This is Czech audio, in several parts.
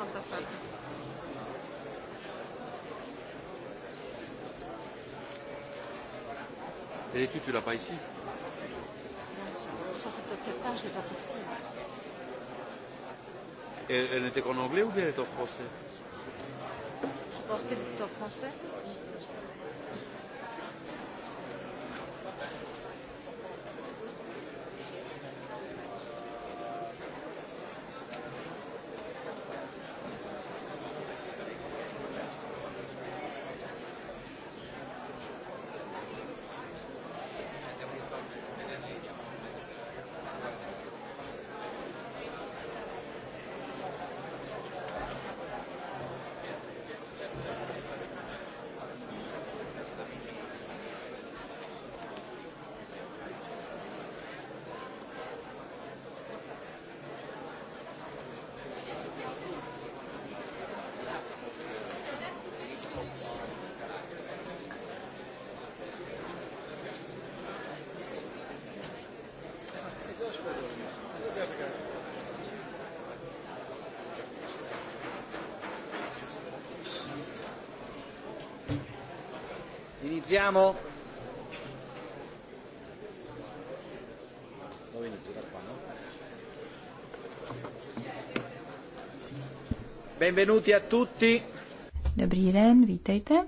137. Et l'étude, tu l'as pas ici Non, ça c'est peut-être quelque je l'ai pas sorti. Elle, elle n'était qu'en anglais ou bien elle était en français Je pense qu'elle était en français. Oui. Iniziamo. No? Benvenuti a tutti. Dobrý den, vítejte.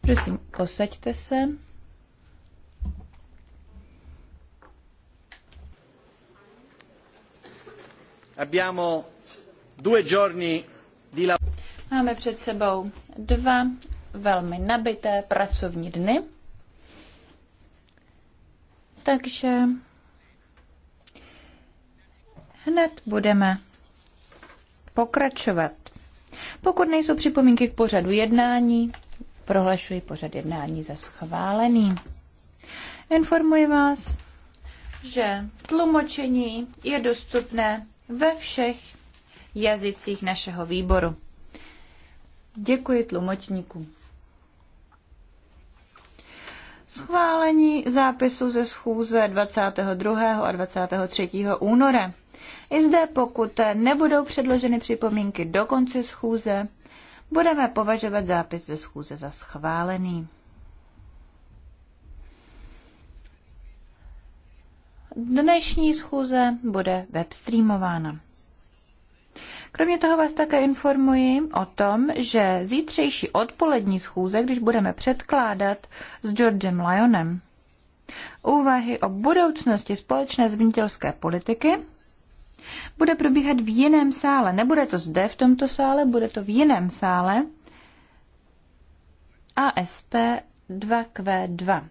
Prosím, posaďte se. Abbiamo due giorni di lavoro. Máme před sebou dva velmi nabité pracovní dny. Takže hned budeme pokračovat. Pokud nejsou připomínky k pořadu jednání, prohlašuji pořad jednání za schválený. Informuji vás, že tlumočení je dostupné ve všech jazycích našeho výboru. Děkuji tlumočníkům schválení zápisu ze schůze 22. a 23. února. I zde, pokud nebudou předloženy připomínky do konce schůze, budeme považovat zápis ze schůze za schválený. Dnešní schůze bude webstreamována. Kromě toho vás také informuji o tom, že zítřejší odpolední schůze, když budeme předkládat s Georgem Lyonem úvahy o budoucnosti společné zemědělské politiky, bude probíhat v jiném sále. Nebude to zde v tomto sále, bude to v jiném sále. ASP 2Q2.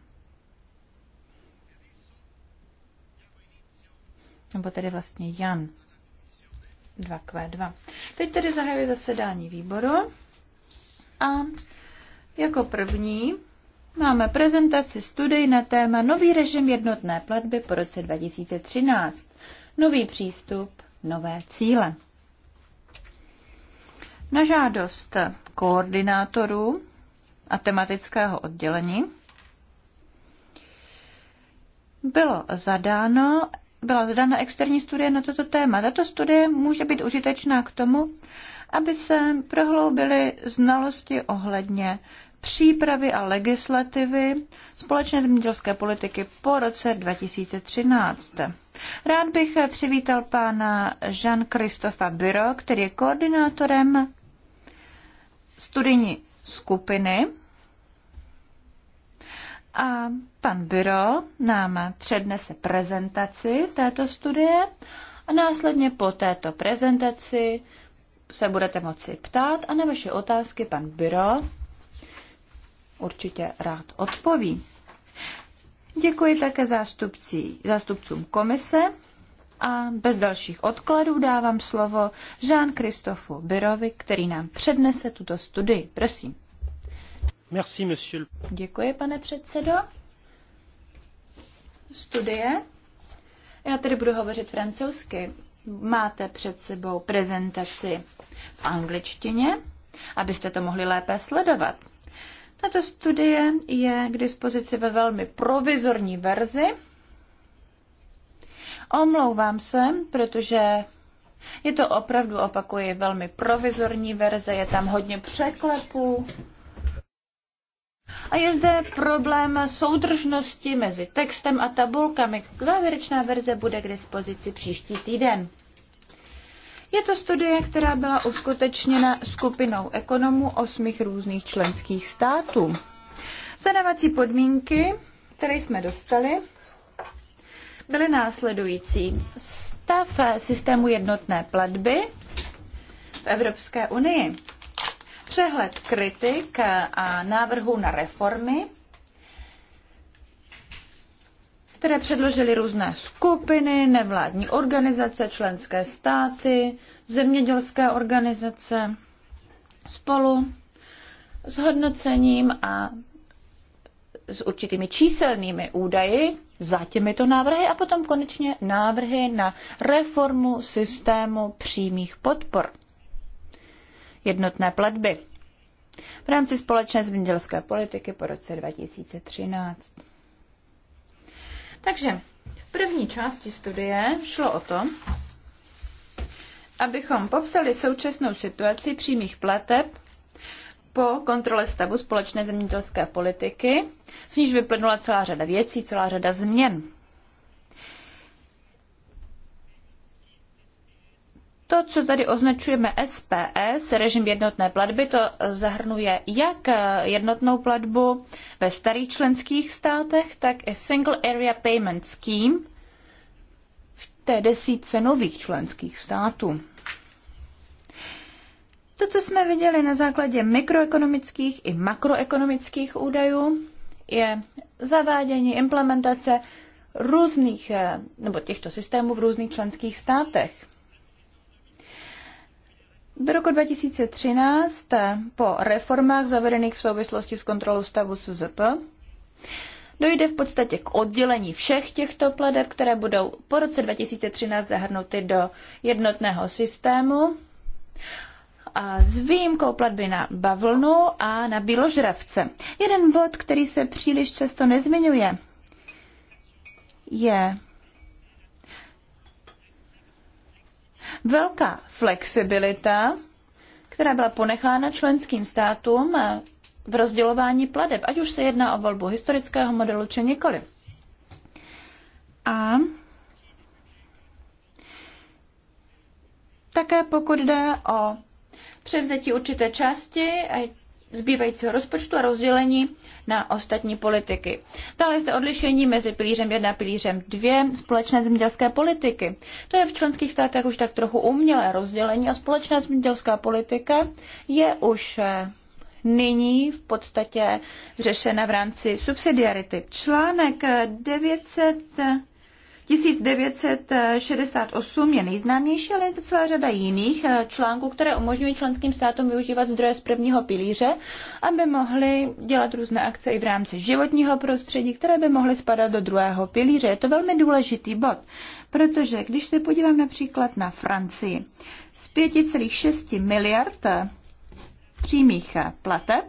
Nebo tedy vlastně Jan. 2Q2. Teď tedy zahajuji zasedání výboru a jako první máme prezentaci studii na téma Nový režim jednotné platby po roce 2013. Nový přístup, nové cíle. Na žádost koordinátorů a tematického oddělení bylo zadáno byla zadána externí studie na toto téma. Tato studie může být užitečná k tomu, aby se prohloubily znalosti ohledně přípravy a legislativy společné zemědělské politiky po roce 2013. Rád bych přivítal pána Jean-Christopha Biro, který je koordinátorem studijní skupiny a pan Byro nám přednese prezentaci této studie a následně po této prezentaci se budete moci ptát a na vaše otázky pan Byro určitě rád odpoví. Děkuji také zástupcí, zástupcům komise a bez dalších odkladů dávám slovo jean christophe Byrovi, který nám přednese tuto studii. Prosím. Merci, monsieur. Děkuji, pane předsedo. Studie. Já tedy budu hovořit francouzsky. Máte před sebou prezentaci v angličtině, abyste to mohli lépe sledovat. Tato studie je k dispozici ve velmi provizorní verzi. Omlouvám se, protože je to opravdu, opakuji, velmi provizorní verze, je tam hodně překlepů a je zde problém soudržnosti mezi textem a tabulkami. Závěrečná verze bude k dispozici příští týden. Je to studie, která byla uskutečněna skupinou ekonomů osmých různých členských států. Zadávací podmínky, které jsme dostali, byly následující. Stav systému jednotné platby v Evropské unii přehled kritik a návrhů na reformy, které předložily různé skupiny, nevládní organizace, členské státy, zemědělské organizace spolu s hodnocením a s určitými číselnými údaji za těmito návrhy a potom konečně návrhy na reformu systému přímých podpor jednotné platby v rámci společné zemědělské politiky po roce 2013. Takže v první části studie šlo o to, abychom popsali současnou situaci přímých plateb po kontrole stavu společné zemědělské politiky, z níž vyplnula celá řada věcí, celá řada změn. To, co tady označujeme SPS, režim jednotné platby, to zahrnuje jak eh, jednotnou platbu ve starých členských státech, tak i Single Area Payment Scheme v té desítce nových členských států. To, co jsme viděli na základě mikroekonomických i makroekonomických údajů, je zavádění implementace různých, eh, nebo těchto systémů v různých členských státech. Do roku 2013 eh, po reformách zavedených v souvislosti s kontrolou stavu SZP dojde v podstatě k oddělení všech těchto pladeb, které budou po roce 2013 zahrnuty do jednotného systému a s výjimkou platby na bavlnu a na bíložravce. Jeden bod, který se příliš často nezmiňuje, je velká flexibilita, která byla ponechána členským státům eh, v rozdělování pladeb, ať už se jedná o volbu historického modelu či nikoli. A také pokud jde o převzetí určité části eh, zbývajícího rozpočtu a rozdělení na ostatní politiky. Dále zde odlišení mezi pilířem 1 a pilířem 2 společné zemědělské politiky. To je v členských státech už tak trochu umělé rozdělení a společná zemědělská politika je už eh, nyní v podstatě řešena v rámci subsidiarity. Článek 900 eh, 1968 je nejznámější, ale je to celá řada jiných eh, článků, které umožňují členským státům využívat zdroje z prvního pilíře, aby mohli dělat různé akce i v rámci životního prostředí, které by mohly spadat do druhého pilíře. Je to velmi důležitý bod, protože když se podívám například na Francii, z 5,6 miliard přímých plateb,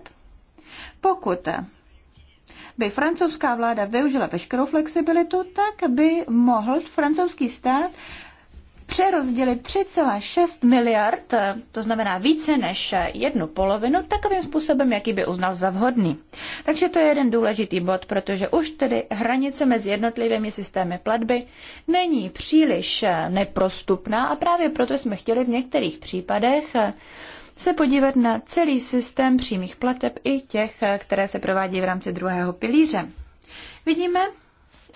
pokud by francouzská vláda využila veškerou flexibilitu, tak by mohl francouzský stát přerozdělit 3,6 miliard, to znamená více než jednu polovinu, takovým způsobem, jaký by uznal za vhodný. Takže to je jeden důležitý bod, protože už tedy hranice mezi jednotlivými systémy platby není příliš neprostupná a právě proto jsme chtěli v některých případech se podívat na celý systém přímých plateb i těch, které se provádí v rámci druhého pilíře. Vidíme,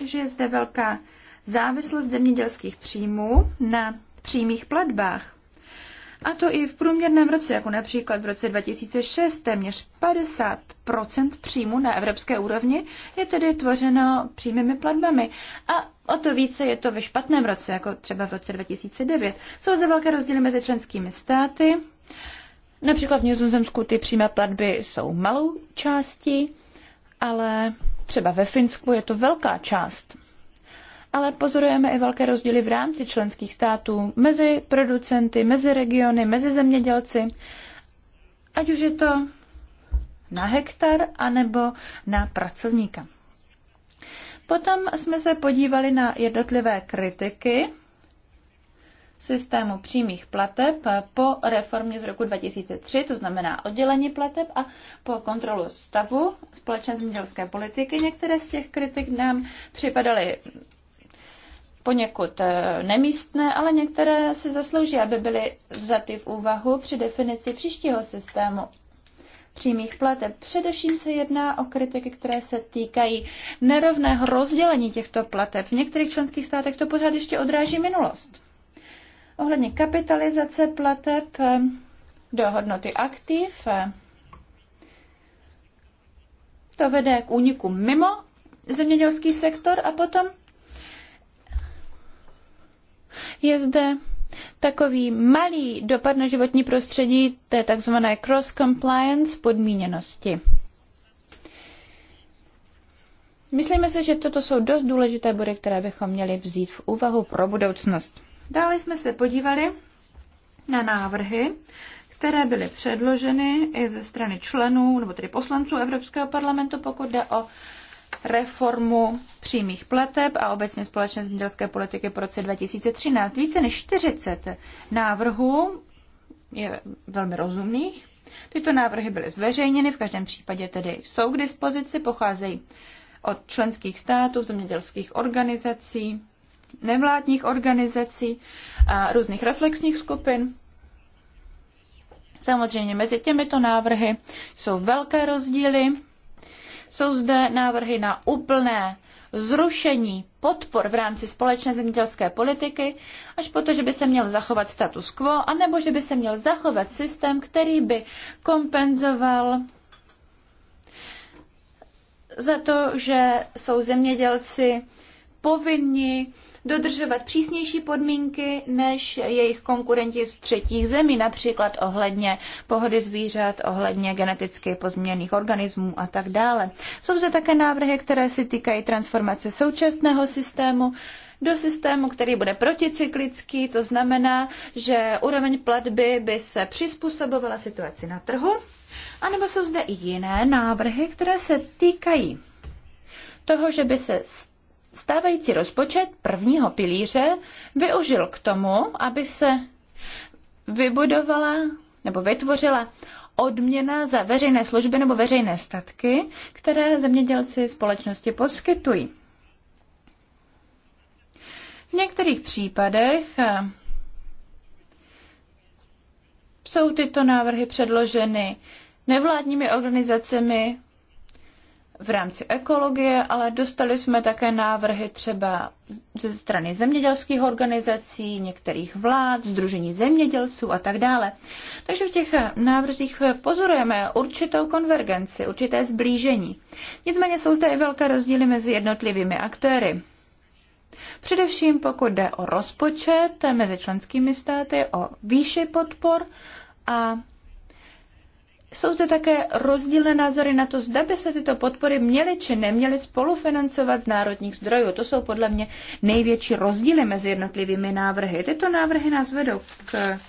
že je zde velká závislost zemědělských příjmů na přímých platbách. A to i v průměrném roce, jako například v roce 2006, téměř 50 příjmu na evropské úrovni je tedy tvořeno přímými platbami. A o to více je to ve špatném roce, jako třeba v roce 2009. Jsou zde velké rozdíly mezi členskými státy. Například v Nizozemsku ty přímé platby jsou malou částí, ale třeba ve Finsku je to velká část. Ale pozorujeme i velké rozdíly v rámci členských států, mezi producenty, mezi regiony, mezi zemědělci. Ať už je to na hektar anebo na pracovníka. Potom jsme se podívali na jednotlivé kritiky systému přímých plateb po reformě z roku 2003, to znamená oddělení plateb a po kontrolu stavu společné zemědělské politiky. Některé z těch kritik nám připadaly poněkud eh, nemístné, ale některé si zaslouží, aby byly vzaty v úvahu při definici příštího systému přímých plateb. Především se jedná o kritiky, které se týkají nerovného rozdělení těchto plateb. V některých členských státech to pořád ještě odráží minulost ohledně kapitalizace plateb eh, do hodnoty aktiv. Eh, to vede k úniku mimo zemědělský sektor a potom je zde takový malý dopad na životní prostředí té takzvané cross-compliance podmíněnosti. Myslíme si, že toto jsou dost důležité body, které bychom měli vzít v úvahu pro budoucnost. Dále jsme se podívali na návrhy, které byly předloženy i ze strany členů, nebo tedy poslanců Evropského parlamentu, pokud jde o reformu přímých pleteb a obecně společné zemědělské politiky po roce 2013. Více než 40 návrhů je velmi rozumných. Tyto návrhy byly zveřejněny, v každém případě tedy jsou k dispozici, pocházejí od členských států, zemědělských organizací, nevládních organizací a různých reflexních skupin. Samozřejmě mezi těmito návrhy jsou velké rozdíly. Jsou zde návrhy na úplné zrušení podpor v rámci společné zemědělské politiky, až po to, že by se měl zachovat status quo, anebo že by se měl zachovat systém, který by kompenzoval za to, že jsou zemědělci povinni dodržovat přísnější podmínky než jejich konkurenti z třetích zemí, například ohledně pohody zvířat, ohledně geneticky pozměněných organismů a tak dále. Jsou zde také návrhy, které se týkají transformace současného systému do systému, který bude proticyklický, to znamená, že úroveň platby by se přizpůsobovala situaci na trhu. A nebo jsou zde i jiné návrhy, které se týkají toho, že by se stávající rozpočet prvního pilíře využil k tomu, aby se vybudovala nebo vytvořila odměna za veřejné služby nebo veřejné statky, které zemědělci společnosti poskytují. V některých případech eh, jsou tyto návrhy předloženy nevládními organizacemi, v rámci ekologie, ale dostali jsme také návrhy třeba ze strany zemědělských organizací, některých vlád, Združení zemědělců a tak dále. Takže v těch návrzích pozorujeme určitou konvergenci, určité zblížení. Nicméně jsou zde i velké rozdíly mezi jednotlivými aktéry. Především pokud jde o rozpočet mezi členskými státy, o výši podpor a jsou zde také rozdílné názory na to, zda by se tyto podpory měly či neměly spolufinancovat z národních zdrojů. To jsou podle mě největší rozdíly mezi jednotlivými návrhy. Tyto návrhy nás vedou k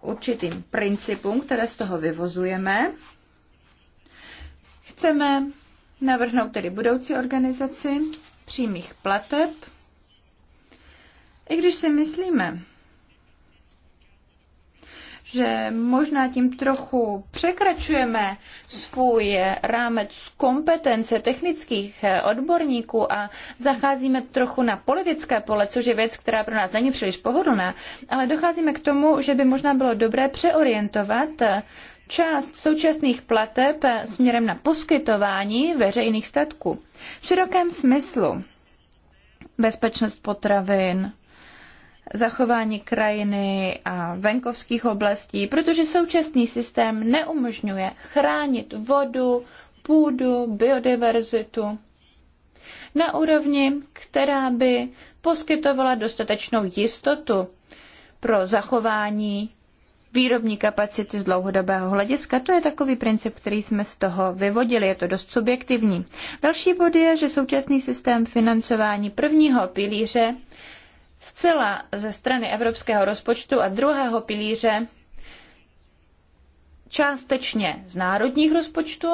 určitým principům, které z toho vyvozujeme. Chceme navrhnout tedy budoucí organizaci přímých plateb, i když si myslíme, že možná tím trochu překračujeme svůj rámec kompetence technických odborníků a zacházíme trochu na politické pole, což je věc, která pro nás není příliš pohodlná, ale docházíme k tomu, že by možná bylo dobré přeorientovat část současných plateb směrem na poskytování veřejných statků. V širokém smyslu bezpečnost potravin, zachování krajiny a venkovských oblastí, protože současný systém neumožňuje chránit vodu, půdu, biodiverzitu na úrovni, která by poskytovala dostatečnou jistotu pro zachování výrobní kapacity z dlouhodobého hlediska. To je takový princip, který jsme z toho vyvodili, je to dost subjektivní. Další bod je, že současný systém financování prvního pilíře zcela ze strany evropského rozpočtu a druhého pilíře částečně z národních rozpočtů,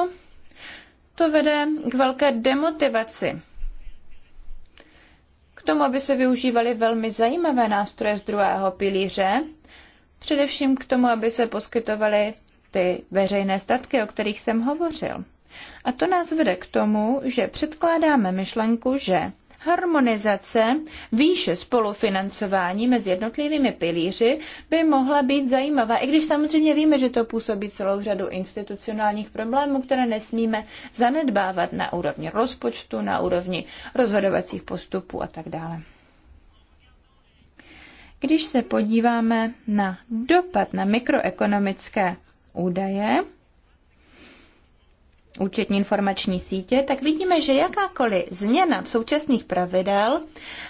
to vede k velké demotivaci. K tomu, aby se využívaly velmi zajímavé nástroje z druhého pilíře, především k tomu, aby se poskytovaly ty veřejné statky, o kterých jsem hovořil. A to nás vede k tomu, že předkládáme myšlenku, že harmonizace výše spolufinancování mezi jednotlivými pilíři by mohla být zajímavá, i když samozřejmě víme, že to působí celou řadu institucionálních problémů, které nesmíme zanedbávat na úrovni rozpočtu, na úrovni rozhodovacích postupů a tak dále. Když se podíváme na dopad na mikroekonomické údaje, účetní informační sítě, tak vidíme, že jakákoliv změna v současných pravidel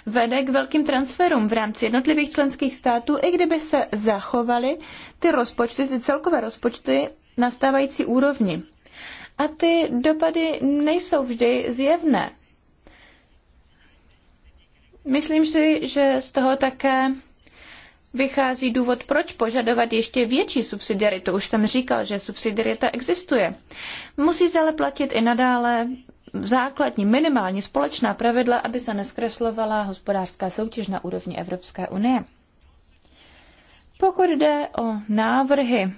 vede k velkým transferům v rámci jednotlivých členských států, i kdyby se zachovaly ty rozpočty, ty celkové rozpočty na stávající úrovni. A ty dopady nejsou vždy zjevné. Myslím si, že z toho také vychází důvod, proč požadovat ještě větší subsidiaritu. Už jsem říkal, že subsidiarita existuje. Musí ale platit i nadále základní minimální společná pravidla, aby se neskreslovala hospodářská soutěž na úrovni Evropské unie. Pokud jde o návrhy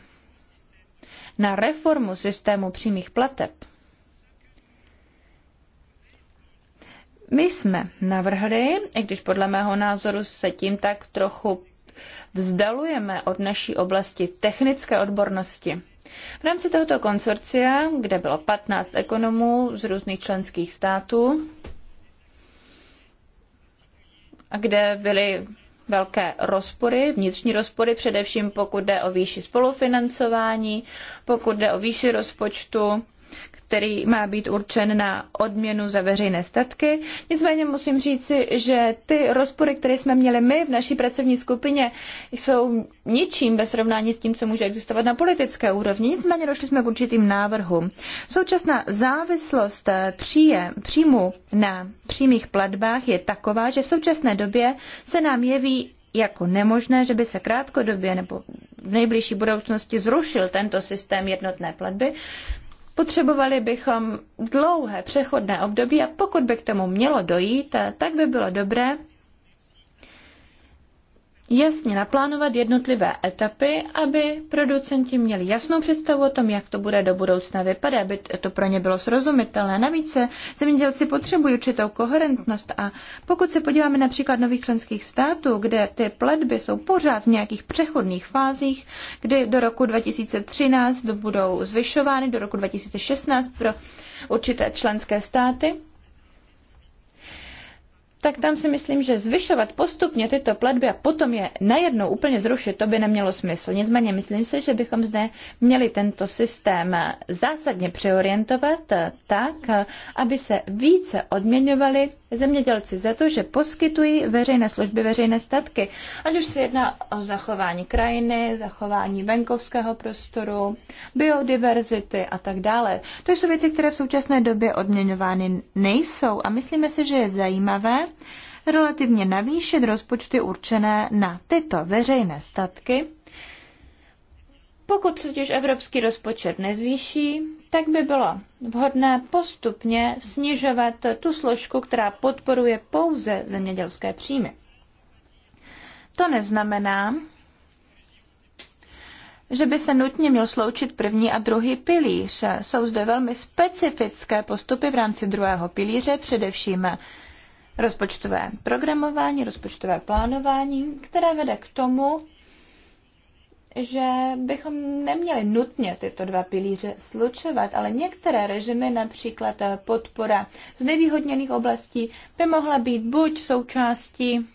na reformu systému přímých plateb, my jsme navrhli, i když podle mého názoru se tím tak trochu vzdalujeme od naší oblasti technické odbornosti. V rámci tohoto konsorcia, kde bylo 15 ekonomů z různých členských států a kde byly velké rozpory, vnitřní rozpory, především pokud jde o výši spolufinancování, pokud jde o výši rozpočtu, který má být určen na odměnu za veřejné statky. Nicméně musím říci, že ty rozpory, které jsme měli my v naší pracovní skupině, jsou ničím ve srovnání s tím, co může existovat na politické úrovni. Nicméně došli jsme k určitým návrhům. Současná závislost eh, příjem, příjmu na přímých platbách je taková, že v současné době se nám jeví jako nemožné, že by se krátkodobě nebo v nejbližší budoucnosti zrušil tento systém jednotné platby, Potřebovali bychom dlouhé přechodné období a pokud by k tomu mělo dojít, tak by bylo dobré, jasně naplánovat jednotlivé etapy, aby producenti měli jasnou představu o tom, jak to bude do budoucna vypadat, aby to pro ně bylo srozumitelné. Navíc zemědělci potřebují určitou koherentnost a pokud se podíváme například nových členských států, kde ty platby jsou pořád v nějakých přechodných fázích, kdy do roku 2013 budou zvyšovány, do roku 2016 pro určité členské státy, tak tam si myslím, že zvyšovat postupně tyto platby a potom je najednou úplně zrušit, to by nemělo smysl. Nicméně myslím si, že bychom zde měli tento systém zásadně přeorientovat tak, aby se více odměňovaly zemědělci za to, že poskytují veřejné služby, veřejné statky. Ať už se jedná o zachování krajiny, zachování venkovského prostoru, biodiverzity a tak dále. To jsou věci, které v současné době odměňovány nejsou a myslíme si, že je zajímavé relativně navýšit rozpočty určené na tyto veřejné statky, pokud se těž evropský rozpočet nezvýší, tak by bylo vhodné postupně snižovat tu složku, která podporuje pouze zemědělské příjmy. To neznamená, že by se nutně měl sloučit první a druhý pilíř. Jsou zde velmi specifické postupy v rámci druhého pilíře, především rozpočtové programování, rozpočtové plánování, které vede k tomu, že bychom neměli nutně tyto dva pilíře slučovat, ale některé režimy, například eh, podpora z nevýhodněných oblastí, by mohla být buď součástí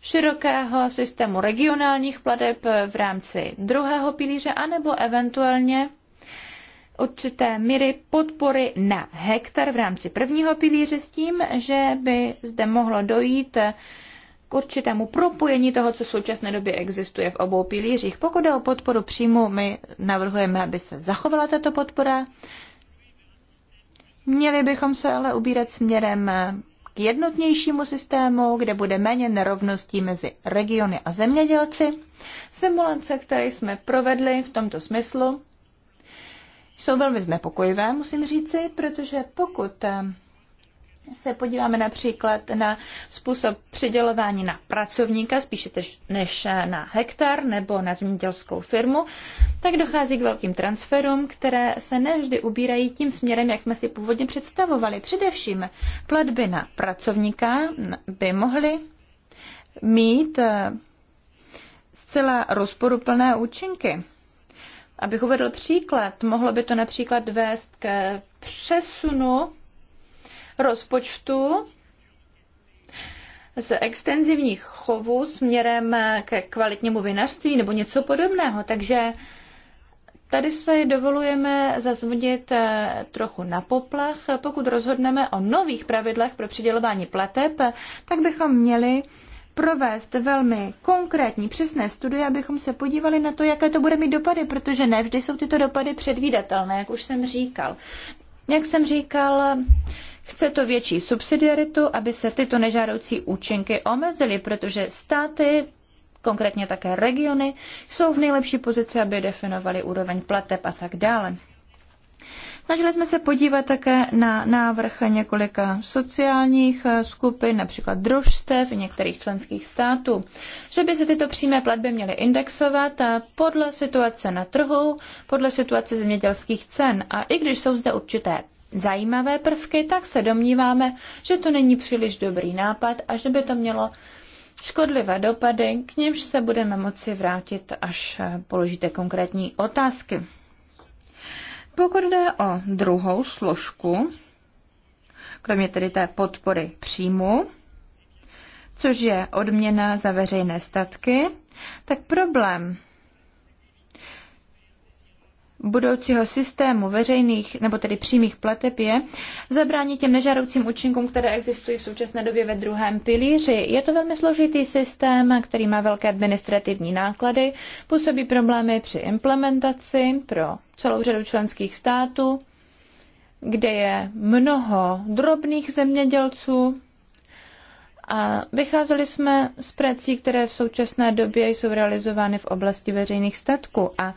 širokého systému regionálních plateb eh, v rámci druhého pilíře, anebo eventuálně určité míry podpory na hektar v rámci prvního pilíře s tím, že by zde mohlo dojít eh, k určitému propojení toho, co v současné době existuje v obou pilířích. Pokud je o podporu příjmu, my navrhujeme, aby se zachovala tato podpora. Měli bychom se ale ubírat směrem k jednotnějšímu systému, kde bude méně nerovností mezi regiony a zemědělci. Simulace, které jsme provedli v tomto smyslu, jsou velmi znepokojivé, musím říci, protože pokud se podíváme například na způsob přidělování na pracovníka, spíše než na hektar nebo na zemědělskou firmu, tak dochází k velkým transferům, které se nevždy ubírají tím směrem, jak jsme si původně představovali. Především platby na pracovníka by mohly mít eh, zcela rozporuplné účinky. Abych uvedl příklad, mohlo by to například vést k přesunu rozpočtu z extenzivních chovů směrem ke kvalitnímu vinařství nebo něco podobného. Takže tady se dovolujeme zazvonit eh, trochu na poplach. Pokud rozhodneme o nových pravidlech pro přidělování plateb, tak bychom měli provést velmi konkrétní, přesné studie, abychom se podívali na to, jaké to bude mít dopady, protože ne vždy jsou tyto dopady předvídatelné, jak už jsem říkal. Jak jsem říkal, Chce to větší subsidiaritu, aby se tyto nežádoucí účinky omezily, protože státy konkrétně také regiony, jsou v nejlepší pozici, aby definovali úroveň plateb a tak dále. Snažili jsme se podívat také na návrh několika sociálních skupin, například družstev některých členských států, že by se tyto přímé platby měly indexovat podle situace na trhu, podle situace zemědělských cen. A i když jsou zde určité zajímavé prvky, tak se domníváme, že to není příliš dobrý nápad a že by to mělo škodlivé dopady, k němž se budeme moci vrátit, až eh, položíte konkrétní otázky. Pokud jde o druhou složku, kromě tedy té podpory příjmu, což je odměna za veřejné statky, tak problém budoucího systému veřejných nebo tedy přímých plateb je zabránit těm nežádoucím účinkům, které existují v současné době ve druhém pilíři. Je to velmi složitý systém, který má velké administrativní náklady, působí problémy při implementaci pro celou řadu členských států, kde je mnoho drobných zemědělců, a vycházeli jsme z prací, které v současné době jsou realizovány v oblasti veřejných statků a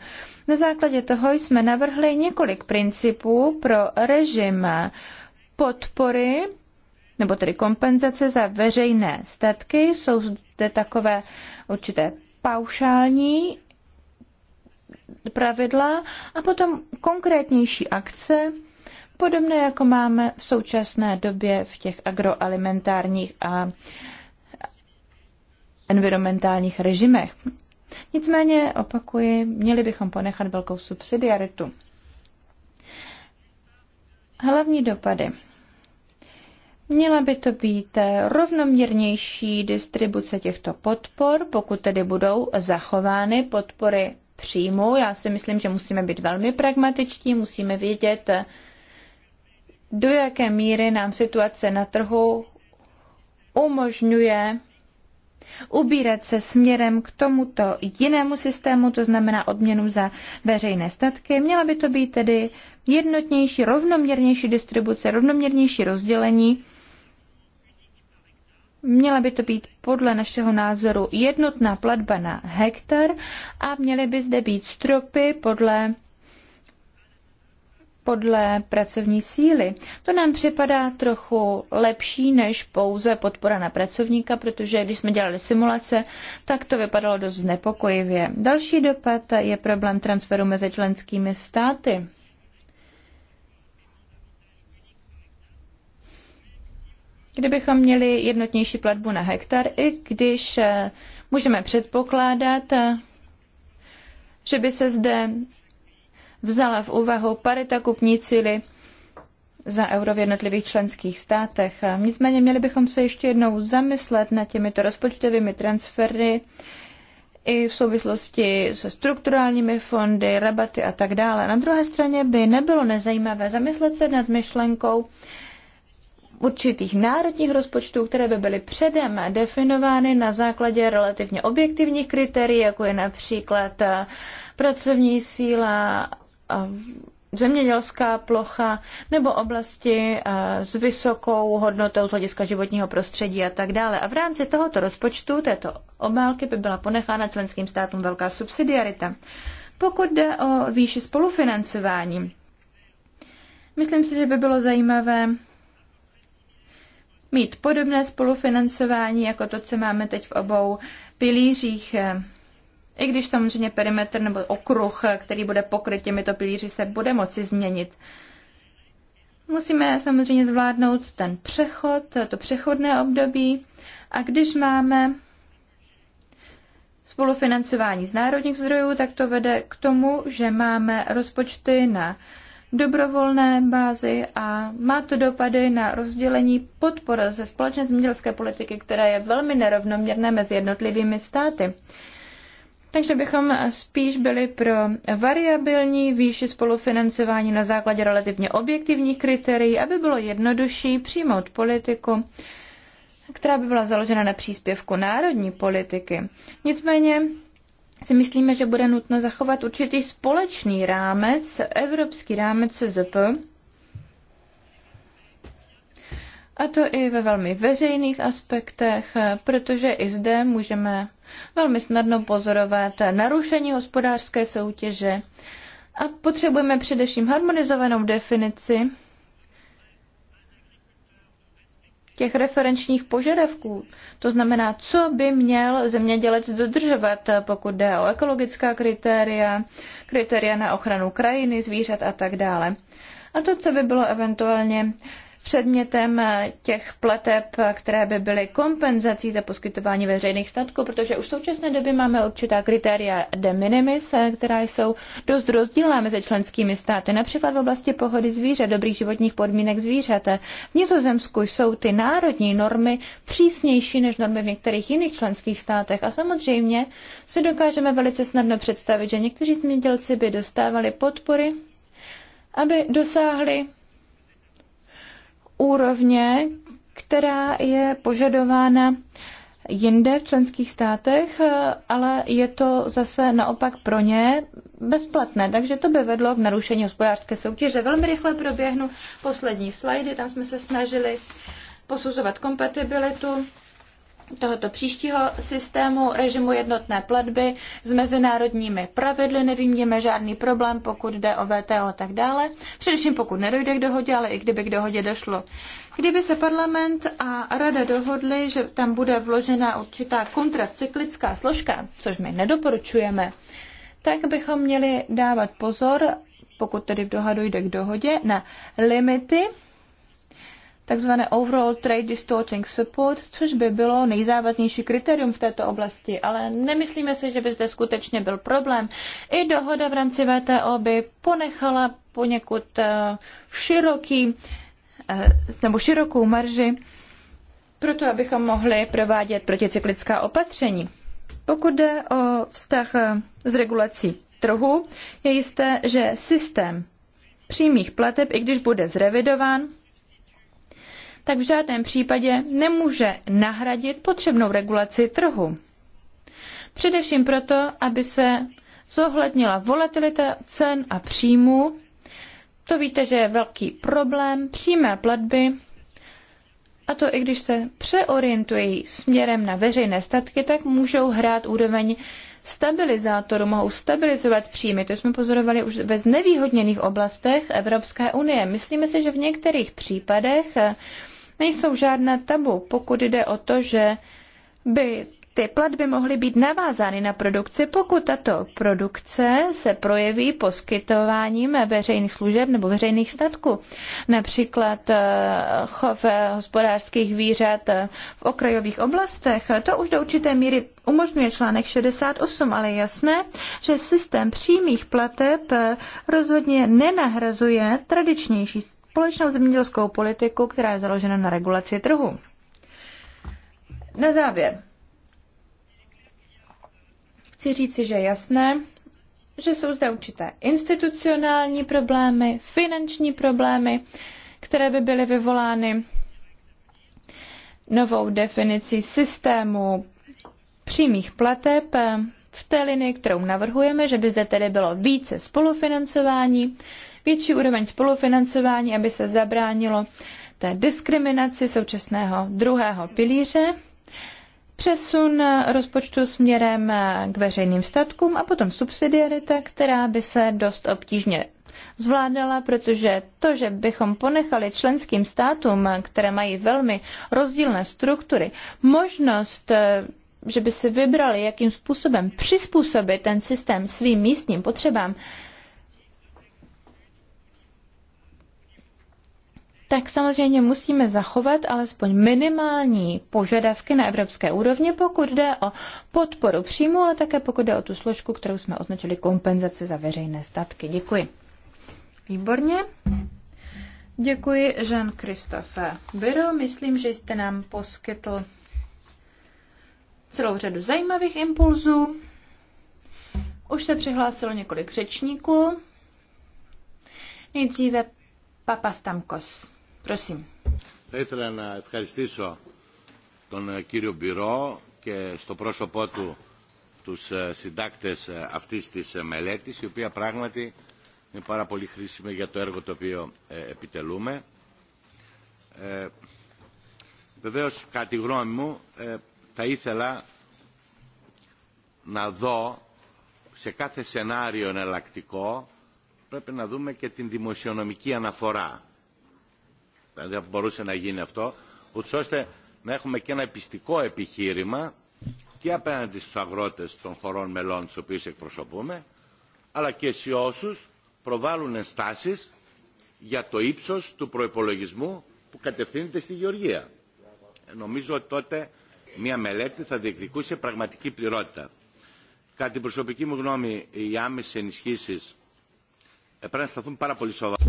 na základě toho jsme navrhli několik principů pro režim podpory nebo tedy kompenzace za veřejné statky. Jsou zde takové určité paušální pravidla a potom konkrétnější akce, podobné jako máme v současné době v těch agroalimentárních a environmentálních režimech. Nicméně, opakuji, měli bychom ponechat velkou subsidiaritu. Hlavní dopady. Měla by to být rovnoměrnější distribuce těchto podpor, pokud tedy budou zachovány podpory příjmu. Já si myslím, že musíme být velmi pragmatičtí, musíme vědět, do jaké míry nám situace na trhu umožňuje ubírat se směrem k tomuto jinému systému, to znamená odměnu za veřejné statky. Měla by to být tedy jednotnější, rovnoměrnější distribuce, rovnoměrnější rozdělení. Měla by to být podle našeho názoru jednotná platba na hektar a měly by zde být stropy podle podle pracovní síly. To nám připadá trochu lepší než pouze podpora na pracovníka, protože když jsme dělali simulace, tak to vypadalo dost nepokojivě. Další dopad je problém transferu mezi členskými státy. Kdybychom měli jednotnější platbu na hektar, i když eh, můžeme předpokládat, eh, že by se zde vzala v úvahu parita kupní cíly za euro v jednotlivých členských státech. Nicméně měli bychom se ještě jednou zamyslet nad těmito rozpočtovými transfery i v souvislosti se strukturálními fondy, rabaty a tak dále. Na druhé straně by nebylo nezajímavé zamyslet se nad myšlenkou určitých národních rozpočtů, které by byly předem definovány na základě relativně objektivních kritérií, jako je například eh, pracovní síla, zemědělská plocha nebo oblasti eh, s vysokou hodnotou z hlediska životního prostředí a tak dále. A v rámci tohoto rozpočtu, této obálky, by byla ponechána členským státům velká subsidiarita. Pokud jde o výši spolufinancování, myslím si, že by bylo zajímavé mít podobné spolufinancování, jako to, co máme teď v obou pilířích eh, i když samozřejmě perimetr nebo okruh, který bude pokryt těmito pilíři, se bude moci změnit. Musíme samozřejmě zvládnout ten přechod, to přechodné období. A když máme spolufinancování z národních zdrojů, tak to vede k tomu, že máme rozpočty na dobrovolné bázi a má to dopady na rozdělení podpor ze společné zemědělské politiky, která je velmi nerovnoměrné mezi jednotlivými státy. Takže bychom spíš byli pro variabilní výši spolufinancování na základě relativně objektivních kritérií, aby bylo jednodušší přijmout politiku, která by byla založena na příspěvku národní politiky. Nicméně si myslíme, že bude nutno zachovat určitý společný rámec, evropský rámec CZP, a to i ve velmi veřejných aspektech, protože i zde můžeme velmi snadno pozorovat narušení hospodářské soutěže a potřebujeme především harmonizovanou definici těch referenčních požadavků. To znamená, co by měl zemědělec dodržovat, pokud jde o ekologická kritéria, kritéria na ochranu krajiny, zvířat a tak dále. A to, co by bylo eventuálně předmětem eh, těch plateb, které by byly kompenzací za poskytování veřejných statků, protože už v současné době máme určitá kritéria de minimis, eh, která jsou dost rozdílná mezi členskými státy, například v oblasti pohody zvířat, dobrých životních podmínek zvířat. V Nizozemsku jsou ty národní normy přísnější než normy v některých jiných členských státech a samozřejmě si dokážeme velice snadno představit, že někteří zemědělci by dostávali podpory, aby dosáhli úrovně, která je požadována jinde v členských státech, ale je to zase naopak pro ně bezplatné, takže to by vedlo k narušení hospodářské soutěže. Velmi rychle proběhnu poslední slajdy, tam jsme se snažili posuzovat kompatibilitu tohoto příštího systému režimu jednotné platby s mezinárodními pravidly, nevíme žádný problém, pokud jde o VTO a tak dále. Především pokud nedojde k dohodě, ale i kdyby k dohodě došlo. Kdyby se parlament a rada dohodli, že tam bude vložena určitá kontracyklická složka, což my nedoporučujeme, tak bychom měli dávat pozor, pokud tedy v dohadu jde k dohodě, na limity takzvané overall trade distorting support, což by bylo nejzávaznější kritérium v této oblasti, ale nemyslíme si, že by zde skutečně byl problém. I dohoda v rámci VTO by ponechala poněkud eh, široký eh, nebo širokou marži proto, abychom mohli provádět proticyklická opatření. Pokud jde o vztah eh, s regulací trhu, je jisté, že systém přímých plateb, i když bude zrevidován, tak v žádném případě nemůže nahradit potřebnou regulaci trhu. Především proto, aby se zohlednila volatilita cen a příjmů. To víte, že je velký problém přímé platby a to i když se přeorientují směrem na veřejné statky, tak můžou hrát úroveň stabilizátoru, mohou stabilizovat příjmy. To jsme pozorovali už ve znevýhodněných oblastech Evropské unie. Myslíme si, že v některých případech nejsou žádná tabu, pokud jde o to, že by ty platby mohly být navázány na produkci, pokud tato produkce se projeví poskytováním veřejných služeb nebo veřejných statků, například eh, chov eh, hospodářských výřad eh, v okrajových oblastech. To už do určité míry umožňuje článek 68, ale je jasné, že systém přímých plateb rozhodně nenahrazuje tradičnější společnou zemědělskou politiku, která je založena na regulaci trhu. Na závěr. Chci říci, že je jasné, že jsou zde určité institucionální problémy, finanční problémy, které by byly vyvolány novou definicí systému přímých plateb v té linii, kterou navrhujeme, že by zde tedy bylo více spolufinancování, větší úroveň spolufinancování, aby se zabránilo té diskriminaci současného druhého pilíře, přesun rozpočtu směrem k veřejným statkům a potom subsidiarita, která by se dost obtížně zvládala, protože to, že bychom ponechali členským státům, které mají velmi rozdílné struktury, možnost eh, že by si vybrali, jakým způsobem přizpůsobit ten systém svým místním potřebám, tak samozřejmě musíme zachovat alespoň minimální požadavky na evropské úrovni, pokud jde o podporu příjmu, ale také pokud jde o tu složku, kterou jsme označili kompenzace za veřejné statky. Děkuji. Výborně. Děkuji, Jean-Christophe Biro. Myslím, že jste nám poskytl celou řadu zajímavých impulzů. Už se přihlásilo několik řečníků. Nejdříve Papastamkos. Prosím. Θα ήθελα να ευχαριστήσω τον κύριο Μπυρό και στο πρόσωπό του τους συντάκτες αυτής της μελέτης, η οποία πράγματι είναι πάρα πολύ χρήσιμη για το έργο το οποίο επιτελούμε. Ε, βεβαίως, κατά τη γνώμη μου, ε, θα ήθελα να δω σε κάθε σενάριο εναλλακτικό πρέπει να δούμε και την δημοσιονομική αναφορά δεν μπορούσε να γίνει αυτό, ούτως ώστε να έχουμε και ένα πιστικό επιχείρημα και απέναντι στους αγρότες των χωρών μελών τους οποίους εκπροσωπούμε, αλλά και σε όσους προβάλλουν ενστάσεις για το ύψος του προϋπολογισμού που κατευθύνεται στη Γεωργία. Νομίζω ότι τότε μια μελέτη θα διεκδικούσε πραγματική πληρότητα. Κατά την προσωπική μου γνώμη, οι άμεσες ενισχύσεις πρέπει να σταθούν πάρα πολύ σοβαρά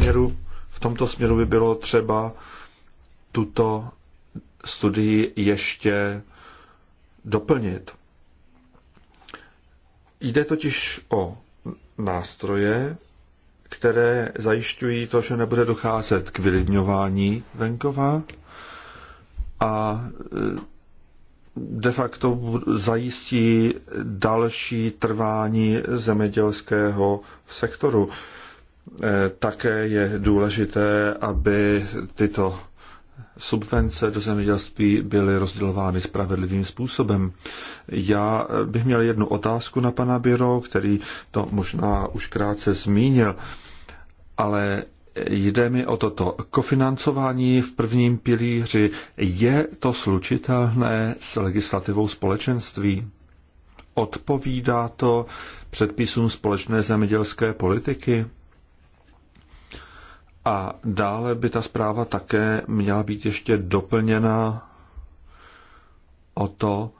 v tomto směru by bylo třeba tuto studii ještě doplnit. Jde totiž o nástroje, které zajišťují to, že nebude docházet k vylidňování venkova a e, de facto zajistí další trvání zemědělského sektoru. Eh, také je důležité, aby tyto subvence do zemědělství byly rozdělovány spravedlivým způsobem. Já bych měl jednu otázku na pana Biro, který to možná už krátce zmínil, ale jde mi o toto. Kofinancování v prvním pilíři, je to slučitelné s legislativou společenství? Odpovídá to předpisům společné zemědělské politiky? A dále by ta zpráva také měla být ještě doplněna o to,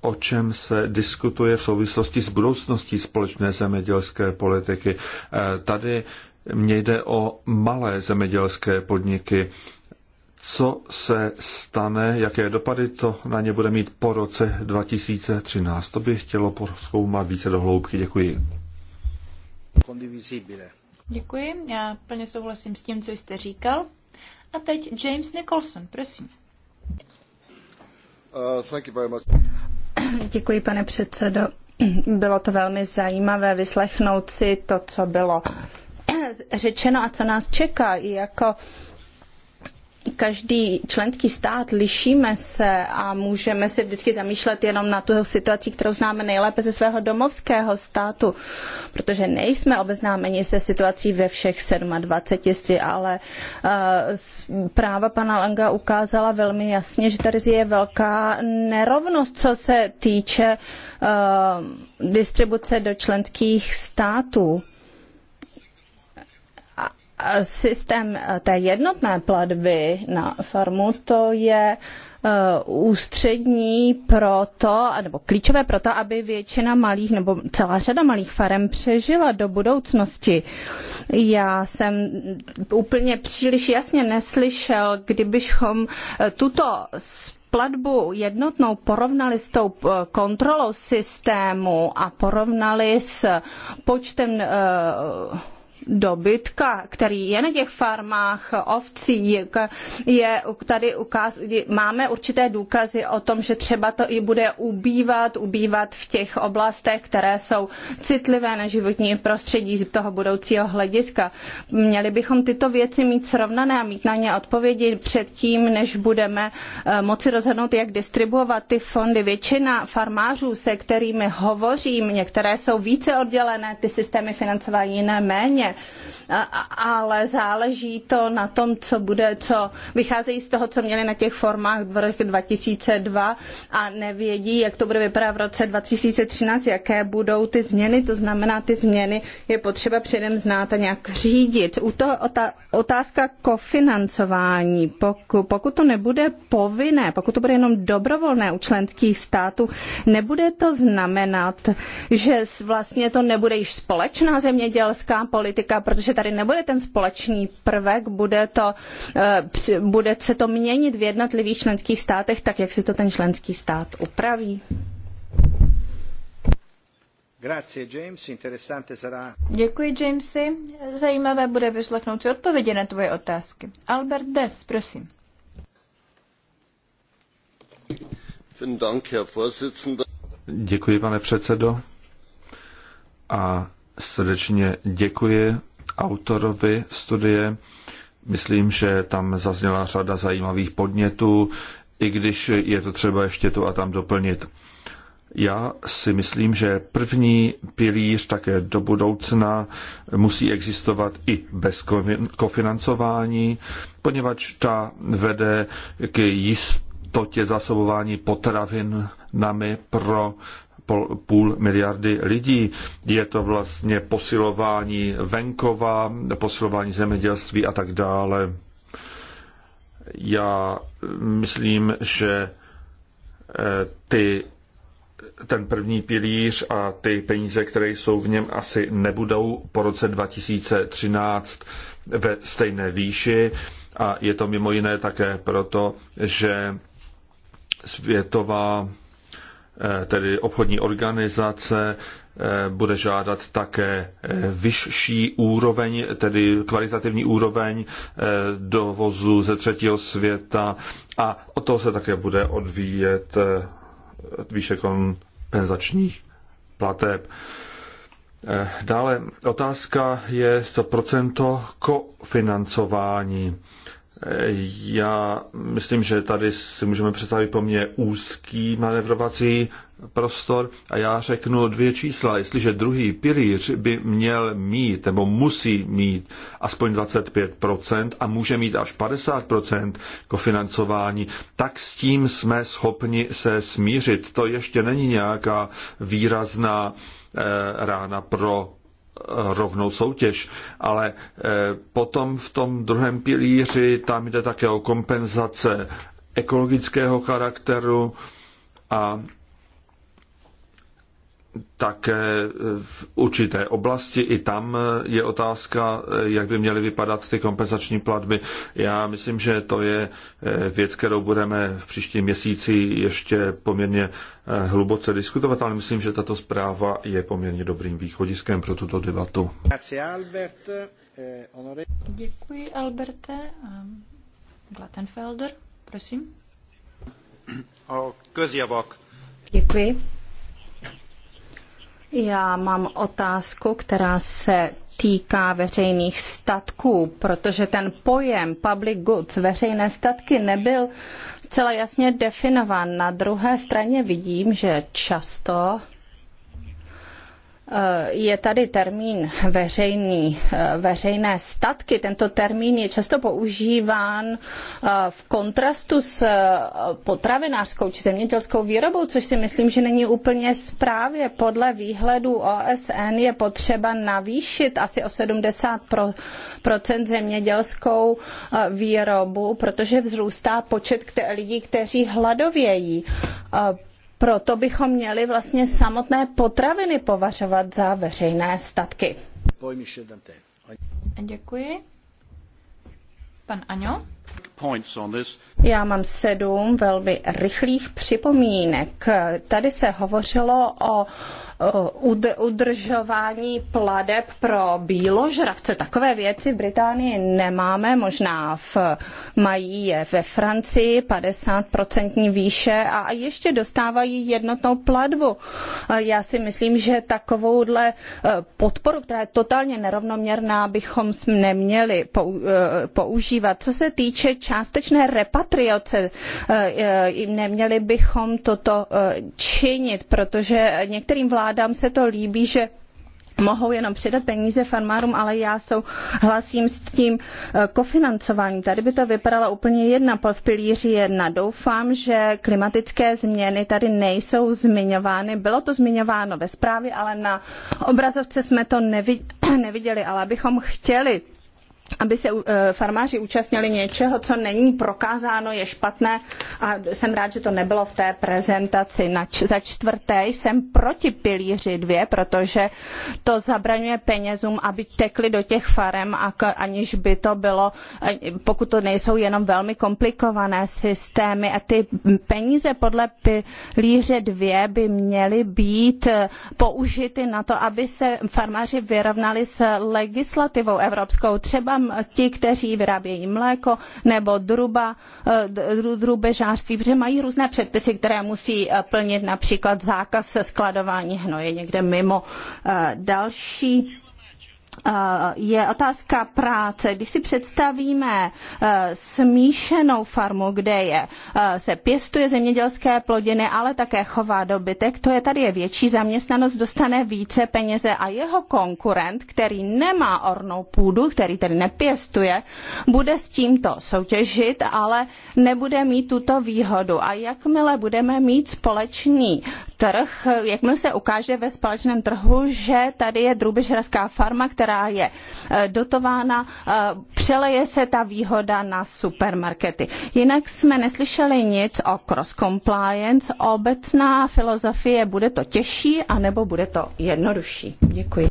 o čem se diskutuje v souvislosti s budoucností společné zemědělské politiky. E, tady mně jde o malé zemědělské podniky. Co se stane, jaké dopady to na ně bude mít po roce 2013? To bych chtělo proskoumat více do hloubky. Děkuji. Děkuji, já plně souhlasím s tím, co jste říkal. A teď James Nicholson, prosím. Uh, thank you very much. Děkuji, pane předsedo. Bylo to velmi zajímavé vyslechnout si to, co bylo řečeno a co nás čeká. I jako každý členský stát lišíme se a můžeme se vždycky zamýšlet jenom na tu situaci, kterou známe nejlépe ze svého domovského státu, protože nejsme obeznámeni se situací ve všech 27, ale uh, práva pana Langa ukázala velmi jasně, že tady je velká nerovnost, co se týče uh, distribuce do členských států systém eh, té jednotné platby na farmu, to je eh, ústřední pro to, nebo klíčové pro to, aby většina malých nebo celá řada malých farem přežila do budoucnosti. Já jsem úplně příliš jasně neslyšel, kdybychom eh, tuto platbu jednotnou porovnali s tou kontrolou systému a porovnali s počtem dobytka, který je na těch farmách ovcí, je tady ukáz máme určité důkazy o tom, že třeba to i bude ubývat, ubývat v těch oblastech, které jsou citlivé na životní prostředí z toho budoucího hlediska. Měli bychom tyto věci mít srovnané a mít na ně odpovědi předtím, než budeme eh, moci rozhodnout, jak distribuovat ty fondy. Většina farmářů, se kterými hovořím, některé jsou více oddělené, ty systémy financování jiné méně, ale záleží to na tom, co bude, co vycházejí z toho, co měli na těch formách v roce 2002 a nevědí, jak to bude vypadat v roce 2013, jaké budou ty změny. To znamená, ty změny je potřeba předem znát a nějak řídit. U toho otázka kofinancování. Pokud, pokud to nebude povinné, pokud to bude jenom dobrovolné u členských států, nebude to znamenat, že vlastně to nebude již společná zemědělská politika, politika, protože tady nebude ten společný prvek, bude, to, eh, bude se to měnit v jednotlivých členských státech, tak jak si to ten členský stát upraví. Děkuji, Jamesy. Zajímavé bude vyslechnout si odpovědi na tvoje otázky. Albert Des, prosím. Děkuji, pane předsedo. A srdečně děkuji autorovi studie. Myslím, že tam zazněla řada zajímavých podnětů, i když je to třeba ještě tu a tam doplnit. Já si myslím, že první pilíř také do budoucna musí existovat i bez kofinancování, poněvadž ta vede k jistotě potravin nami pro půl miliardy lidí. Je to vlastně posilování venkova, posilování zemědělství a tak dále. Já myslím, že eh, ty, ten první pilíř a ty peníze, které jsou v něm, asi nebudou po roce 2013 ve stejné výši. A je to mimo jiné také proto, že světová Eh, tedy obchodní organizace, eh, bude žádat také eh, vyšší úroveň, tedy kvalitativní úroveň dovozu ze třetího světa a od toho se také bude odvíjet výše kompenzačních plateb. Dále otázka je to procento kofinancování. Já myslím, že tady si můžeme představit mně úzký manevrovací prostor a já řeknu dvě čísla. Jestliže druhý pilíř by měl mít nebo musí mít aspoň 25% a může mít až 50% kofinancování, tak s tím jsme schopni se smířit. To ještě není nějaká výrazná eh, rána pro rovnou soutěž, ale eh, potom v tom druhém pilíři tam jde také o kompenzace ekologického charakteru a také v určité oblasti. I tam je otázka, jak by měly vypadat ty kompenzační platby. Já myslím, že to je eh, věc, kterou budeme v příštím měsíci ještě poměrně eh, hluboce diskutovat, ale myslím, že tato zpráva je poměrně dobrým východiskem pro tuto debatu. Eh, Děkuji, Alberte. Ehm, Glattenfelder, prosím. Děkuji. Já mám otázku, která se týká veřejných statků, protože ten pojem public goods, veřejné statky, nebyl zcela jasně definován. Na druhé straně vidím, že často Eh, je tady termín veřejný, eh, veřejné statky. Tento termín je často používán eh, v kontrastu s potravinářskou či zemědělskou výrobou, což si myslím, že není úplně správně. Podle výhledu OSN je potřeba navýšit asi o 70 zemědělskou výrobu, protože vzrůstá počet lidí, kteří hladovějí proto bychom měli vlastně samotné potraviny považovat za veřejné statky. Děkuji. Pan Aňo? Já mám sedm velmi rychlých připomínek. Tady se hovořilo o udržování pladeb pro bíložravce. Takové věci v Británii nemáme, možná v, mají je ve Francii 50% výše a ještě dostávají jednotnou platbu. Já si myslím, že takovouhle e, podporu, která je totálně nerovnoměrná, bychom neměli e, používat. Co se týče týče částečné repatriace, eh, eh, neměli bychom toto eh, činit, protože některým vládám se to líbí, že mohou jenom předat peníze farmárům, ale já souhlasím s tím kofinancováním. Tady by to vypadalo úplně jedna v pilíři jedna. Doufám, že klimatické změny tady nejsou zmiňovány. Bylo to zmiňováno ve zprávě, ale na obrazovce jsme to neviděli, ale abychom chtěli aby se eh, farmáři účastnili něčeho, co není prokázáno, je špatné a jsem rád, že to nebylo v té prezentaci. Na za čtvrté jsem proti pilíři dvě, protože to zabraňuje penězům, aby tekly do těch farem, aniž by to bylo, eh, pokud to nejsou jenom velmi komplikované systémy a ty peníze podle pilíře dvě by měly být eh, použity na to, aby se farmáři vyrovnali s legislativou evropskou. Třeba problém ti, kteří vyrábějí mléko nebo druba, eh, drubežářství, protože mají různé předpisy, které musí eh, plnit například zákaz skladování hnoje někde mimo eh, další je otázka práce. Když si představíme e, smíšenou farmu, kde je, e, se pěstuje zemědělské plodiny, ale také chová dobytek, to je tady je větší zaměstnanost, dostane více peněze a jeho konkurent, který nemá ornou půdu, který tedy nepěstuje, bude s tímto soutěžit, ale nebude mít tuto výhodu. A jakmile budeme mít společný trh, jakmile se ukáže ve společném trhu, že tady je drůbežerská farma, která je eh, dotována, eh, přeleje se ta výhoda na supermarkety. Jinak jsme neslyšeli nic o cross compliance. Obecná filozofie bude to těžší, anebo bude to jednodušší. Děkuji.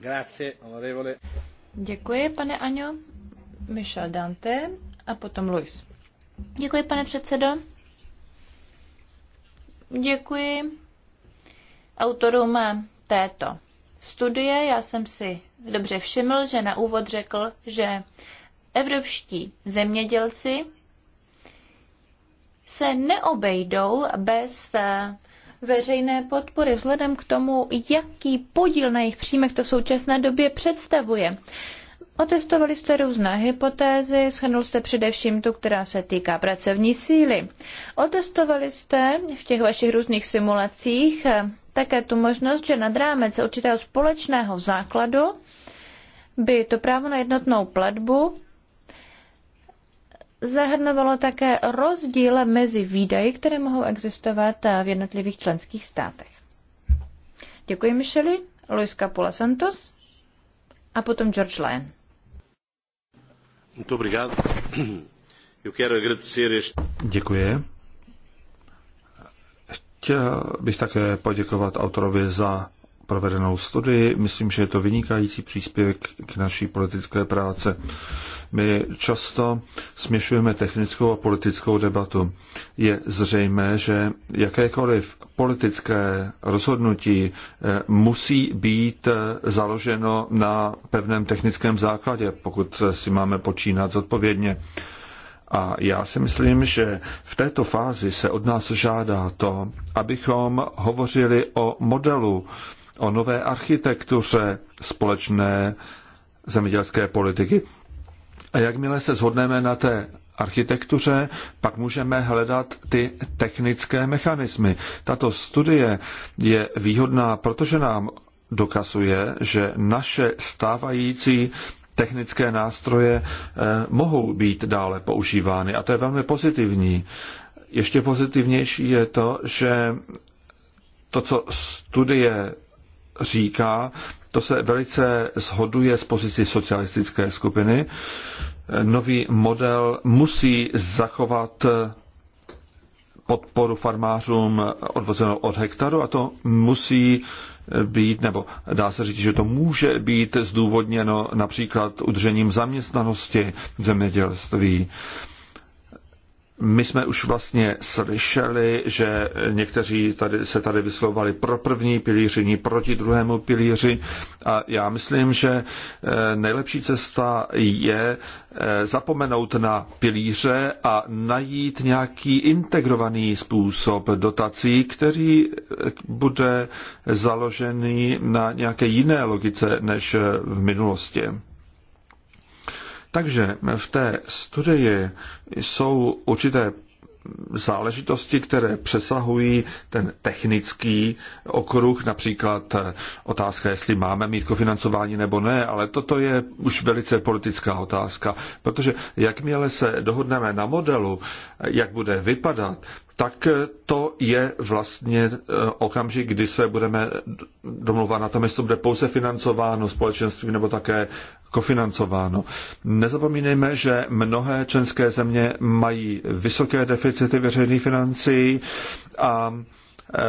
Grazie, onorevole. Děkuji, pane Aňo. Michel Dante a potom Luis. Děkuji, pane předsedo. Děkuji autorům této studie. Já jsem si dobře všiml, že na úvod řekl, že evropští zemědělci se neobejdou bez eh, veřejné podpory vzhledem k tomu, jaký podíl na jejich příjmech to v současné době představuje. Otestovali jste různé hypotézy, schrnul jste především tu, která se týká pracovní síly. Otestovali jste v těch vašich různých simulacích eh, také tu možnost, že nad rámec určitého společného základu by to právo na jednotnou platbu zahrnovalo také rozdíl mezi výdaji, které mohou existovat eh, v jednotlivých členských státech. Děkuji, Micheli. Luis Capula Santos a potom George Lane. Děkuji. Chtěl bych také poděkovat autorovi za provedenou studii. Myslím, že je to vynikající příspěvek k naší politické práci. My často směšujeme technickou a politickou debatu. Je zřejmé, že jakékoliv politické rozhodnutí eh, musí být eh, založeno na pevném technickém základě, pokud eh, si máme počínat zodpovědně. A já si myslím, že v této fázi se od nás žádá to, abychom hovořili o modelu, o nové architektuře společné zemědělské politiky. A jakmile se shodneme na té architektuře, pak můžeme hledat ty technické mechanismy. Tato studie je výhodná, protože nám dokazuje, že naše stávající technické nástroje eh, mohou být dále používány. A to je velmi pozitivní. Ještě pozitivnější je to, že to, co studie říká, to se velice shoduje s pozicí socialistické skupiny. Nový model musí zachovat podporu farmářům odvozenou od hektaru a to musí být, nebo dá se říct, že to může být zdůvodněno například udržením zaměstnanosti v zemědělství. My jsme už vlastně slyšeli, že někteří tady, se tady vyslovovali pro první pilíř, jiní proti druhému pilíři a já myslím, že eh, nejlepší cesta je eh, zapomenout na pilíře a najít nějaký integrovaný způsob dotací, který eh, bude založený na nějaké jiné logice než v minulosti. Takže v té studii jsou určité záležitosti, které přesahují ten technický okruh, například otázka, jestli máme mít kofinancování nebo ne, ale toto je už velice politická otázka, protože jakmile se dohodneme na modelu, jak bude vypadat, tak eh, to je vlastně eh, okamžik, kdy se budeme domluvat na tom, jestli to bude pouze financováno společenství nebo také kofinancováno. Nezapomínejme, že mnohé členské země mají vysoké deficity veřejných financí a eh,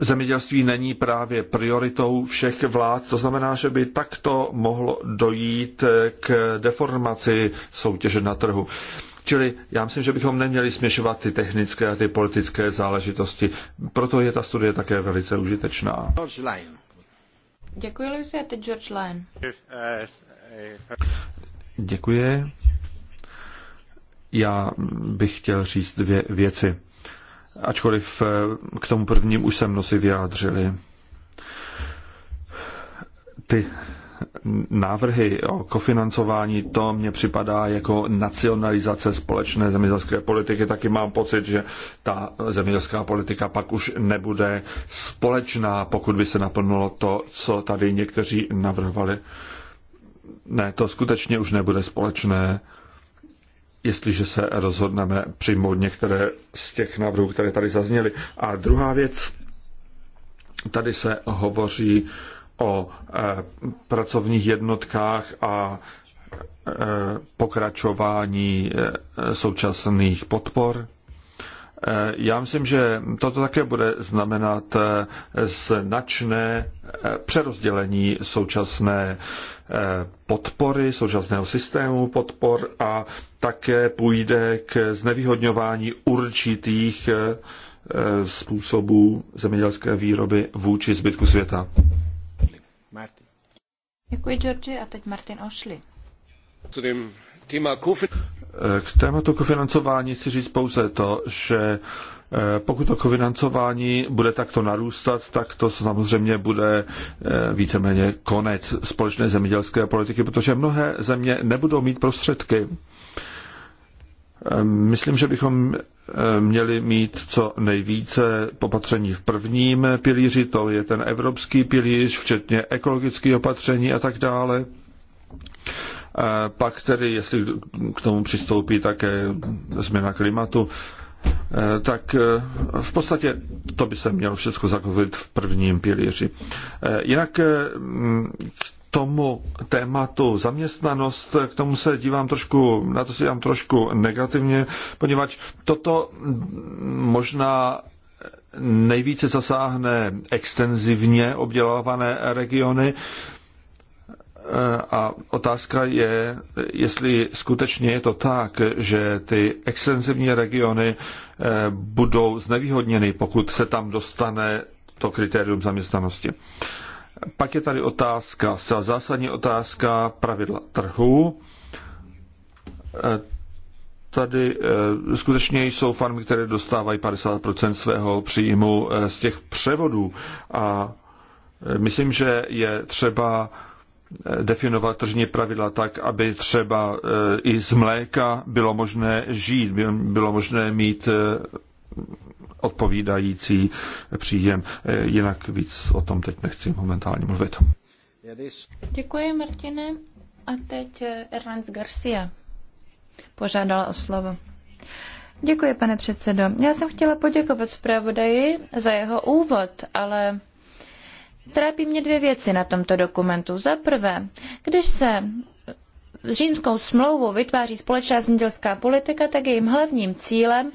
zemědělství není právě prioritou všech vlád. To znamená, že by takto mohlo dojít k deformaci soutěže na trhu. Čili já myslím, že bychom neměli směšovat ty technické a ty politické záležitosti. Proto je ta studie také velice užitečná. George Děkuji, Lucy, a teď George Lyon. Děkuji. Já bych chtěl říct dvě věci. Ačkoliv eh, k tomu prvním už se mnozí vyjádřili. Ty návrhy o kofinancování, to mně připadá jako nacionalizace společné zemědělské politiky. Taky mám pocit, že ta zemědělská politika pak už nebude společná, pokud by se naplnilo to, co tady někteří navrhovali. Ne, to skutečně už nebude společné, jestliže se rozhodneme přijmout některé z těch návrhů, které tady zazněly. A druhá věc, tady se hovoří o e, pracovních jednotkách a e, pokračování e, současných podpor. Já myslím, že toto také bude znamenat značné přerozdělení současné podpory, současného systému podpor a také půjde k znevýhodňování určitých způsobů zemědělské výroby vůči zbytku světa. Děkuji, Georgi. A teď Martin Ošli. K tématu kofinancování chci říct pouze to, že eh, pokud to kofinancování bude takto narůstat, tak to samozřejmě bude eh, víceméně konec společné zemědělské politiky, protože mnohé země nebudou mít prostředky Ehm, myslím, že bychom ehm, měli mít co nejvíce popatření v prvním pilíři, to je ten evropský pilíř, včetně ekologických opatření a tak dále. Pak tedy, jestli k tomu přistoupí také změna klimatu, eh, tak eh, v podstatě to by se mělo všechno zakotvit v prvním pilíři. Eh, jinak ehm, tomu tématu zaměstnanost, k tomu se dívám trošku, na to si dívám trošku negativně, poněvadž toto možná nejvíce zasáhne extenzivně obdělávané regiony, a otázka je, jestli skutečně je to tak, že ty extenzivní regiony eh, budou znevýhodněny, pokud se tam dostane to kritérium zaměstnanosti. Pak je tady otázka, zásadní otázka pravidla trhu. E, tady e, skutečně jsou farmy, které dostávají 50% svého příjmu e, z těch převodů a myslím, že je třeba definovat tržní pravidla tak, aby třeba i z mléka bylo možné žít, bylo možné mít odpovídající příjem. Eh, jinak víc o tom teď nechci momentálně mluvit. Děkuji, Martine. A teď eh, Ernst Garcia požádala o slovo. Děkuji, pane předsedo. Já jsem chtěla poděkovat zpravodaji za jeho úvod, ale trápí mě dvě věci na tomto dokumentu. Za prvé, když se římskou smlouvu vytváří společná zemědělská politika, tak jejím hlavním cílem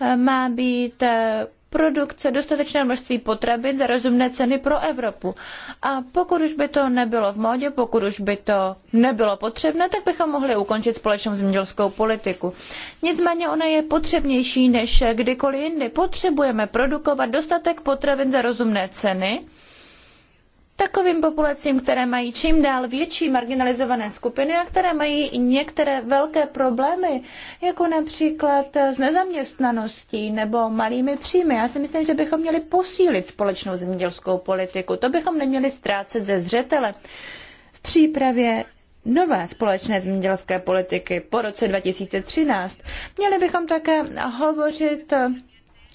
eh, má být eh, produkce dostatečné množství potravin za rozumné ceny pro Evropu. A pokud už by to nebylo v módě, pokud už by to nebylo potřebné, tak bychom mohli ukončit společnou zemědělskou politiku. Nicméně ona je potřebnější než eh, kdykoliv jindy. Potřebujeme produkovat dostatek potravin za rozumné ceny takovým populacím, které mají čím dál větší marginalizované skupiny a které mají některé velké problémy, jako například s nezaměstnaností nebo malými příjmy. Já si myslím, že bychom měli posílit společnou zemědělskou politiku. To bychom neměli ztrácet ze zřetele. V přípravě nové společné zemědělské politiky po roce 2013 měli bychom také hovořit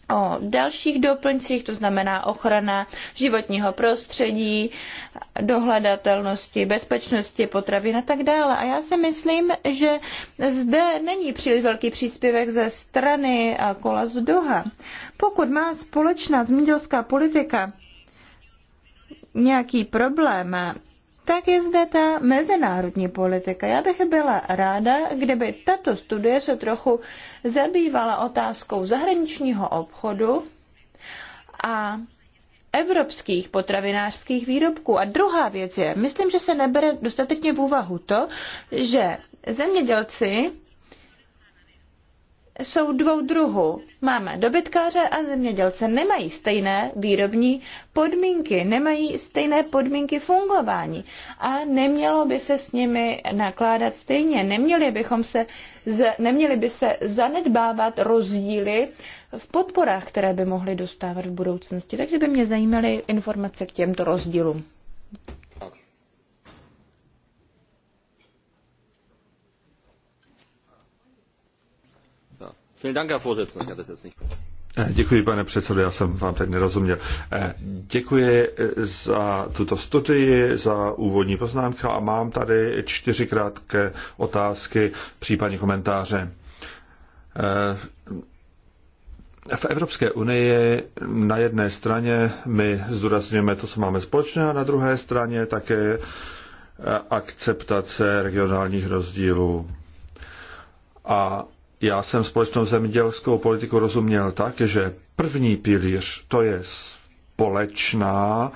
o dalších doplňcích, to znamená ochrana životního prostředí, dohledatelnosti, bezpečnosti potravin a tak dále. A já si myslím, že zde není příliš velký příspěvek ze strany eh, kola z Doha. Pokud má společná zemědělská politika nějaký problém tak je zde ta mezinárodní politika. Já bych byla ráda, kdyby tato studie se trochu zabývala otázkou zahraničního obchodu a evropských potravinářských výrobků. A druhá věc je, myslím, že se nebere dostatečně v úvahu to, že zemědělci jsou dvou druhů. Máme dobytkáře a zemědělce. Nemají stejné výrobní podmínky, nemají stejné podmínky fungování a nemělo by se s nimi nakládat stejně. Neměli, bychom se, neměli by se zanedbávat rozdíly v podporách, které by mohli dostávat v budoucnosti. Takže by mě zajímaly informace k těmto rozdílům. Eh, děkuji, pane předsedo, já jsem vám teď nerozuměl. Eh, děkuji eh, za tuto studii, za úvodní poznámka a mám tady čtyři krátké otázky, případně komentáře. V Evropské unii na jedné straně my zdůrazňujeme to, co máme společné, a na druhé straně také akceptace regionálních rozdílů. A já jsem společnou zemědělskou politiku rozuměl tak, že první pilíř to je společná,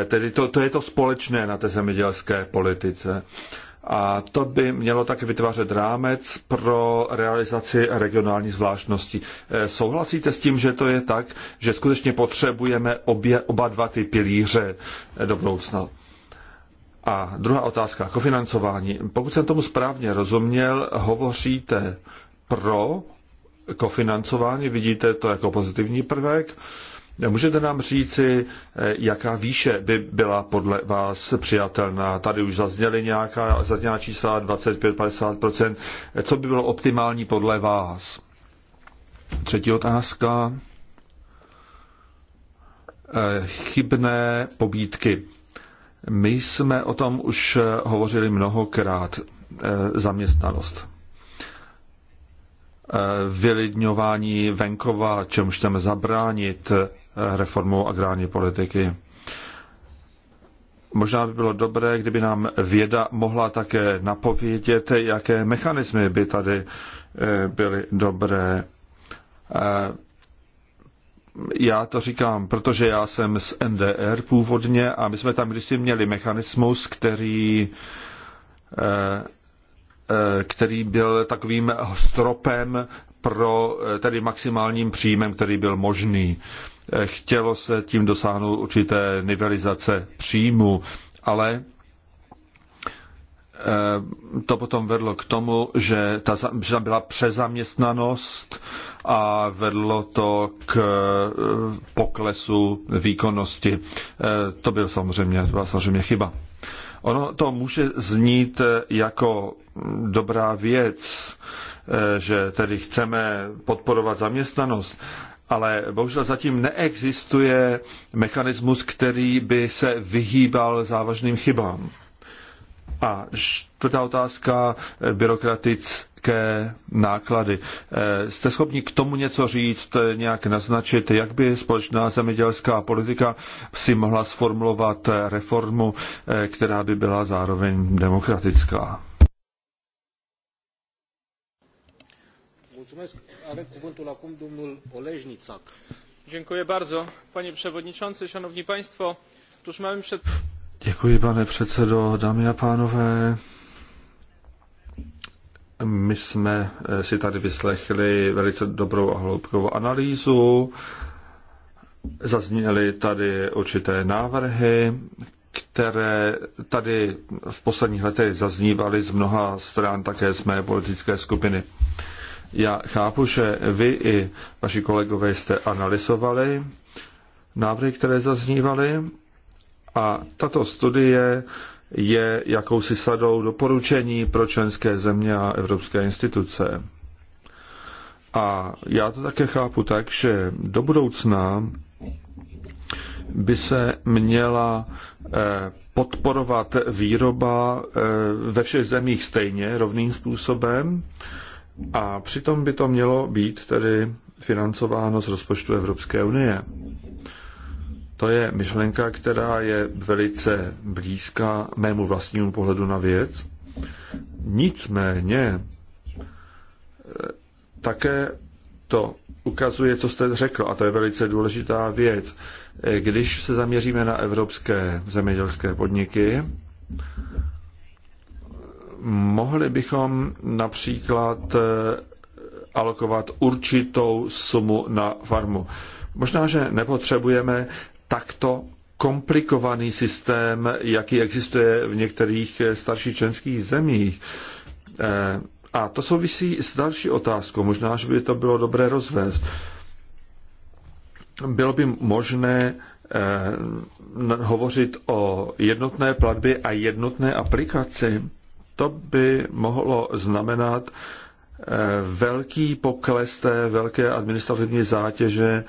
eh, tedy to, to je to společné na té zemědělské politice. A to by mělo také vytvářet rámec pro realizaci regionální zvláštnosti. Eh, souhlasíte s tím, že to je tak, že skutečně potřebujeme obě, oba dva ty pilíře eh, do budoucna? A druhá otázka, kofinancování. Pokud jsem tomu správně rozuměl, hovoříte pro kofinancování, vidíte to jako pozitivní prvek. Můžete nám říci, eh, jaká výše by byla podle vás přijatelná? Tady už zazněly nějaká, zazněla čísla 25-50%. Co by bylo optimální podle vás? Třetí otázka. Eh, chybné pobídky. My jsme o tom už eh, hovořili mnohokrát. Zaměstnanost vylidňování venkova, čemu chceme zabránit reformou agrární politiky. Možná by bylo dobré, kdyby nám věda mohla také napovědět, jaké mechanismy by tady eh, byly dobré. Eh, já to říkám, protože já jsem z NDR původně a my jsme tam kdysi měli mechanismus, který eh, Eh, který byl takovým stropem pro eh, tedy maximálním příjmem, který byl možný. Eh, chtělo se tím dosáhnout určité nivelizace příjmu, ale to potom vedlo k tomu, že, ta, že tam byla přezaměstnanost a vedlo to k poklesu výkonnosti. To byl samozřejmě, byla samozřejmě chyba. Ono to může znít jako dobrá věc, eh, že tedy chceme podporovat zaměstnanost, ale bohužel zatím neexistuje mechanismus, který by se vyhýbal závažným chybám. A čtvrtá otázka, byrokratic, vysoké náklady. Eh, jste schopni k tomu něco říct, nějak naznačit, jak by společná zemědělská politika si mohla sformulovat reformu, eh, která by byla zároveň demokratická? Děkuji. bardzo, panie przewodniczący, szanowni państwo. Tuż mamy przed... Děkuji, pane předsedo, dámy a pánové. My jsme eh, si tady vyslechli velice dobrou a hloubkovou analýzu, zazněly tady určité návrhy, které tady v posledních letech zaznívaly z mnoha stran také z mé politické skupiny. Já chápu, že vy i vaši kolegové jste analyzovali návrhy, které zaznívaly a tato studie je jakousi sadou doporučení pro členské země a evropské instituce. A já to také chápu tak, že do budoucna by se měla eh, podporovat výroba eh, ve všech zemích stejně, rovným způsobem, a přitom by to mělo být tedy financováno z rozpočtu Evropské unie. To je myšlenka, která je velice blízká mému vlastnímu pohledu na věc. Nicméně e, také to ukazuje, co jste řekl, a to je velice důležitá věc. E, když se zaměříme na evropské zemědělské podniky, mohli bychom například e, alokovat určitou sumu na farmu. Možná, že nepotřebujeme takto komplikovaný systém, jaký existuje v některých eh, starších členských zemích. Eh, a to souvisí s další otázkou. Možná, že by to bylo dobré rozvést. Bylo by možné eh, hovořit o jednotné platbě a jednotné aplikaci. To by mohlo znamenat velký pokles té velké administrativní zátěže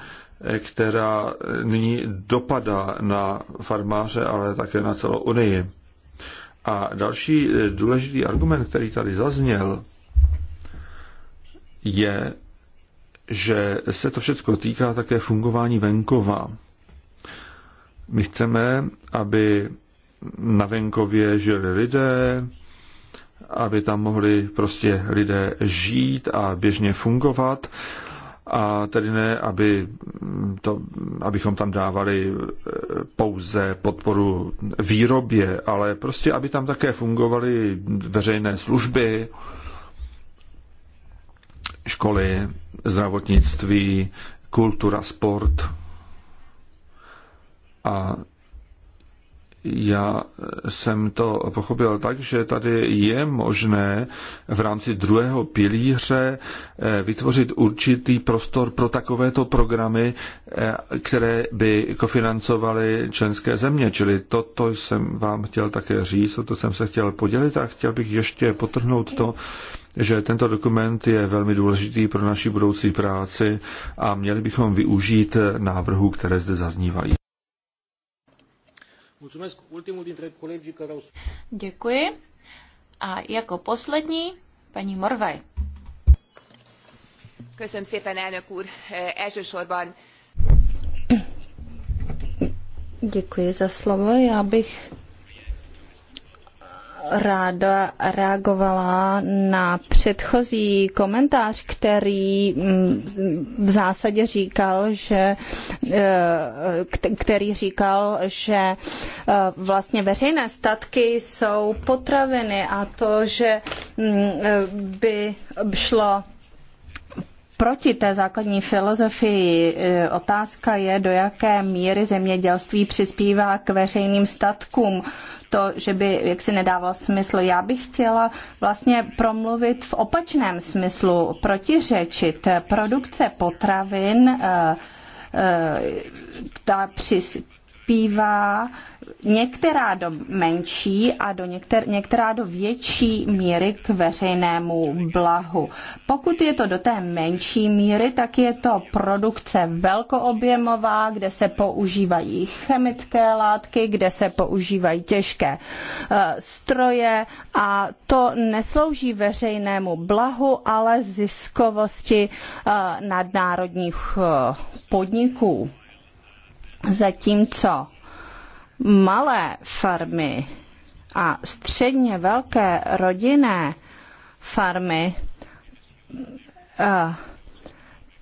která nyní dopadá na farmáře, ale také na celou Unii. A další důležitý argument, který tady zazněl, je, že se to všechno týká také fungování venkova. My chceme, aby na venkově žili lidé, aby tam mohli prostě lidé žít a běžně fungovat a tedy ne, aby to, abychom tam dávali eh, pouze podporu výrobě, ale prostě, aby tam také fungovaly veřejné služby, školy, zdravotnictví, kultura, sport a já jsem to pochopil tak, že tady je možné v rámci druhého pilíře eh, vytvořit určitý prostor pro takovéto programy, eh, které by kofinancovaly členské země. Čili toto jsem vám chtěl také říct, toto to jsem se chtěl podělit a chtěl bych ještě potrhnout to, že tento dokument je velmi důležitý pro naši budoucí práci a měli bychom využít návrhů, které zde zaznívají. Děkuji. A jako poslední paní Morvaj. Köszönöm szépen, elnök úr. E, elsősorban Děkuji za slovo. Já bych ráda reagovala na předchozí komentář, který mm, v zásadě říkal, že eh, který říkal, že eh, vlastně veřejné statky jsou potraviny a to, že mm, eh, by šlo proti té základní filozofii. E, otázka je, do jaké míry zemědělství přispívá k veřejným statkům. To, že by jaksi nedávalo smysl. Já bych chtěla vlastně promluvit v opačném smyslu, protiřečit. Produkce potravin, e, e, ta přispívá některá do menší a do někter, některá do větší míry k veřejnému blahu. Pokud je to do té menší míry, tak je to produkce velkoobjemová, kde se používají chemické látky, kde se používají těžké eh, stroje a to neslouží veřejnému blahu, ale ziskovosti eh, nadnárodních eh, podniků. Zatímco malé farmy a středně velké rodinné farmy uh,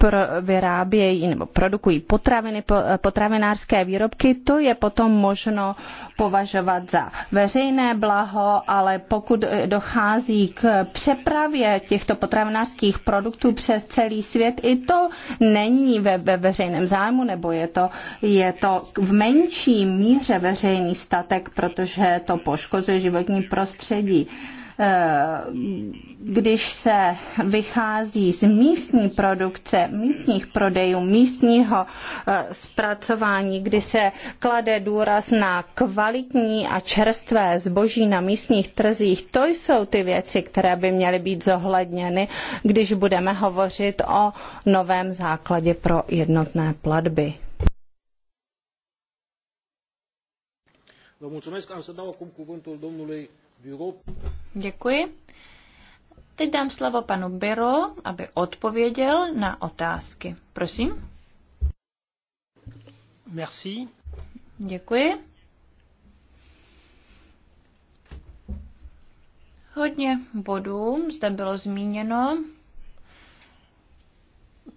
pro, vyrábějí nebo produkují potraviny, potravinářské výrobky, to je potom možno považovat za veřejné blaho, ale pokud dochází k přepravě těchto potravinářských produktů přes celý svět, i to není ve, ve veřejném zájmu, nebo je to, je to v menší míře veřejný statek, protože to poškozuje životní prostředí. Eh, když se vychází z místní produkce, místních prodejů, místního eh, zpracování, kdy se klade důraz na kvalitní a čerstvé zboží na místních trzích, to jsou ty věci, které by měly být zohledněny, když budeme hovořit o novém základě pro jednotné platby. Vă mulțumesc. Am să dau acum cuvântul domnului Biurop. Děkuji. Teď dám slovo panu Biro, aby odpověděl na otázky. Prosím. Merci. Děkuji. Hodně bodů zde bylo zmíněno.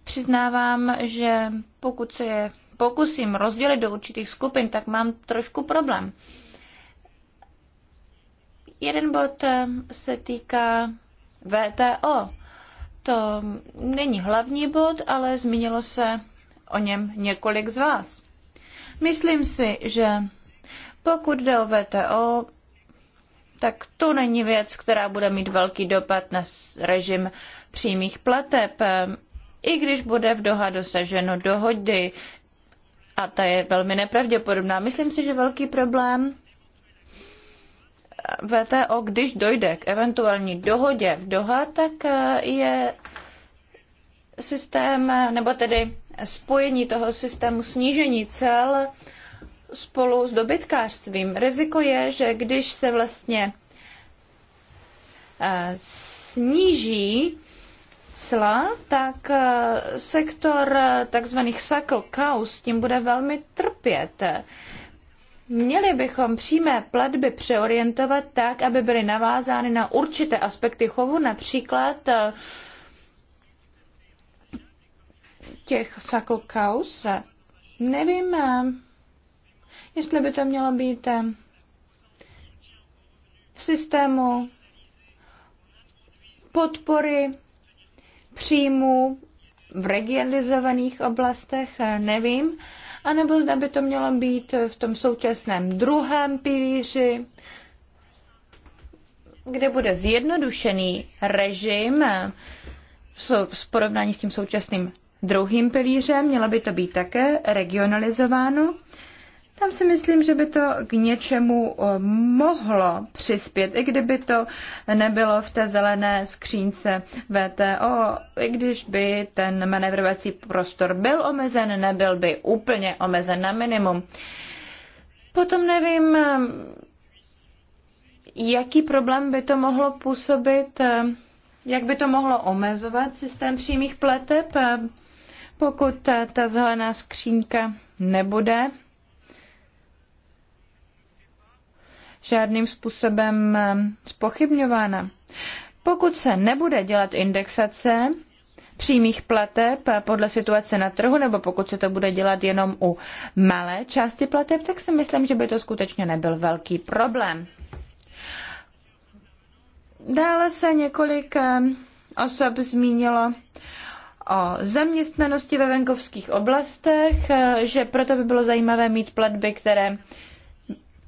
Přiznávám, že pokud se je pokusím rozdělit do určitých skupin, tak mám trošku problém. Uh, Jeden bod eh, se týká VTO. To není hlavní bod, ale zmínilo se o něm několik z vás. Myslím si, že pokud jde o VTO, tak to není věc, která bude mít velký dopad na režim přímých plateb, i když bude v Doha dosaženo dohody, a ta je velmi nepravděpodobná. Myslím si, že velký problém VTO, když dojde k eventuální dohodě v Doha, tak eh, je systém, nebo tedy spojení toho systému snížení cel spolu s dobytkářstvím. Riziko je, že když se vlastně eh, sníží cla, tak eh, sektor takzvaných sakl cows tím bude velmi trpět. Měli bychom přímé platby přeorientovat tak, aby byly navázány na určité aspekty chovu, například eh, těch suckle cows. Nevím, eh, jestli by to mělo být eh, v systému podpory příjmů v regionalizovaných oblastech, nevím anebo zda by to mělo být v tom současném druhém pilíři, kde bude zjednodušený režim v porovnání s tím současným druhým pilířem, mělo by to být také regionalizováno tam si myslím, že by to k něčemu eh, mohlo přispět, i kdyby to nebylo v té zelené skřínce VTO, i když by ten manevrovací prostor byl omezen, nebyl by úplně omezen na minimum. Potom nevím, eh, jaký problém by to mohlo působit, eh, jak by to mohlo omezovat systém přímých plateb, pokud ta zelená skřínka nebude žádným způsobem eh, spochybňována. Pokud se nebude dělat indexace přímých plateb eh, podle situace na trhu, nebo pokud se to bude dělat jenom u malé části plateb, tak si myslím, že by to skutečně nebyl velký problém. Dále se několik eh, osob zmínilo o zaměstnanosti ve venkovských oblastech, že proto by bylo zajímavé mít platby, které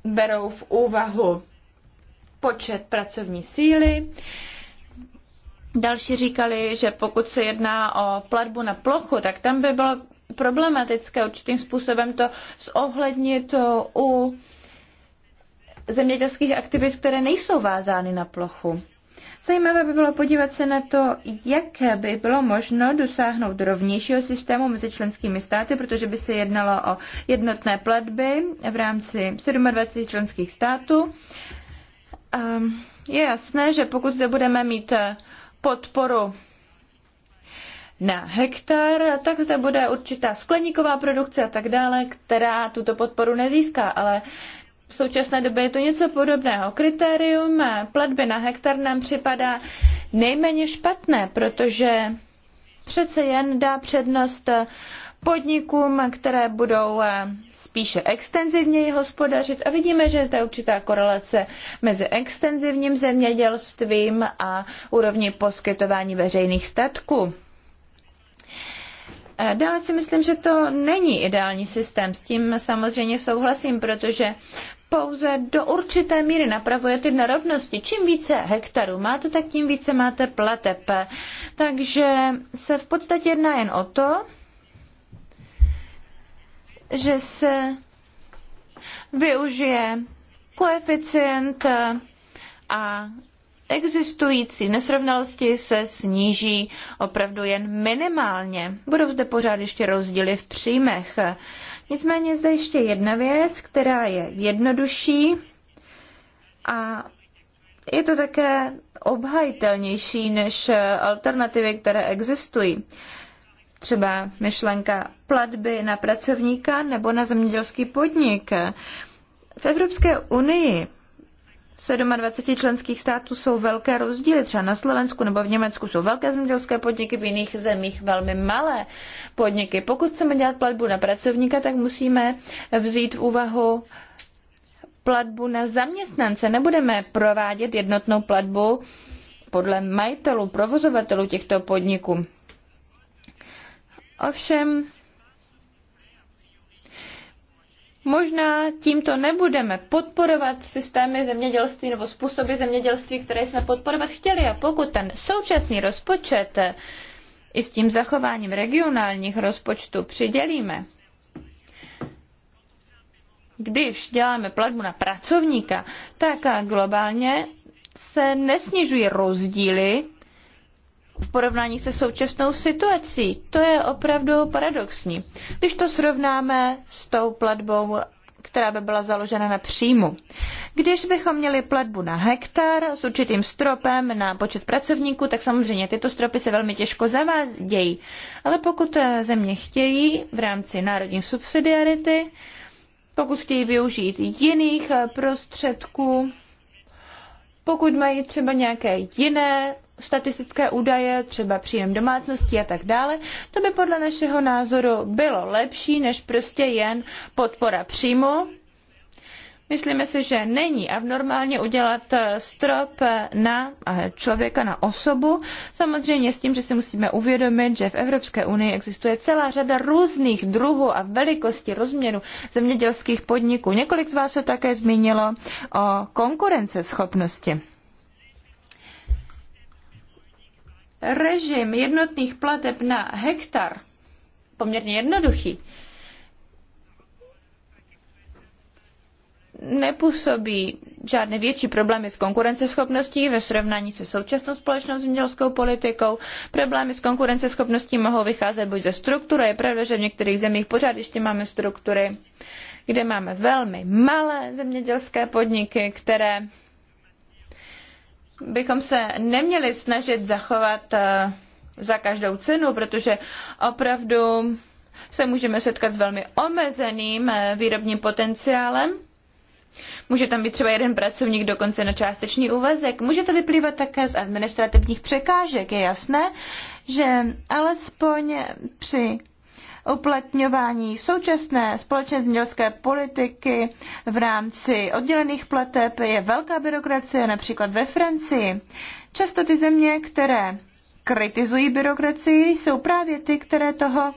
berou v úvahu počet pracovní síly. Další říkali, že pokud se jedná o platbu na plochu, tak tam by bylo problematické určitým způsobem to zohlednit u zemědělských aktivit, které nejsou vázány na plochu. Zajímavé by bylo podívat se na to, jak by bylo možno dosáhnout rovnějšího systému mezi členskými státy, protože by se jednalo o jednotné platby v rámci 27 členských států. Ehm, je jasné, že pokud zde budeme mít eh, podporu na hektar, tak zde bude určitá skleníková produkce a tak dále, která tuto podporu nezíská, ale v současné době je to něco podobného. Kritérium platby na hektar nám připadá nejméně špatné, protože přece jen dá přednost podnikům, které budou eh, spíše extenzivněji hospodařit a vidíme, že je zde určitá korelace mezi extenzivním zemědělstvím a úrovní poskytování veřejných statků. Eh, dále si myslím, že to není ideální systém. S tím samozřejmě souhlasím, protože pouze do určité míry napravuje ty nerovnosti. Čím více hektarů máte, tak tím více máte plateb. Takže se v podstatě jedná jen o to, že se využije koeficient a existující nesrovnalosti se sníží opravdu jen minimálně. Budou zde pořád ještě rozdíly v příjmech. Nicméně zde ještě jedna věc, která je jednodušší a je to také obhajitelnější než alternativy, které existují. Třeba myšlenka platby na pracovníka nebo na zemědělský podnik. V Evropské unii 27 členských států jsou velké rozdíly. Třeba na Slovensku nebo v Německu jsou velké zemědělské podniky, v jiných zemích velmi malé podniky. Pokud chceme dělat platbu na pracovníka, tak musíme vzít v úvahu platbu na zaměstnance. Nebudeme provádět jednotnou platbu podle majitelů, provozovatelů těchto podniků. Ovšem, Možná tímto nebudeme podporovat systémy zemědělství nebo způsoby zemědělství, které jsme podporovat chtěli. A pokud ten současný rozpočet eh, i s tím zachováním regionálních rozpočtů přidělíme, když děláme platbu na pracovníka, tak eh, globálně se nesnižují rozdíly v porovnání se současnou situací. To je opravdu paradoxní. Když to srovnáme s tou platbou která by byla založena na příjmu. Když bychom měli platbu na hektar s určitým stropem na počet pracovníků, tak samozřejmě tyto stropy se velmi těžko zavádějí. Ale pokud země chtějí v rámci národní subsidiarity, pokud chtějí využít jiných prostředků, pokud mají třeba nějaké jiné statistické údaje, třeba příjem domácností a tak dále, to by podle našeho názoru bylo lepší než prostě jen podpora příjmu. Myslíme si, že není abnormálně udělat eh, strop eh, na eh, člověka, na osobu. Samozřejmě s tím, že si musíme uvědomit, že v Evropské unii existuje celá řada různých druhů a velikostí rozměru zemědělských podniků. Několik z vás to také zmínilo o konkurenceschopnosti. režim jednotných plateb na hektar, poměrně jednoduchý, nepůsobí žádné větší problémy s konkurenceschopností ve srovnání se současnou společnou zemědělskou politikou. Problémy s konkurenceschopností mohou vycházet buď ze struktury, je pravda, že v některých zemích pořád ještě máme struktury, kde máme velmi malé zemědělské podniky, které bychom se neměli snažit zachovat eh, za každou cenu, protože opravdu se můžeme setkat s velmi omezeným eh, výrobním potenciálem. Může tam být třeba jeden pracovník dokonce na částečný úvazek. Může to vyplývat také z administrativních překážek. Je jasné, že alespoň při uplatňování současné společné zemědělské politiky v rámci oddělených plateb je velká byrokracie, například ve Francii. Často ty země, které kritizují byrokracii, jsou právě ty, které toho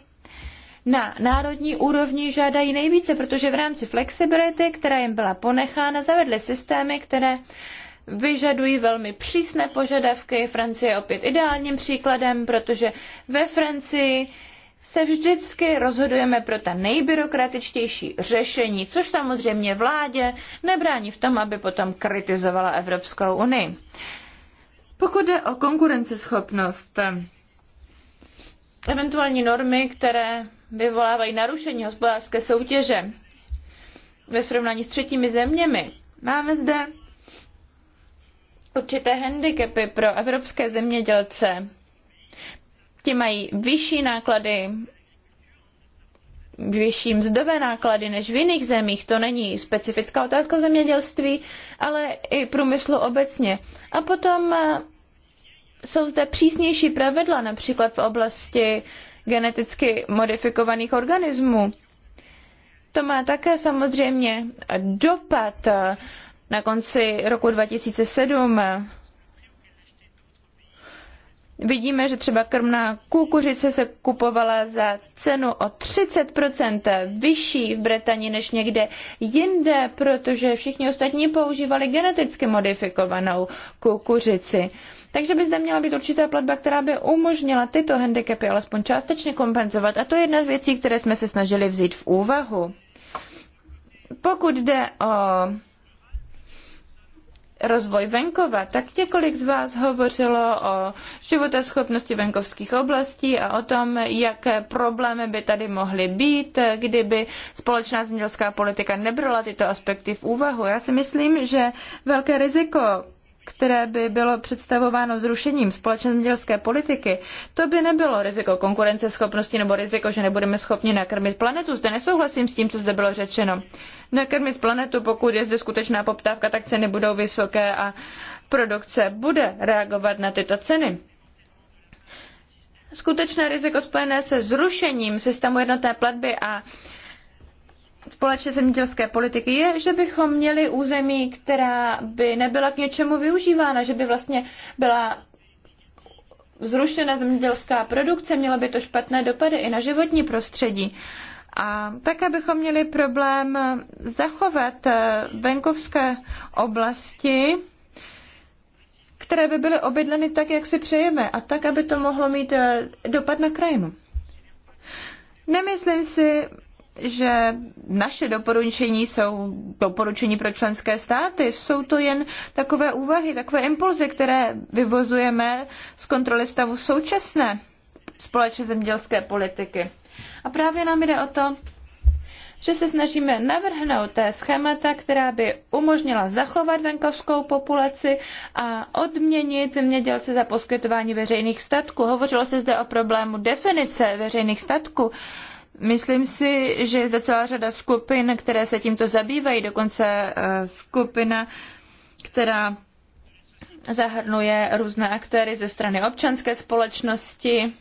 na národní úrovni žádají nejvíce, protože v rámci flexibility, která jim byla ponechána, zavedly systémy, které vyžadují velmi přísné požadavky. Francie je opět ideálním příkladem, protože ve Francii se vždycky rozhodujeme pro ta nejbyrokratičtější řešení, což samozřejmě vládě nebrání v tom, aby potom kritizovala Evropskou unii. Pokud jde o konkurenceschopnost, eventuální normy, které vyvolávají narušení hospodářské soutěže ve srovnání s třetími zeměmi, máme zde určité handicapy pro evropské zemědělce, Ti mají vyšší náklady, vyšší mzdové náklady než v jiných zemích. To není specifická otázka zemědělství, ale i průmyslu obecně. A potom eh, jsou zde přísnější pravidla, například v oblasti geneticky modifikovaných organismů. To má také samozřejmě dopad eh, na konci roku 2007 eh, vidíme, že třeba krmná kukuřice se kupovala za cenu o 30% vyšší v Británii než někde jinde, protože všichni ostatní používali geneticky modifikovanou kukuřici. Takže by zde měla být určitá platba, která by umožnila tyto handicapy alespoň částečně kompenzovat. A to je jedna z věcí, které jsme se snažili vzít v úvahu. Pokud jde o rozvoj venkova, tak několik z vás hovořilo o životaschopnosti venkovských oblastí a o tom, jaké problémy by tady mohly být, kdyby společná zemědělská politika nebrala tyto aspekty v úvahu. Já si myslím, že velké riziko které by bylo představováno zrušením společné zemědělské politiky, to by nebylo riziko konkurenceschopnosti nebo riziko, že nebudeme schopni nakrmit planetu. Zde nesouhlasím s tím, co zde bylo řečeno. Nakrmit planetu, pokud je zde skutečná poptávka, tak ceny budou vysoké a produkce bude reagovat na tyto ceny. Skutečné riziko spojené se zrušením systému jednotné platby a společné zemědělské politiky je, že bychom měli území, která by nebyla k něčemu využívána, že by vlastně byla zrušena zemědělská produkce, měla by to špatné dopady i na životní prostředí. A také bychom měli problém zachovat eh, venkovské oblasti, které by byly obydleny tak, jak si přejeme a tak, aby to mohlo mít eh, dopad na krajinu. Nemyslím si, že naše doporučení jsou doporučení pro členské státy. Jsou to jen takové úvahy, takové impulzy, které vyvozujeme z kontroly stavu současné společné zemědělské politiky. A právě nám jde o to, že se snažíme navrhnout té schémata, která by umožnila zachovat venkovskou populaci a odměnit zemědělce za poskytování veřejných statků. Hovořilo se zde o problému definice veřejných statků. Myslím si, že je zde celá řada skupin, které se tímto zabývají, dokonce eh, skupina, která zahrnuje různé aktéry ze strany občanské společnosti.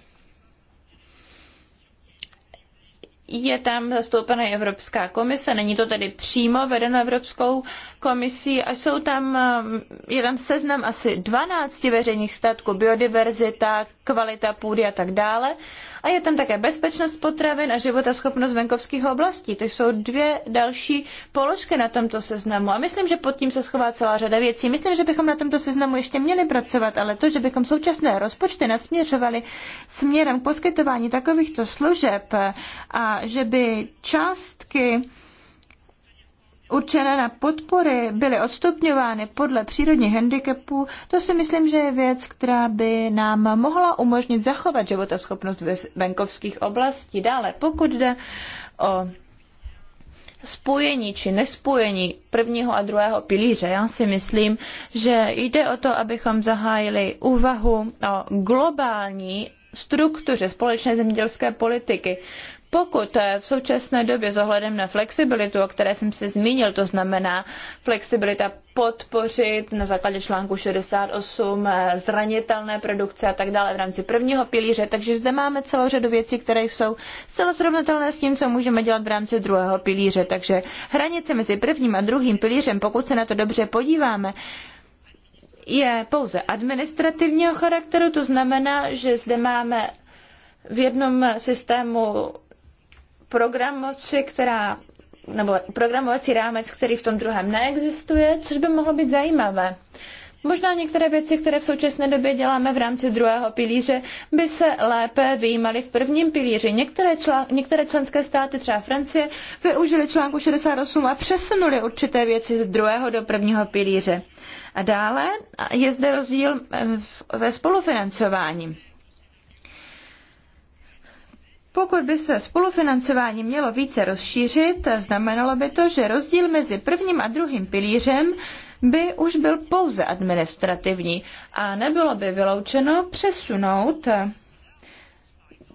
Je tam zastoupena i Evropská komise, není to tedy přímo vedeno Evropskou komisí a jsou tam, eh, je tam seznam asi 12 veřejných statků, biodiverzita, kvalita půdy a tak dále. A je tam také bezpečnost potravin a životaschopnost venkovských oblastí. To jsou dvě další položky na tomto seznamu. A myslím, že pod tím se schová celá řada věcí. Myslím, že bychom na tomto seznamu ještě měli pracovat, ale to, že bychom současné rozpočty nasměřovali směrem k poskytování takovýchto služeb a že by částky, určené na podpory byly odstupňovány podle přírodních handicapů, to si myslím, že je věc, která by nám mohla umožnit zachovat životaschopnost venkovských oblastí. Dále, pokud jde o spojení či nespojení prvního a druhého pilíře. Já si myslím, že jde o to, abychom zahájili úvahu o globální struktuře společné zemědělské politiky. Pokud eh, v současné době s ohledem na flexibilitu, o které jsem se zmínil, to znamená flexibilita podpořit na základě článku 68 eh, zranitelné produkce a tak dále v rámci prvního pilíře, takže zde máme celou řadu věcí, které jsou zcela srovnatelné s tím, co můžeme dělat v rámci druhého pilíře. Takže hranice mezi prvním a druhým pilířem, pokud se na to dobře podíváme, je pouze administrativního charakteru, to znamená, že zde máme v jednom systému program moci, která, nebo programovací rámec, který v tom druhém neexistuje, což by mohlo být zajímavé. Možná některé věci, které v současné době děláme v rámci druhého pilíře, by se lépe vyjímaly v prvním pilíři. Některé, čl- některé členské státy, třeba Francie, využili článku 68 a přesunuli určité věci z druhého do prvního pilíře. A dále je zde rozdíl eh, ve spolufinancování. Pokud by se spolufinancování mělo více rozšířit, znamenalo by to, že rozdíl mezi prvním a druhým pilířem by už byl pouze administrativní a nebylo by vyloučeno přesunout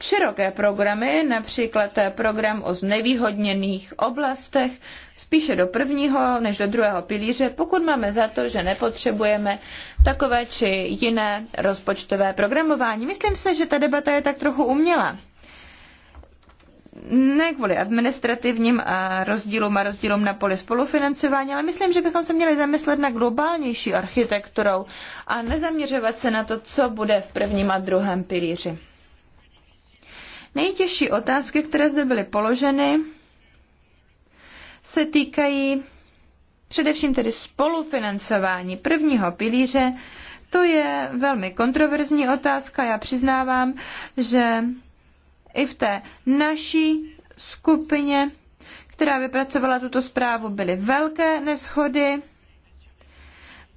široké programy, například program o znevýhodněných oblastech, spíše do prvního než do druhého pilíře, pokud máme za to, že nepotřebujeme takové či jiné rozpočtové programování. Myslím se, že ta debata je tak trochu umělá ne kvůli administrativním eh, rozdílům a rozdílům na poli spolufinancování, ale myslím, že bychom se měli zamyslet na globálnější architekturou a nezaměřovat se na to, co bude v prvním a druhém pilíři. Nejtěžší otázky, které zde byly položeny, se týkají především tedy spolufinancování prvního pilíře. To je velmi kontroverzní otázka. Já přiznávám, že i v té naší skupině, která vypracovala tuto zprávu, byly velké neshody.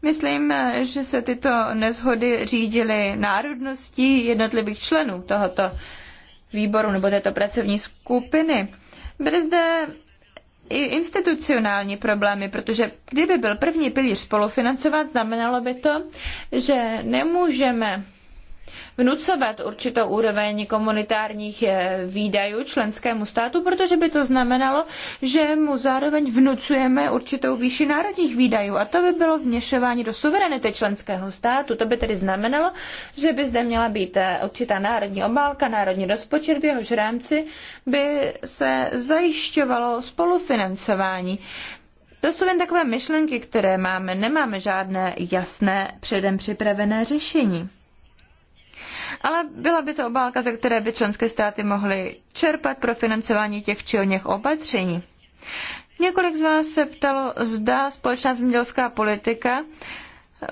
Myslím, že se tyto neshody řídily národností jednotlivých členů tohoto výboru nebo této pracovní skupiny. Byly zde i institucionální problémy, protože kdyby byl první pilíř spolufinancovat, znamenalo by to, že nemůžeme vnucovat určitou úroveň komunitárních eh, výdajů členskému státu, protože by to znamenalo, že mu zároveň vnucujeme určitou výši národních výdajů. A to by bylo vměšování do suverenity členského státu. To by tedy znamenalo, že by zde měla být eh, určitá národní obálka, národní rozpočet, v jehož rámci by se zajišťovalo spolufinancování. To jsou jen takové myšlenky, které máme. Nemáme žádné jasné předem připravené řešení ale byla by to obálka, ze které by členské státy mohly čerpat pro financování těch či oněch opatření. Několik z vás se ptalo, zda společná zemědělská politika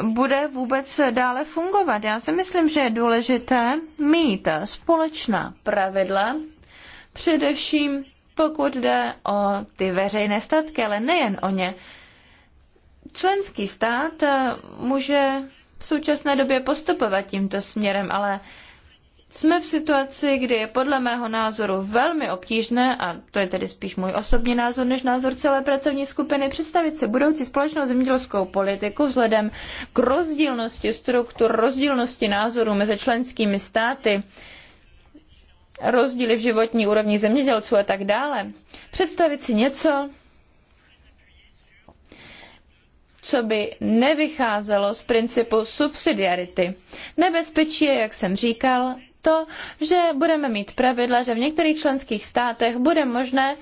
bude vůbec dále fungovat. Já si myslím, že je důležité mít společná pravidla, především pokud jde o ty veřejné statky, ale nejen o ně. Členský stát může v současné době postupovat tímto směrem, ale jsme v situaci, kdy je podle mého názoru velmi obtížné, a to je tedy spíš můj osobní názor než názor celé pracovní skupiny, představit si budoucí společnou zemědělskou politiku vzhledem k rozdílnosti struktur, rozdílnosti názorů mezi členskými státy, rozdíly v životní úrovni zemědělců a tak dále. Představit si něco, co by nevycházelo z principu subsidiarity. Nebezpečí je, jak jsem říkal, to, že budeme mít pravidla, že v některých členských státech bude možné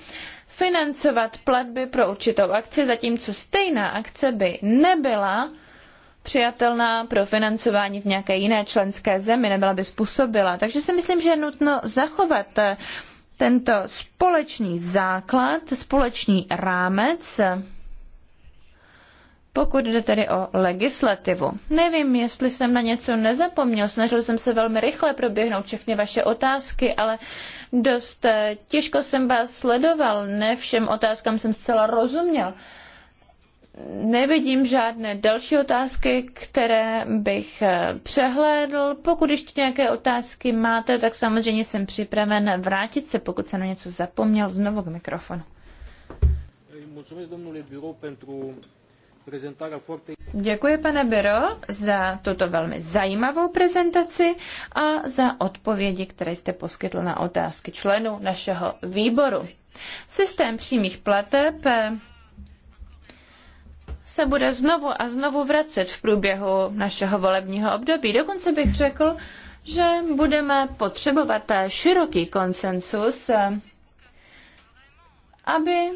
financovat platby pro určitou akci, zatímco stejná akce by nebyla přijatelná pro financování v nějaké jiné členské zemi, nebyla by způsobila. Takže si myslím, že je nutno zachovat eh, tento společný základ, společný rámec pokud jde tedy o legislativu, nevím, jestli jsem na něco nezapomněl, snažil jsem se velmi rychle proběhnout všechny vaše otázky, ale dost eh, těžko jsem vás sledoval, ne všem otázkám jsem zcela rozuměl. Nevidím žádné další otázky, které bych eh, přehlédl. Pokud ještě nějaké otázky máte, tak samozřejmě jsem připraven vrátit se, pokud jsem na něco zapomněl, znovu k mikrofonu. Mulțumesc domnule Biro pentru Děkuji, pane Biro, za tuto velmi zajímavou prezentaci a za odpovědi, které jste poskytl na otázky členů našeho výboru. Systém přímých plateb eh, se bude znovu a znovu vracet v průběhu našeho volebního období. Dokonce bych řekl, že budeme potřebovat eh, široký konsensus, eh, aby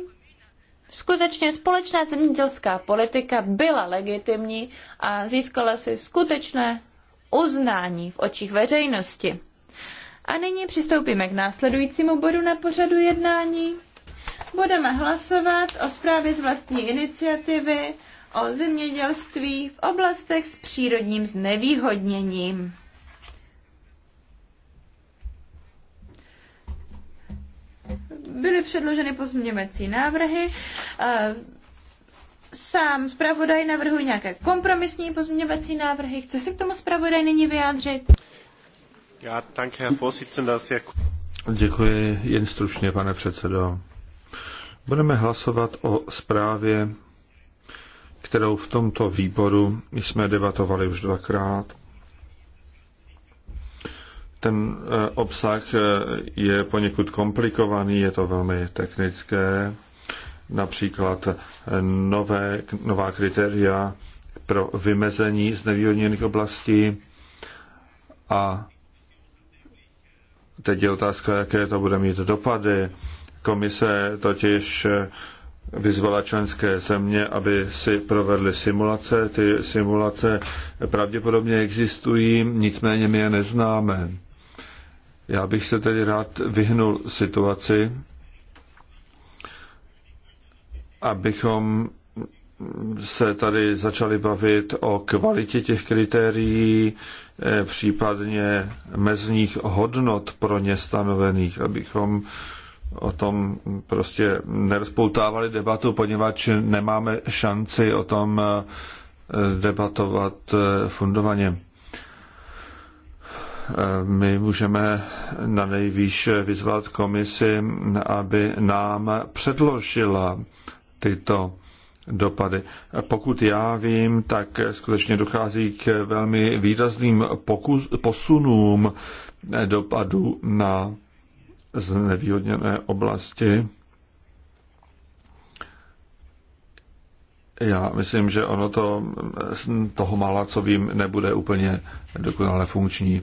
skutečně společná zemědělská politika byla legitimní a získala si skutečné uznání v očích veřejnosti. A nyní přistoupíme k následujícímu bodu na pořadu jednání. Budeme hlasovat o zprávě z vlastní iniciativy o zemědělství v oblastech s přírodním znevýhodněním. byly předloženy pozměňovací návrhy. E, sám zpravodaj navrhuje nějaké kompromisní pozměňovací návrhy. Chce se k tomu zpravodaj nyní vyjádřit? Já danke, Herr Vorsitzender, sehr... Děkuji jen stručně, pane předsedo. Budeme hlasovat o zprávě, kterou v tomto výboru jsme debatovali už dvakrát ten e, obsah e, je poněkud komplikovaný, je to velmi technické, například e, nové, nová kritéria pro vymezení znevýhodněných oblastí a teď je otázka, jaké to bude mít dopady. Komise totiž vyzvala členské země, aby si provedly simulace. Ty simulace pravděpodobně existují, nicméně my je neznáme. Já bych se tedy rád vyhnul situaci, abychom se tady začali bavit o kvalitě těch kritérií, eh, případně mezních hodnot pro ně stanovených, abychom o tom prostě nerozpoutávali debatu, poněvadž nemáme šanci o tom eh, debatovat eh, fundovaně my můžeme na nejvýš vyzvat komisi, aby nám předložila tyto dopady. Pokud já vím, tak skutečně dochází k velmi výrazným pokus, posunům dopadu na znevýhodněné oblasti. Já myslím, že ono to toho mála, co vím, nebude úplně dokonale funkční.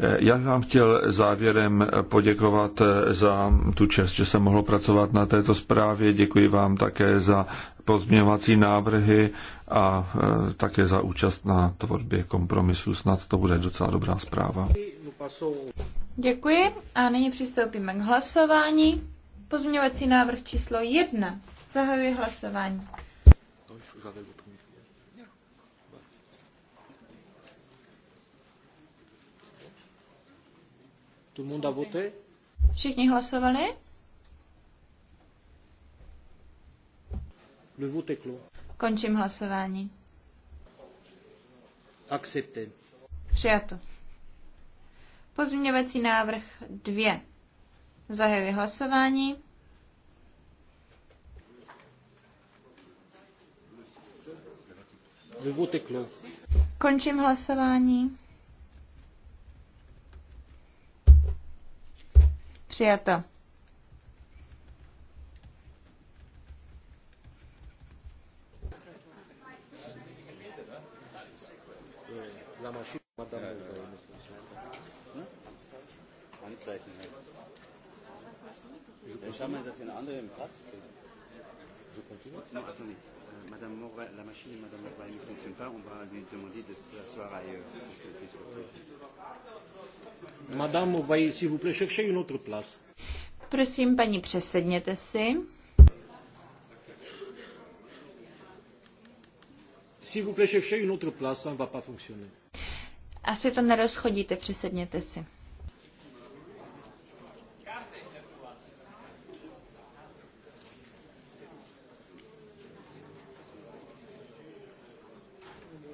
Eh, já vám chtěl závěrem poděkovat eh, za tu čest, že jsem mohl pracovat na této zprávě. Děkuji vám také za pozměňovací návrhy a eh, také za účast na tvorbě kompromisu. Snad to bude docela dobrá zpráva. Děkuji a nyní přistoupíme k hlasování. Pozměňovací návrh číslo 1. Zahajuji hlasování żadnego punktu. Tout le monde a voté? Všichni hlasovali? Le vote est clos. Končím hlasování. Accepté. Přijato. Pozměňovací návrh 2. Zahajuji hlasování. Končím hlasování. Přijato. mal, dass Platz Je continue? Non, attendez. Madame Morva, la machine de Madame Morva ne fonctionne pas, on va lui demander de s'asseoir ailleurs Madame Morva, s'il vous plaît, cherchez une autre place. Prosím, paní, přesedněte si. S'il vous plaît, cherchez une autre place, ça ne va pas fonctionner. Asi to nerozchodíte, přesedněte si.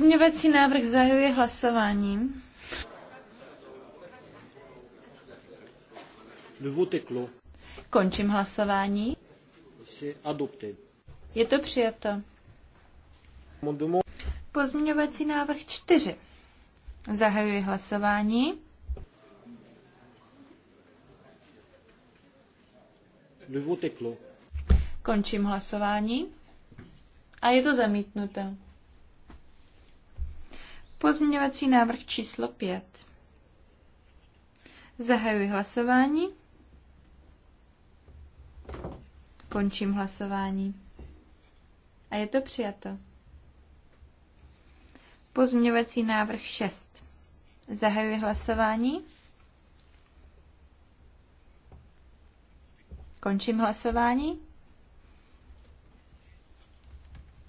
Pozměňovací návrh zahajuje hlasováním. Končím hlasování. Je to přijato. Pozměňovací návrh 4. Zahajuji hlasování. Končím hlasování. A je to zamítnuto. Pozměňovací návrh číslo 5. Zahajuji hlasování. Končím hlasování. A je to přijato. Pozměňovací návrh 6. Zahajuji hlasování. Končím hlasování.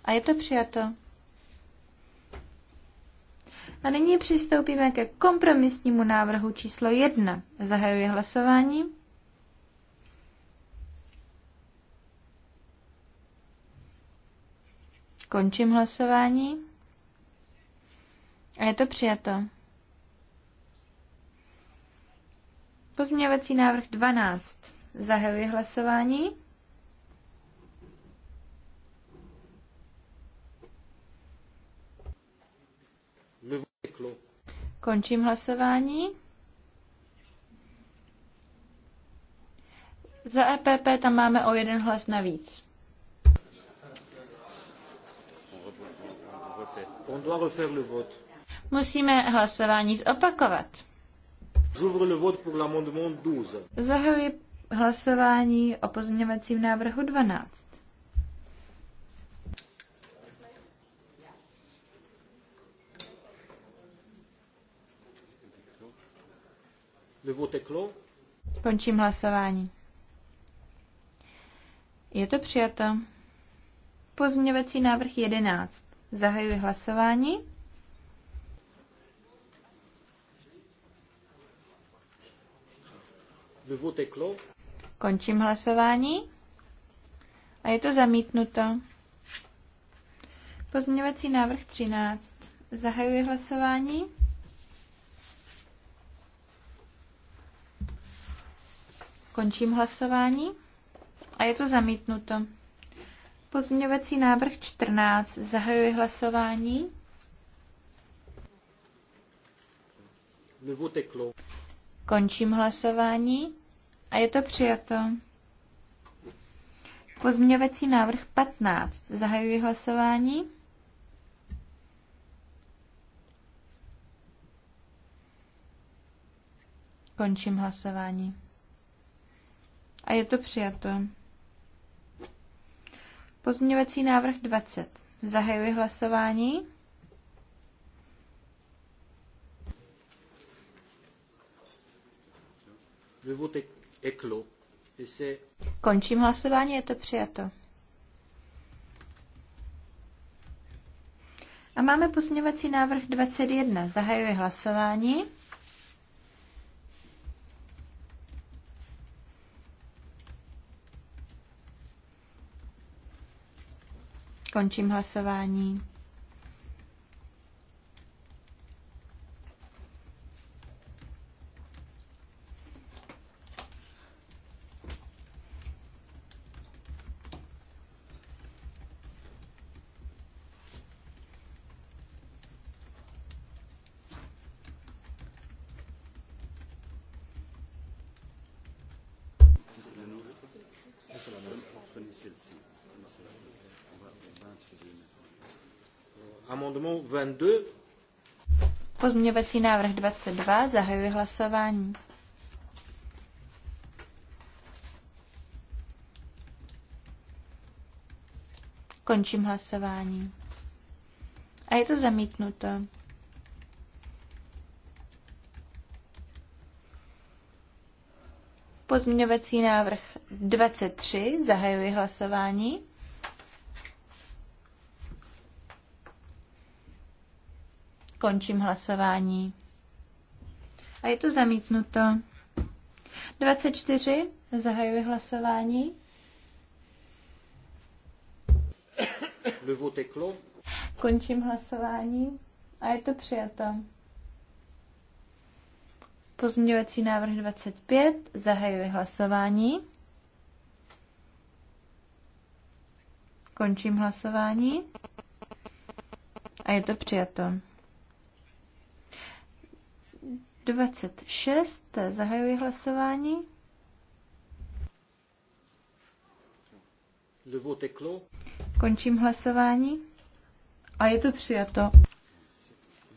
A je to přijato. A nyní přistoupíme ke kompromisnímu návrhu číslo 1. Zahajuji hlasování. Končím hlasování. A je to přijato. Pozměňovací návrh 12. Zahajuji hlasování. Končím hlasování. Za EPP tam máme o jeden hlas navíc. Musíme hlasování zopakovat. Zahajuji hlasování o pozměňovacím návrhu 12. Končím hlasování. Je to přijato. Pozměňovací návrh 11. Zahajuji hlasování. Končím hlasování. A je to zamítnuto. Pozměňovací návrh 13. Zahajuji hlasování. Končím hlasování a je to zamítnuto. Pozměňovací návrh 14. Zahajuji hlasování. Končím hlasování a je to přijato. Pozměňovací návrh 15. Zahajuji hlasování. Končím hlasování a je to přijato. Pozměňovací návrh 20. Zahajuji hlasování. Končím hlasování, je to přijato. A máme pozměňovací návrh 21. Zahajuji hlasování. Končím hlasování. 22. Pozměňovací návrh 22. Zahajuji hlasování. Končím hlasování. A je to zamítnuto. Pozměňovací návrh 23. Zahajuji hlasování. Končím hlasování. A je to zamítnuto. 24. Zahajuji hlasování. Končím hlasování. A je to přijato. Pozměňovací návrh 25. Zahajuji hlasování. Končím hlasování. A je to přijato. 26. Zahajuji hlasování. Končím hlasování. A je to přijato.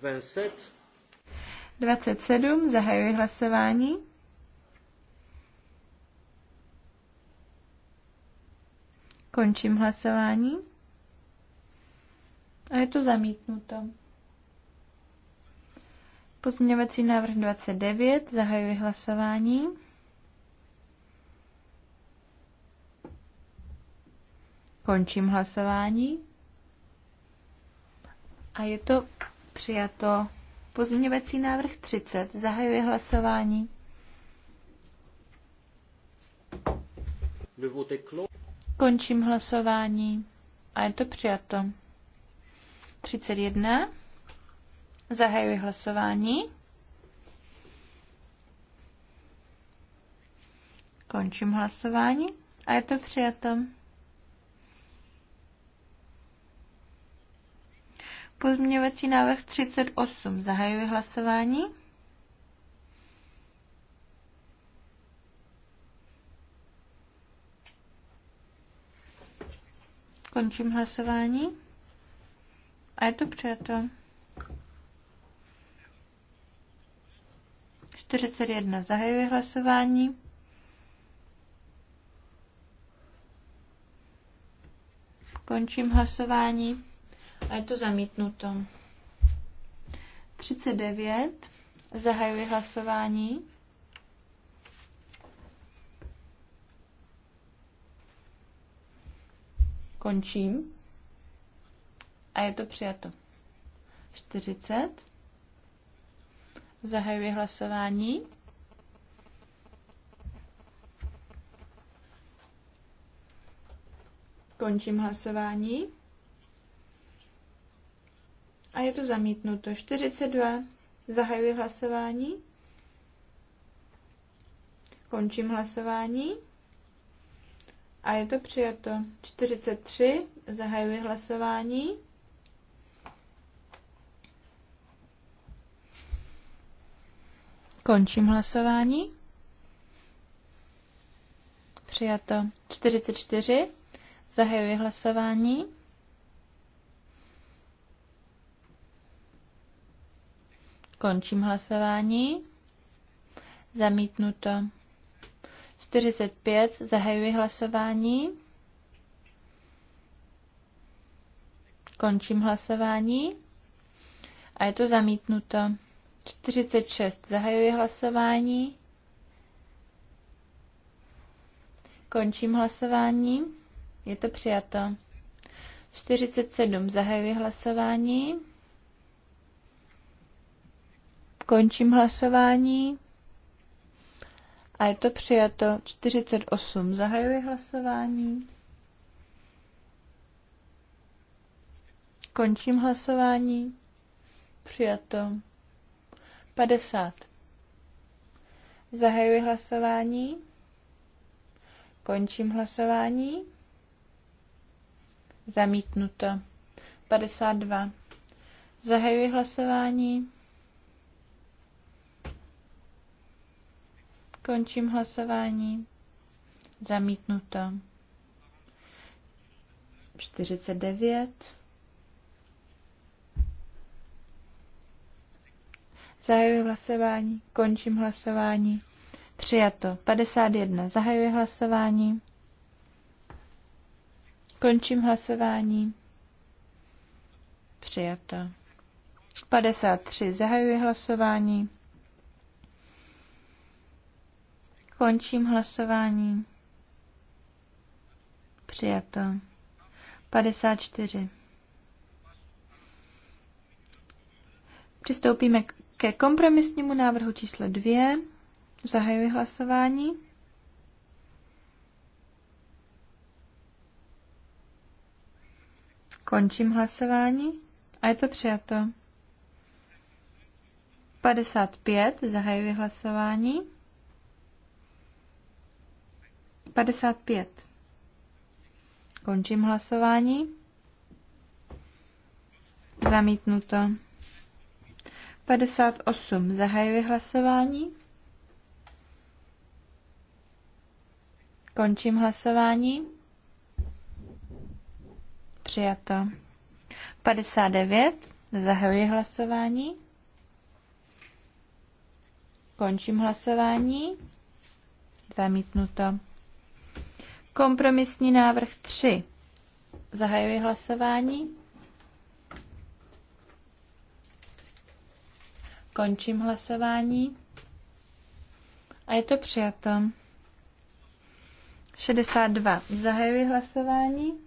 27. 27. Zahajuji hlasování. Končím hlasování. A je to zamítnuto. Pozměňovací návrh 29. Zahajuji hlasování. Končím hlasování. A je to přijato. Pozměňovací návrh 30. Zahajuji hlasování. Končím hlasování. A je to přijato. 31. Zahajuji hlasování. Končím hlasování a je to přijato. Pozměňovací návrh 38. Zahajuji hlasování. Končím hlasování. A je to přijato. 41. Zahajuji hlasování. Končím hlasování a je to zamítnuto. 39. Zahajuji hlasování. Končím. A je to přijato. 40. Zahajuji hlasování. Končím hlasování. A je to zamítnuto. 42. Zahajuji hlasování. Končím hlasování. A je to přijato. 43. Zahajuji hlasování. Končím hlasování. Přijato 44. Zahajuji hlasování. Končím hlasování. Zamítnuto. 45. Zahajuji hlasování. Končím hlasování. A je to zamítnuto. 46. Zahajuji hlasování. Končím hlasování. Je to přijato. 47. Zahajuji hlasování. Končím hlasování. A je to přijato. 48. Zahajuji hlasování. Končím hlasování. Přijato. 50. Zahajuji hlasování. Končím hlasování. Zamítnuto. 52. Zahajuji hlasování. Končím hlasování. Zamítnuto. 49. Zahajuji hlasování, končím hlasování. Přijato. 51. Zahajuji hlasování. Končím hlasování. Přijato. 53. Zahajuji hlasování. Končím hlasování. Přijato. 54. Přistoupíme k ke kompromisnímu návrhu číslo 2 zahajuji hlasování. Končím hlasování a je to přijato. 55 zahajuji hlasování. 55. Končím hlasování. Zamítnuto. 58. Zahajuji hlasování. Končím hlasování. Přijato. 59. Zahajuji hlasování. Končím hlasování. Zamítnuto. Kompromisní návrh 3. Zahajuji hlasování. Končím hlasování. A je to přijato. 62. Zahajuji hlasování.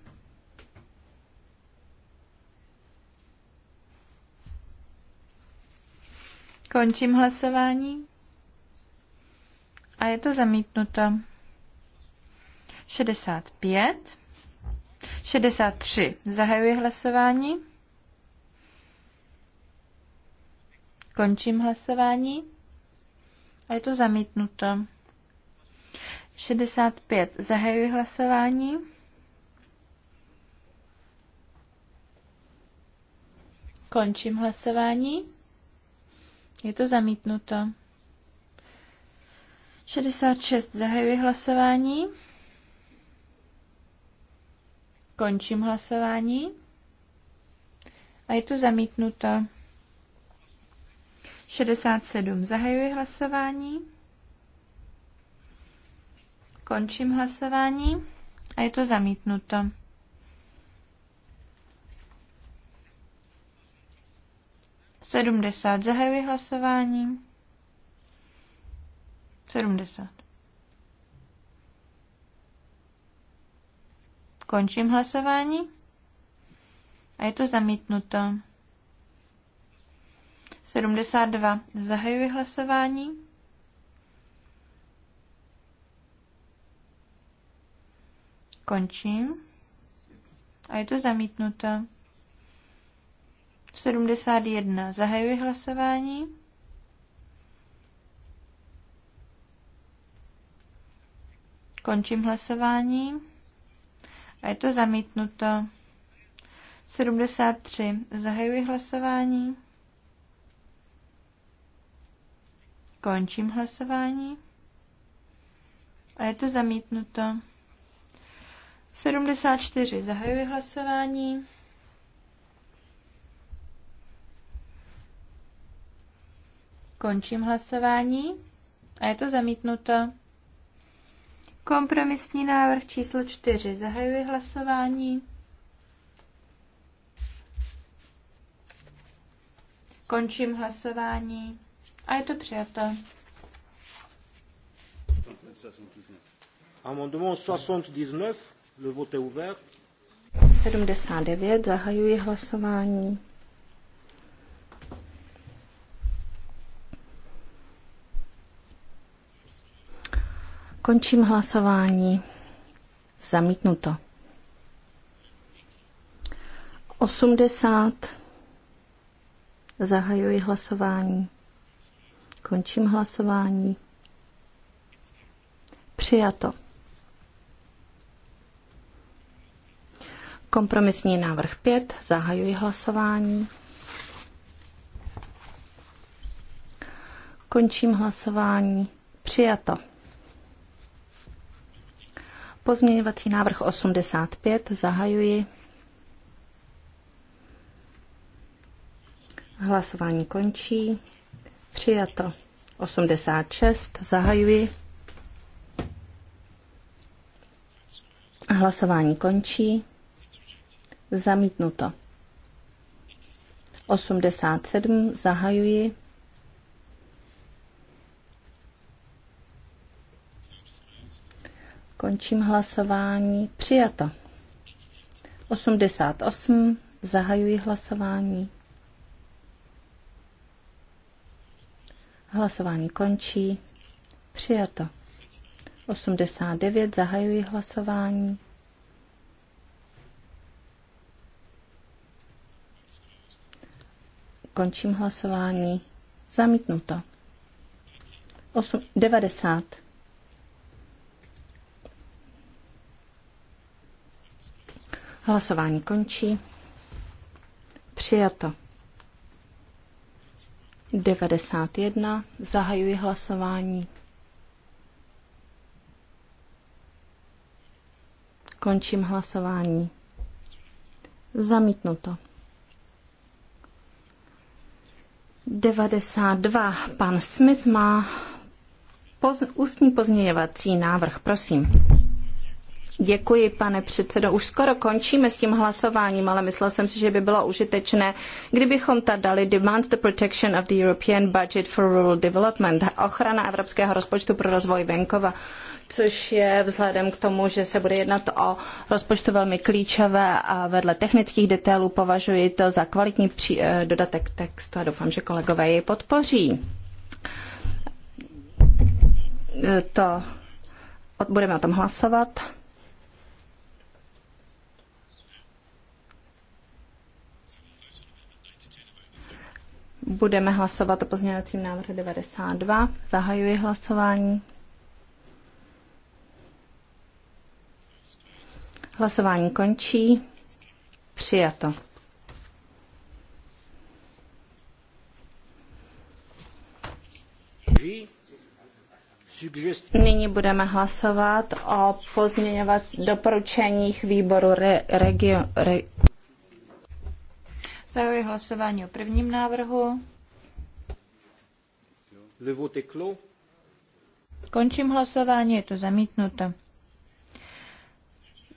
Končím hlasování. A je to zamítnuto. 65. 63. Zahajuji hlasování. Končím hlasování. A je to zamítnuto. 65. Zahajuji hlasování. Končím hlasování. Je to zamítnuto. 66. Zahajuji hlasování. Končím hlasování. A je to zamítnuto. 67. Zahajuji hlasování. Končím hlasování a je to zamítnuto. Sedmdesát. Zahajuji hlasování. Sedmdesát. Končím hlasování. A je to zamítnuto. 72. Zahajuji hlasování. Končím. A je to zamítnuto. 71. Zahajuji hlasování. Končím hlasování. A je to zamítnuto. 73. Zahajuji hlasování. Končím hlasování. A je to zamítnuto. 74. Zahajuji hlasování. Končím hlasování. A je to zamítnuto. Kompromisní návrh číslo 4. Zahajuji hlasování. Končím hlasování. A je to přijaté. Amendement 79, le vote est ouvert. 79, zahajuji hlasování. Končím hlasování. Zamítnuto. 80. Zahajuji hlasování. Končím hlasování. Přijato. Kompromisní návrh 5. Zahajuji hlasování. Končím hlasování. Přijato. Pozměňovací návrh 85. Zahajuji. Hlasování končí. Přijato. 86. Zahajuji. Hlasování končí. Zamítnuto. 87. Zahajuji. Končím hlasování. Přijato. 88. Zahajuji hlasování. Hlasování končí. Přijato. 89. Zahajuji hlasování. Končím hlasování. Zamítnuto. 8, 90. Hlasování končí. Přijato. 91. Zahajuji hlasování. Končím hlasování. Zamítnuto. 92. Pan Smith má poz, ústní pozměňovací návrh. Prosím. Děkuji, pane předsedo. Už skoro končíme s tím hlasováním, ale myslel jsem si, že by bylo užitečné, kdybychom tady dali Demands the Protection of the European Budget for Rural Development, ochrana evropského rozpočtu pro rozvoj venkova což je vzhledem k tomu, že se bude jednat o rozpočtu velmi klíčové a vedle technických detailů považuji to za kvalitní eh, dodatek textu a doufám, že kolegové jej podpoří. Eh, to budeme o tom hlasovat. Budeme hlasovat o pozměňovacím návrhu 92. Zahajuji hlasování. Hlasování končí. Přijato. Nyní budeme hlasovat o pozměňovacích doporučeních výboru re, regio, re, Zahajuji hlasování o prvním návrhu. Le vote clos. Končím hlasování, je to zamítnuto.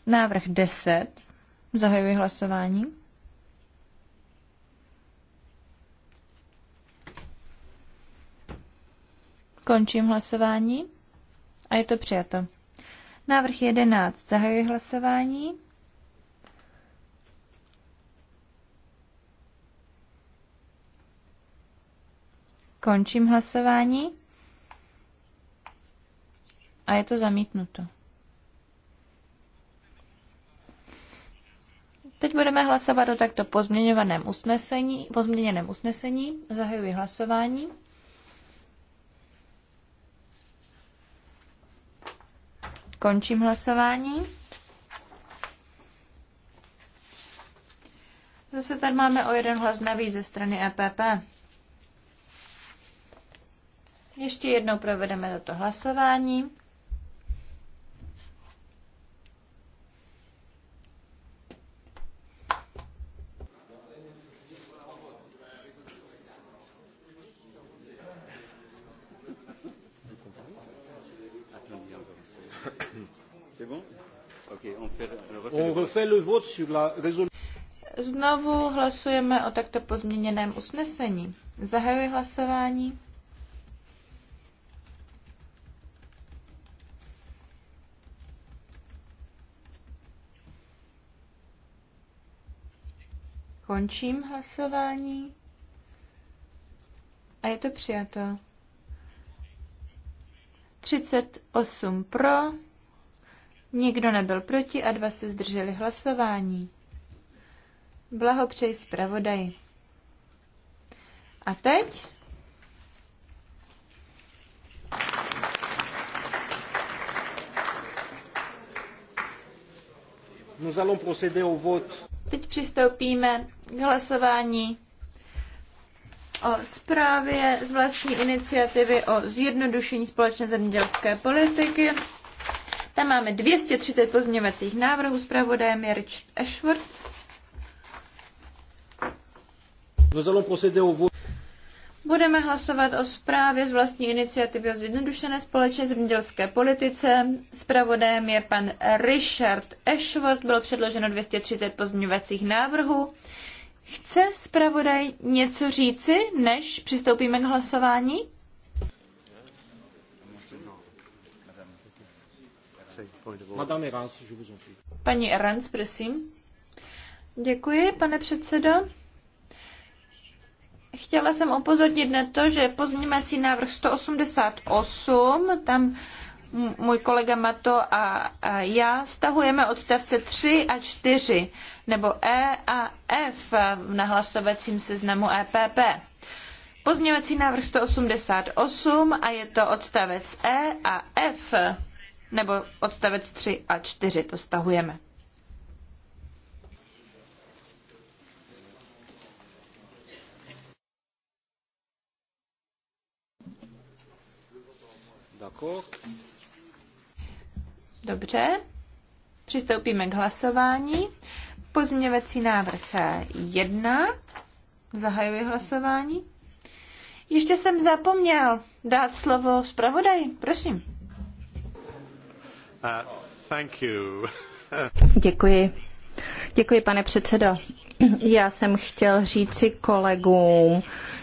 Návrh 10. Zahajuji hlasování. Končím hlasování a je to přijato. Návrh 11. Zahajuji hlasování. Končím hlasování. A je to zamítnuto. Teď budeme hlasovat o takto pozměňovaném usnesení, pozměněném usnesení. Zahajuji hlasování. Končím hlasování. Zase tady máme o jeden hlas navíc ze strany EPP. Ještě jednou provedeme toto hlasování. Znovu hlasujeme o takto pozměněném usnesení. Zahajuji hlasování. Končím hlasování. A je to přijato. 38 pro, nikdo nebyl proti a dva se zdrželi hlasování. Blahopřeji zpravodaji. A teď? Nous allons procéder au vote. Teď přistoupíme k hlasování o zprávě z vlastní iniciativy o zjednodušení společné zemědělské politiky. Tam máme 230 pozměňovacích návrhů, s je Richard Ashworth. Budeme hlasovat o zprávě z vlastní iniciativy o zjednodušené společné zemědělské politice. Spravodajem je pan Richard Ashworth. Bylo předloženo 230 pozměňovacích návrhů. Chce zpravodaj něco říci, než přistoupíme k hlasování? Paní Erans, prosím. Děkuji, pane předsedo. Chtěla jsem upozornit na to, že pozměňovací návrh 188, tam můj kolega Mato a já stahujeme odstavce 3 a 4 nebo E a F na hlasovacím seznamu EPP. Pozměňovací návrh 188 a je to odstavec E a F, nebo odstavec 3 a 4, to stahujeme. Dobře, přistoupíme k hlasování. Pozměňovací návrh 1. Zahajuji hlasování. Ještě jsem zapomněl dát slovo zpravodaji. Prosím. Uh, thank you. Děkuji. Děkuji, pane předsedo. Já jsem chtěl říci kolegům,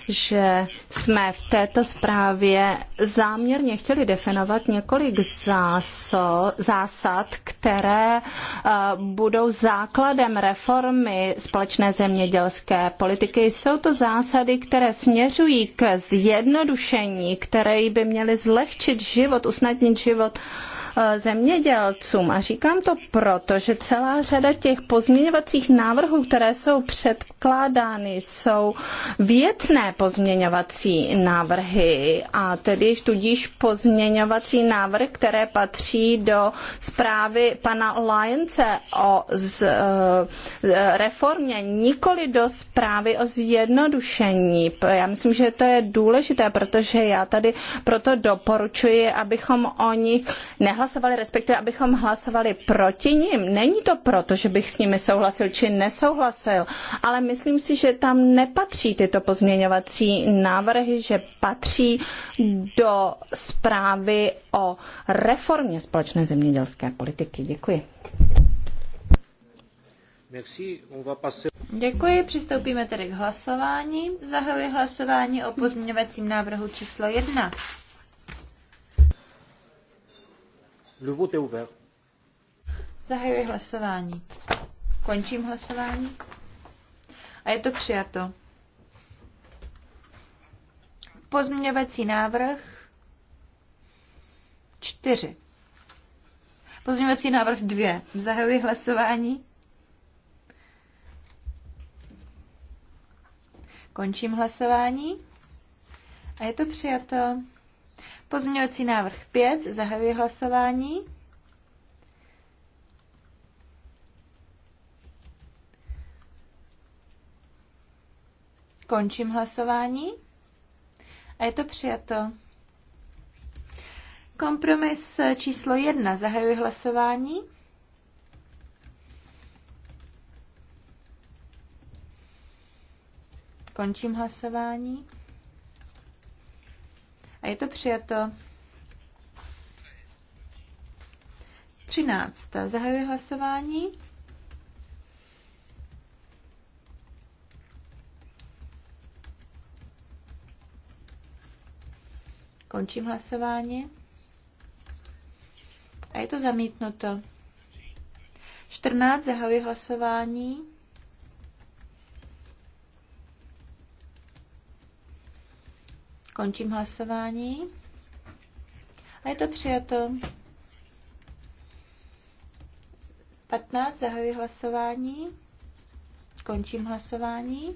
že jsme v této zprávě záměrně chtěli definovat několik záso, zásad, které uh, budou základem reformy společné zemědělské politiky. Jsou to zásady, které směřují k zjednodušení, které by měly zlehčit život, usnadnit život uh, Eh, zemědělcům. A říkám to proto, že celá řada těch pozměňovacích návrhů, které jsou předkládány, jsou věcné pozměňovací návrhy a tedy tudíž pozměňovací návrh, které patří do zprávy pana Lyonce o z, eh, reformě, nikoli do zprávy o zjednodušení. Já myslím, že to je důležité, protože já tady proto doporučuji, abychom o nich nehlasovali Hlasovali respektive abychom hlasovali proti nim. Není to proto, že bych s nimi souhlasil či nesouhlasil, ale myslím si, že tam nepatří tyto pozměňovací návrhy, že patří do zprávy o reformě společné zemědělské politiky. Děkuji. Děkuji, přistoupíme tedy k hlasování. Zahajuji hlasování o pozměňovacím návrhu číslo 1. Le vote est ouvert. Zahajuji hlasování. Končím hlasování. A je to přijato. Pozměňovací návrh 4. Pozměňovací návrh 2. Zahajuji hlasování. Končím hlasování. A je to přijato. Pozměňovací návrh 5. Zahajuji hlasování. Končím hlasování. A je to přijato. Kompromis číslo 1. Zahajuji hlasování. Končím hlasování. A je to přijato. 13. Zahajuji hlasování. Končím hlasování. A je to zamítnuto. 14. Zahajuji hlasování. Končím hlasování. A je to přijato. 15. Zahajuji hlasování. Končím hlasování.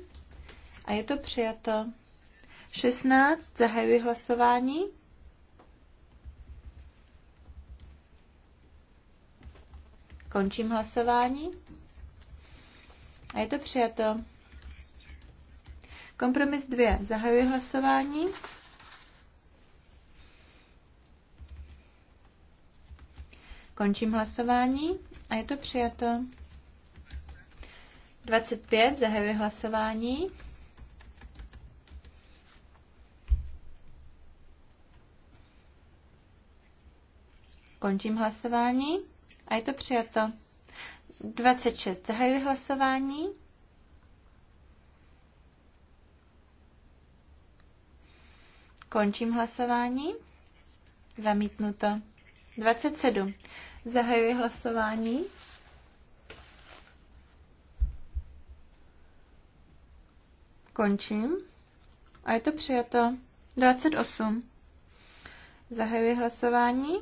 A je to přijato. 16. Zahajuji hlasování. Končím hlasování. A je to přijato. Kompromis 2. Zahajuji hlasování. Končím hlasování a je to přijato. 25. Zahajuji hlasování. Končím hlasování a je to přijato. 26. Zahajuji hlasování. Končím hlasování. Zamítnuto. 27. Zahajuji hlasování. Končím. A je to přijato. 28. Zahajuji hlasování.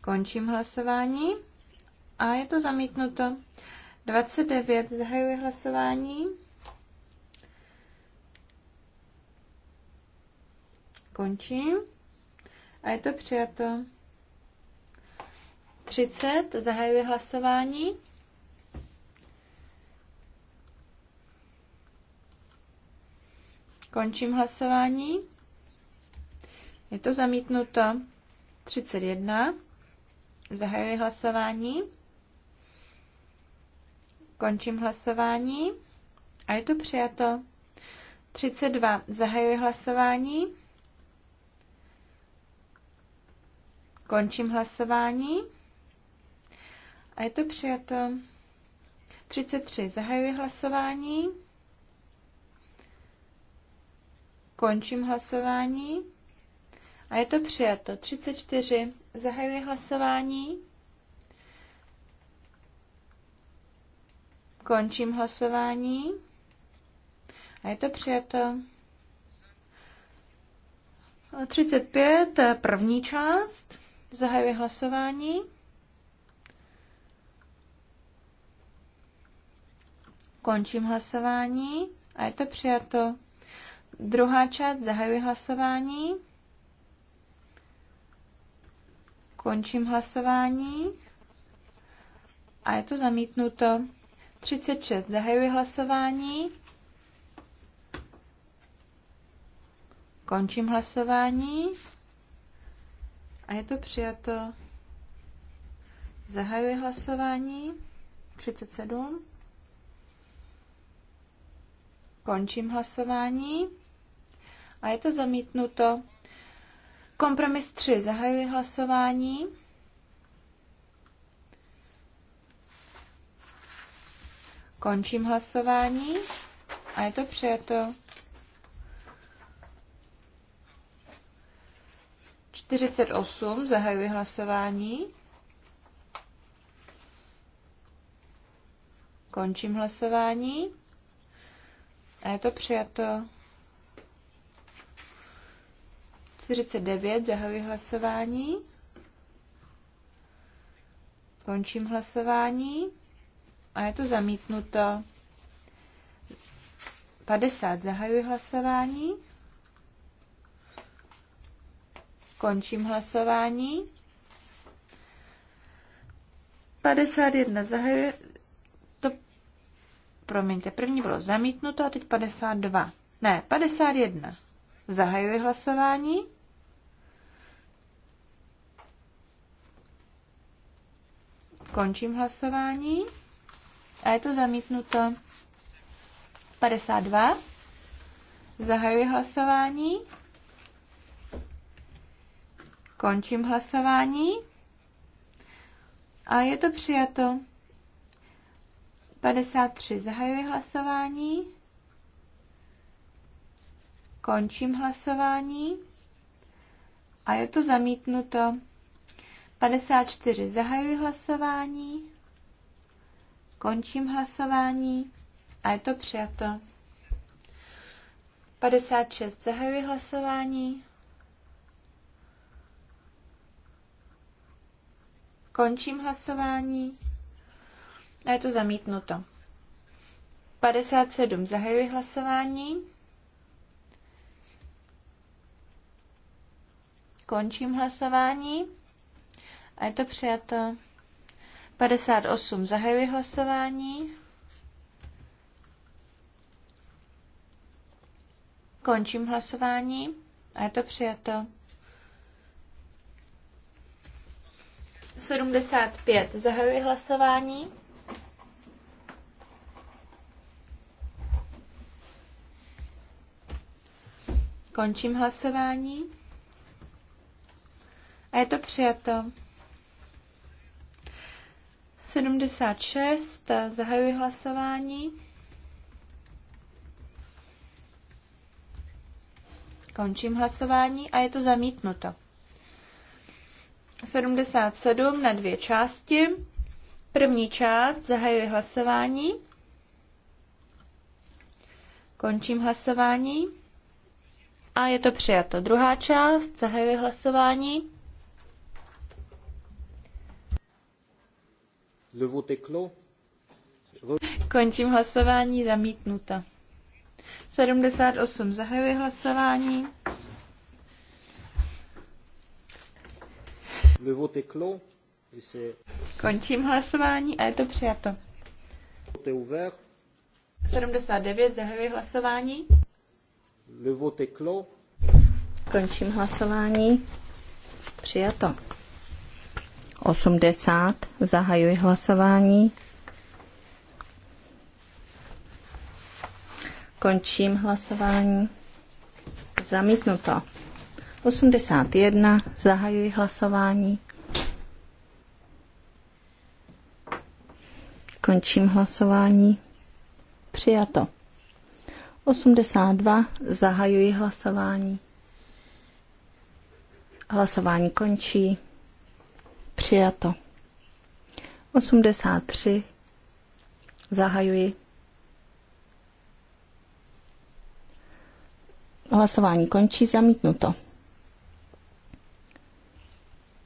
Končím hlasování. A je to zamítnuto. 29. Zahajuji hlasování. Končím. A je to přijato. 30. zahajuje hlasování. Končím hlasování. Je to zamítnuto. 31. zahajuje hlasování. Končím hlasování. A je to přijato. 32. zahajuje hlasování. Končím hlasování. A je to přijato. 33. Zahajuji hlasování. Končím hlasování. A je to přijato. 34. Zahajuji hlasování. Končím hlasování. A je to přijato. 35. První část. Zahajuji hlasování. Končím hlasování a je to přijato. Druhá část zahajuji hlasování. Končím hlasování a je to zamítnuto. 36 zahajuji hlasování. Končím hlasování. A je to přijato. Zahajuji hlasování. 37. Končím hlasování. A je to zamítnuto. Kompromis 3. Zahajuji hlasování. Končím hlasování. A je to přijato. 48, zahajuji hlasování. Končím hlasování. A je to přijato. 49, zahajuji hlasování. Končím hlasování. A je to zamítnuto. 50, zahajuji hlasování. Končím hlasování. 51 zahajuje, to, promiňte, první bylo zamítnuto a teď 52. Ne, 51. Zahajuji hlasování. Končím hlasování. A je to zamítnuto. 52. Zahajuji hlasování. Končím hlasování. A je to přijato. 53. Zahajuji hlasování. Končím hlasování. A je to zamítnuto. 54. Zahajuji hlasování. Končím hlasování. A je to přijato. 56. Zahajuji hlasování. Končím hlasování. A je to zamítnuto. 57. Zahajuji hlasování. Končím hlasování. A je to přijato. 58. Zahajuji hlasování. Končím hlasování. A je to přijato. 175. Zahajuji hlasování. Končím hlasování. A je to přijato. 76. Zahajuji hlasování. Končím hlasování a je to zamítnuto. 77 na dvě části. První část zahajuji hlasování. Končím hlasování. A je to přijato. Druhá část zahajuji hlasování. Le vote Končím hlasování zamítnuta. 78 zahajuji hlasování. Končím hlasování a je to přijato. 79 zahajuji hlasování. Le vote est clos. Končím hlasování. Přijato. 80 zahajuji hlasování. Končím hlasování. Zamítnuto. 81. Zahajuji hlasování. Končím hlasování. Přijato. 82. Zahajuji hlasování. Hlasování končí. Přijato. 83. Zahajuji. Hlasování končí. Zamítnuto.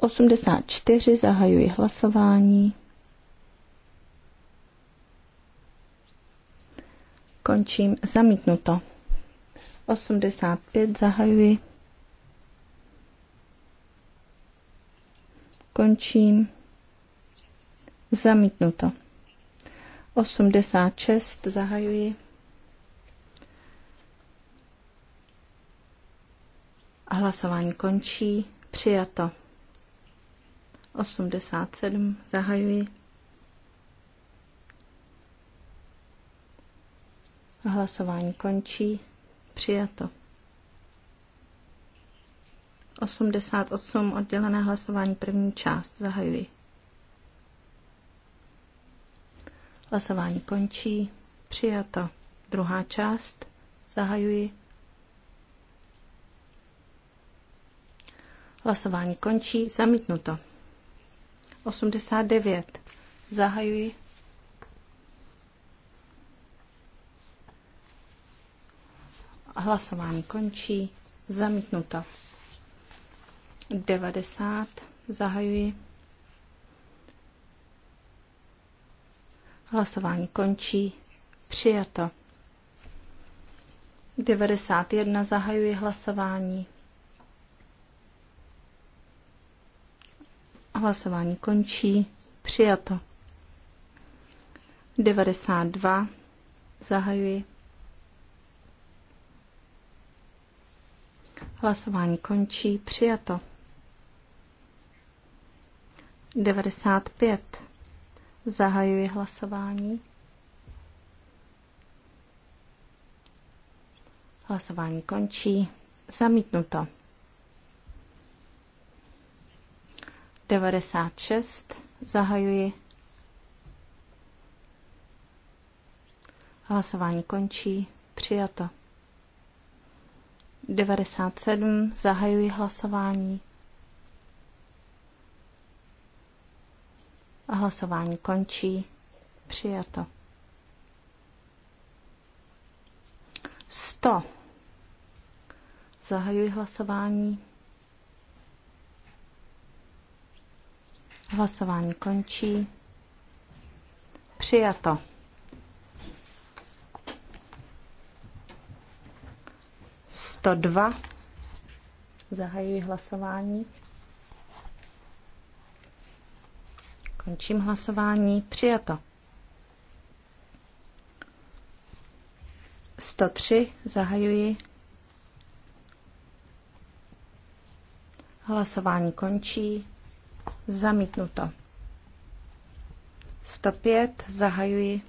84 zahajuji hlasování. Končím zamítnuto. 85 zahajuji. Končím. Zamítnuto. 86 zahajuji. A hlasování končí. Přijato. 87 zahajuji. Hlasování končí. Přijato. 88 oddělené hlasování první část zahajuji. Hlasování končí. Přijato. Druhá část zahajuji. Hlasování končí. Zamítnuto. 89. Zahajuji. Hlasování končí. Zamítnuto. 90. Zahajuji. Hlasování končí. Přijato. 91. Zahajuji hlasování. Hlasování končí. Přijato. 92. Zahajuji. Hlasování končí. Přijato. 95. Zahajuji hlasování. Hlasování končí. Zamítnuto. 96. Zahajuji. Hlasování končí. Přijato. 97. Zahajuji hlasování. A hlasování končí. Přijato. 100. Zahajuji hlasování. Hlasování končí. Přijato. Sto dva. Zahajuji hlasování. Končím hlasování. Přijato. 103. Zahajuji. Hlasování končí. Zamítnuto. 105. Zahajuji.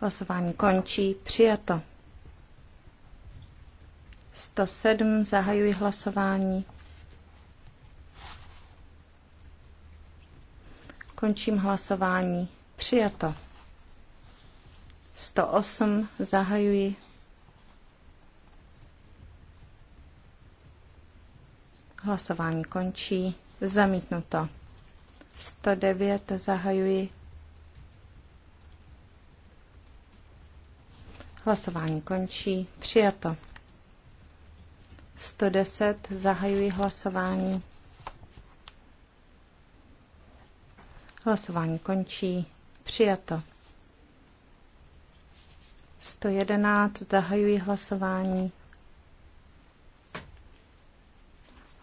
Hlasování končí. Přijato. 107. Zahajuji hlasování. Končím hlasování. Přijato. 108. Zahajuji. Hlasování končí. Zamítnuto. 109 zahajuji. Hlasování končí. Přijato. 110 zahajuji hlasování. Hlasování končí. Přijato. 111 zahajuji hlasování.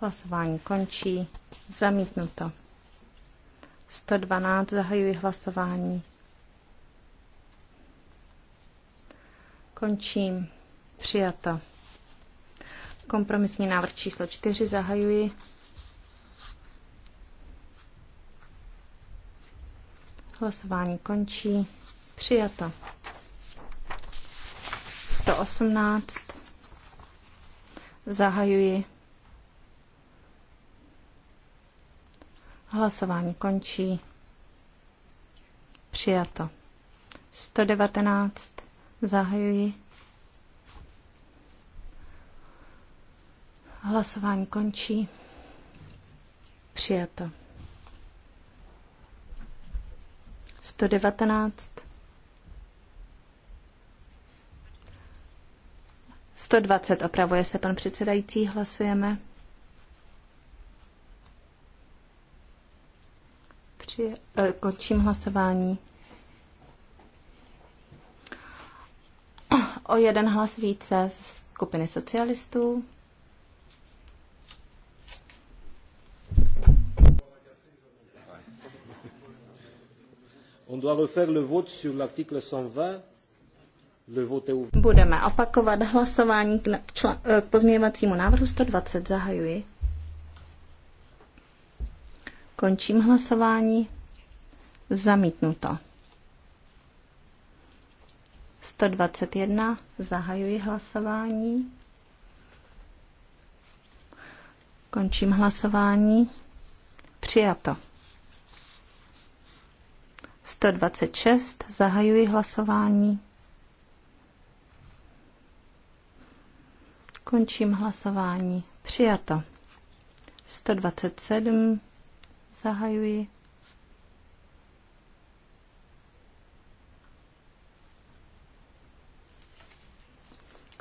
Hlasování končí. Zamítnuto. 112. Zahajuji hlasování. Končím. Přijato. Kompromisní návrh číslo 4 zahajuji. Hlasování končí. Přijato. 118. Zahajuji. Hlasování končí. Přijato. 119. Zahajuji. Hlasování končí. Přijato. 119. 120 opravuje se pan předsedající, hlasujeme. Při, eh, končím hlasování. O jeden hlas více z skupiny socialistů. On doit refaire le vote sur l'article 120. Le vote est ouvert. Budeme opakovat hlasování k, čl- eh, k pozměňovacímu návrhu 120. Zahajuji. Končím hlasování. Zamítnuto. 121. Zahajuji hlasování. Končím hlasování. Přijato. 126. Zahajuji hlasování. Končím hlasování. Přijato. 127. Zahajuji.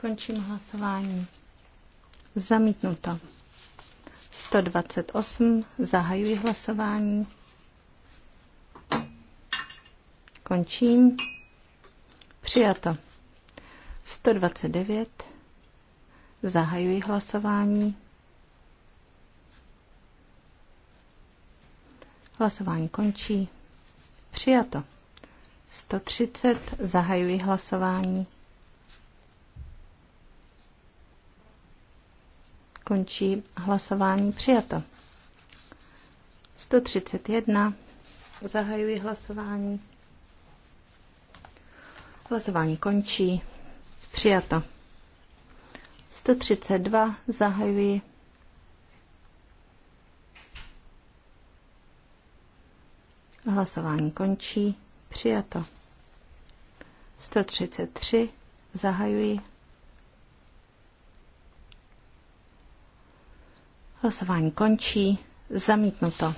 Končím hlasování. Zamítnuto. 128. Zahajuji hlasování. Končím. Přijato. 129. Zahajuji hlasování. Hlasování končí. Přijato. 130. Zahajuji hlasování. Končí hlasování přijato. 131. Zahajuji hlasování. Hlasování končí. Přijato. 132. Zahajuji Hlasování končí. Přijato. 133. Zahajuji. Hlasování končí. Zamítnuto.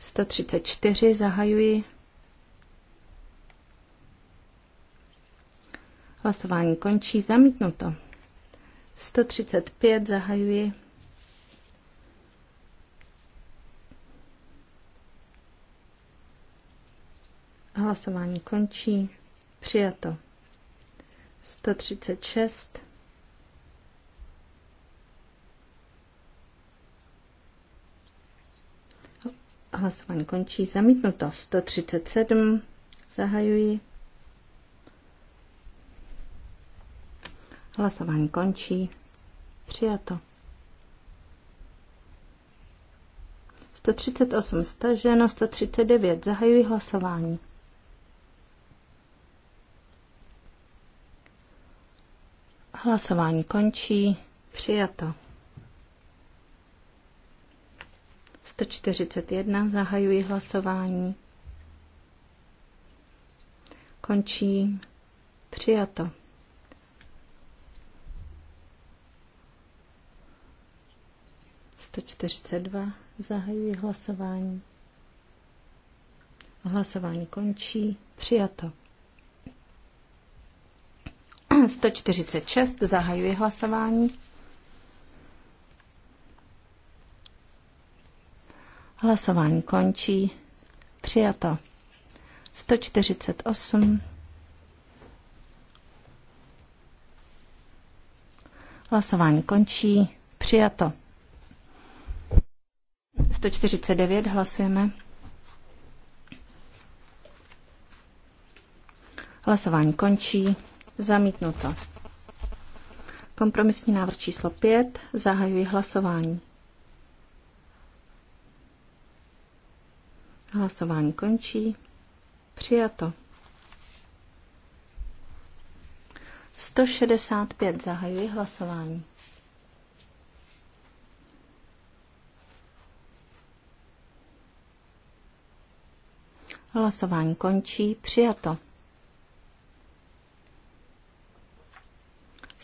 134. Zahajuji. Hlasování končí. Zamítnuto. 135. Zahajuji. Hlasování končí. Přijato. 136. Hlasování končí. Zamítnuto. 137. Zahajuji. Hlasování končí. Přijato. 138 staženo, 139 Zahajují hlasování. Hlasování končí. Přijato. 141 zahajuji hlasování. Končí. Přijato. 142 čtyřicet Zahajuji hlasování. Hlasování končí. Přijato. 146, zahajuji hlasování. Hlasování končí. Přijato. 148. Hlasování končí. Přijato. 149 hlasujeme. Hlasování končí. Zamítnuto. Kompromisní návrh číslo 5. Zahajuji hlasování. Hlasování končí. Přijato. 165. Zahajuji hlasování. Hlasování končí. Přijato.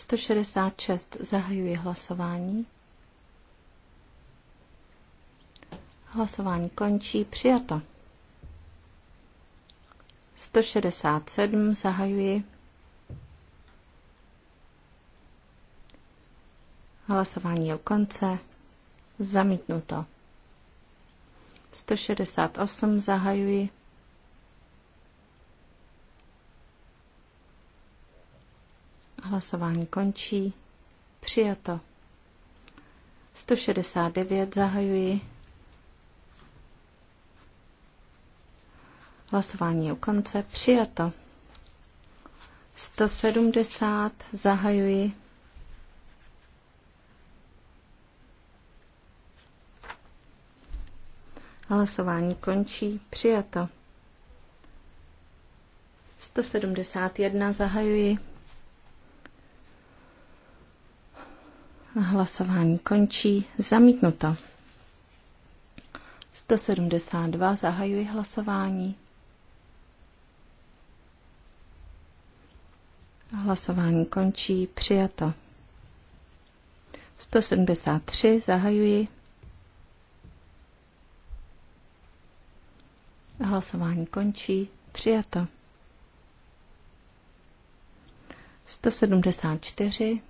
166. Zahajuji hlasování. Hlasování končí. Přijato. 167. Zahajuji. Hlasování je u konce. Zamítnuto. 168. Zahajuji. Hlasování končí. Přijato. 169 zahajuji. Hlasování u konce. Přijato. 170 zahajuji. Hlasování končí. Přijato. 171 zahajuji. Hlasování končí. Zamítnuto. 172. Zahajuji hlasování. Hlasování končí. Přijato. 173. Zahajuji. Hlasování končí. Přijato. 174.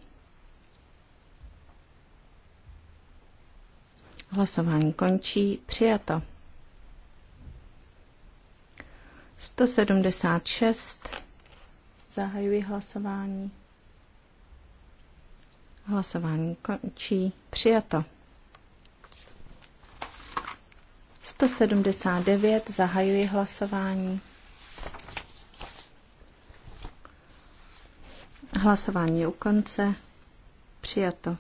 Hlasování končí. Přijato. 176. Zahajuji hlasování. Hlasování končí. Přijato. 179. Zahajuji hlasování. Hlasování je u konce. Přijato.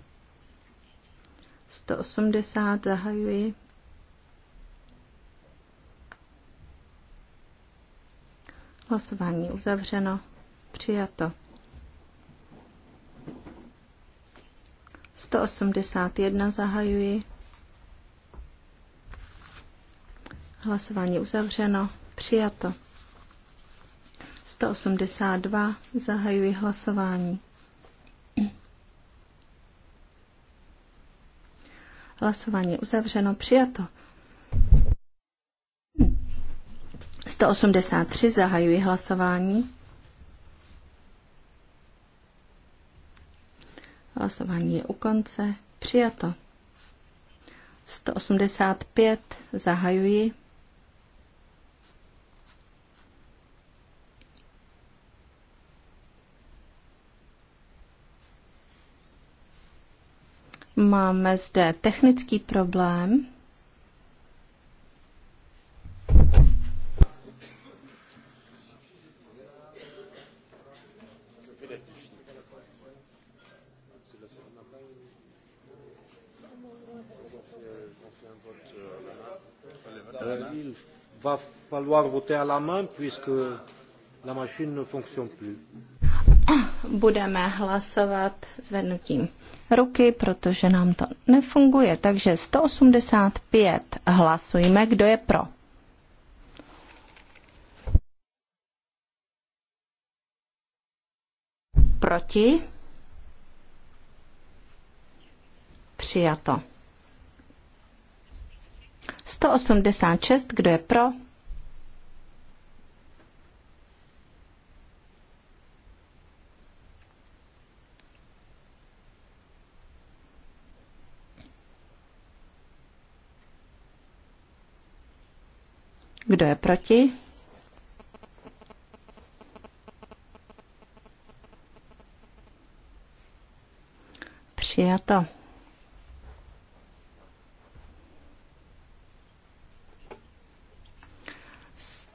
180 zahajuji. Hlasování uzavřeno. Přijato. 181 zahajuji. Hlasování uzavřeno. Přijato. 182 zahajuji hlasování. Hlasování uzavřeno, přijato. 183 hm. zahajuji hlasování. Hlasování je u konce. Přijato. 185 zahajuji. Máme zde technický problém. Euh, va falloir voter à la main puisque la machine ne fonctionne plus. Budeme hlasovat zvednutím ruky, protože nám to nefunguje. Takže 185 hlasujme, kdo je pro. Proti? Přijato. 186, kdo je pro? Kdo je proti? Přijato.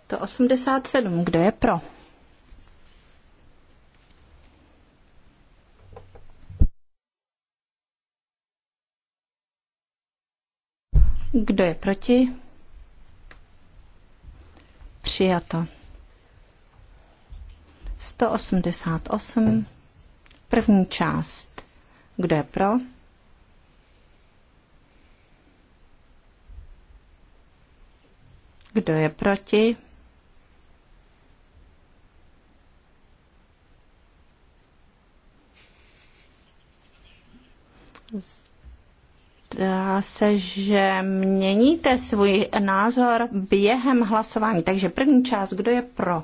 To 87. Kdo je pro? Kdo je proti? Přijato. 188. První část. Kdo je pro? Kdo je proti? zdá se, že měníte svůj názor během hlasování. Takže první část, kdo je pro?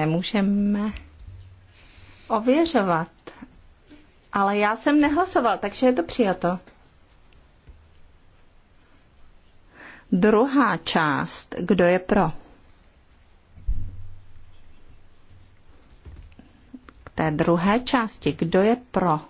nemůžeme ověřovat. Ale já jsem nehlasoval, takže je to přijato. Druhá část. Kdo je pro? K té druhé části. Kdo je pro?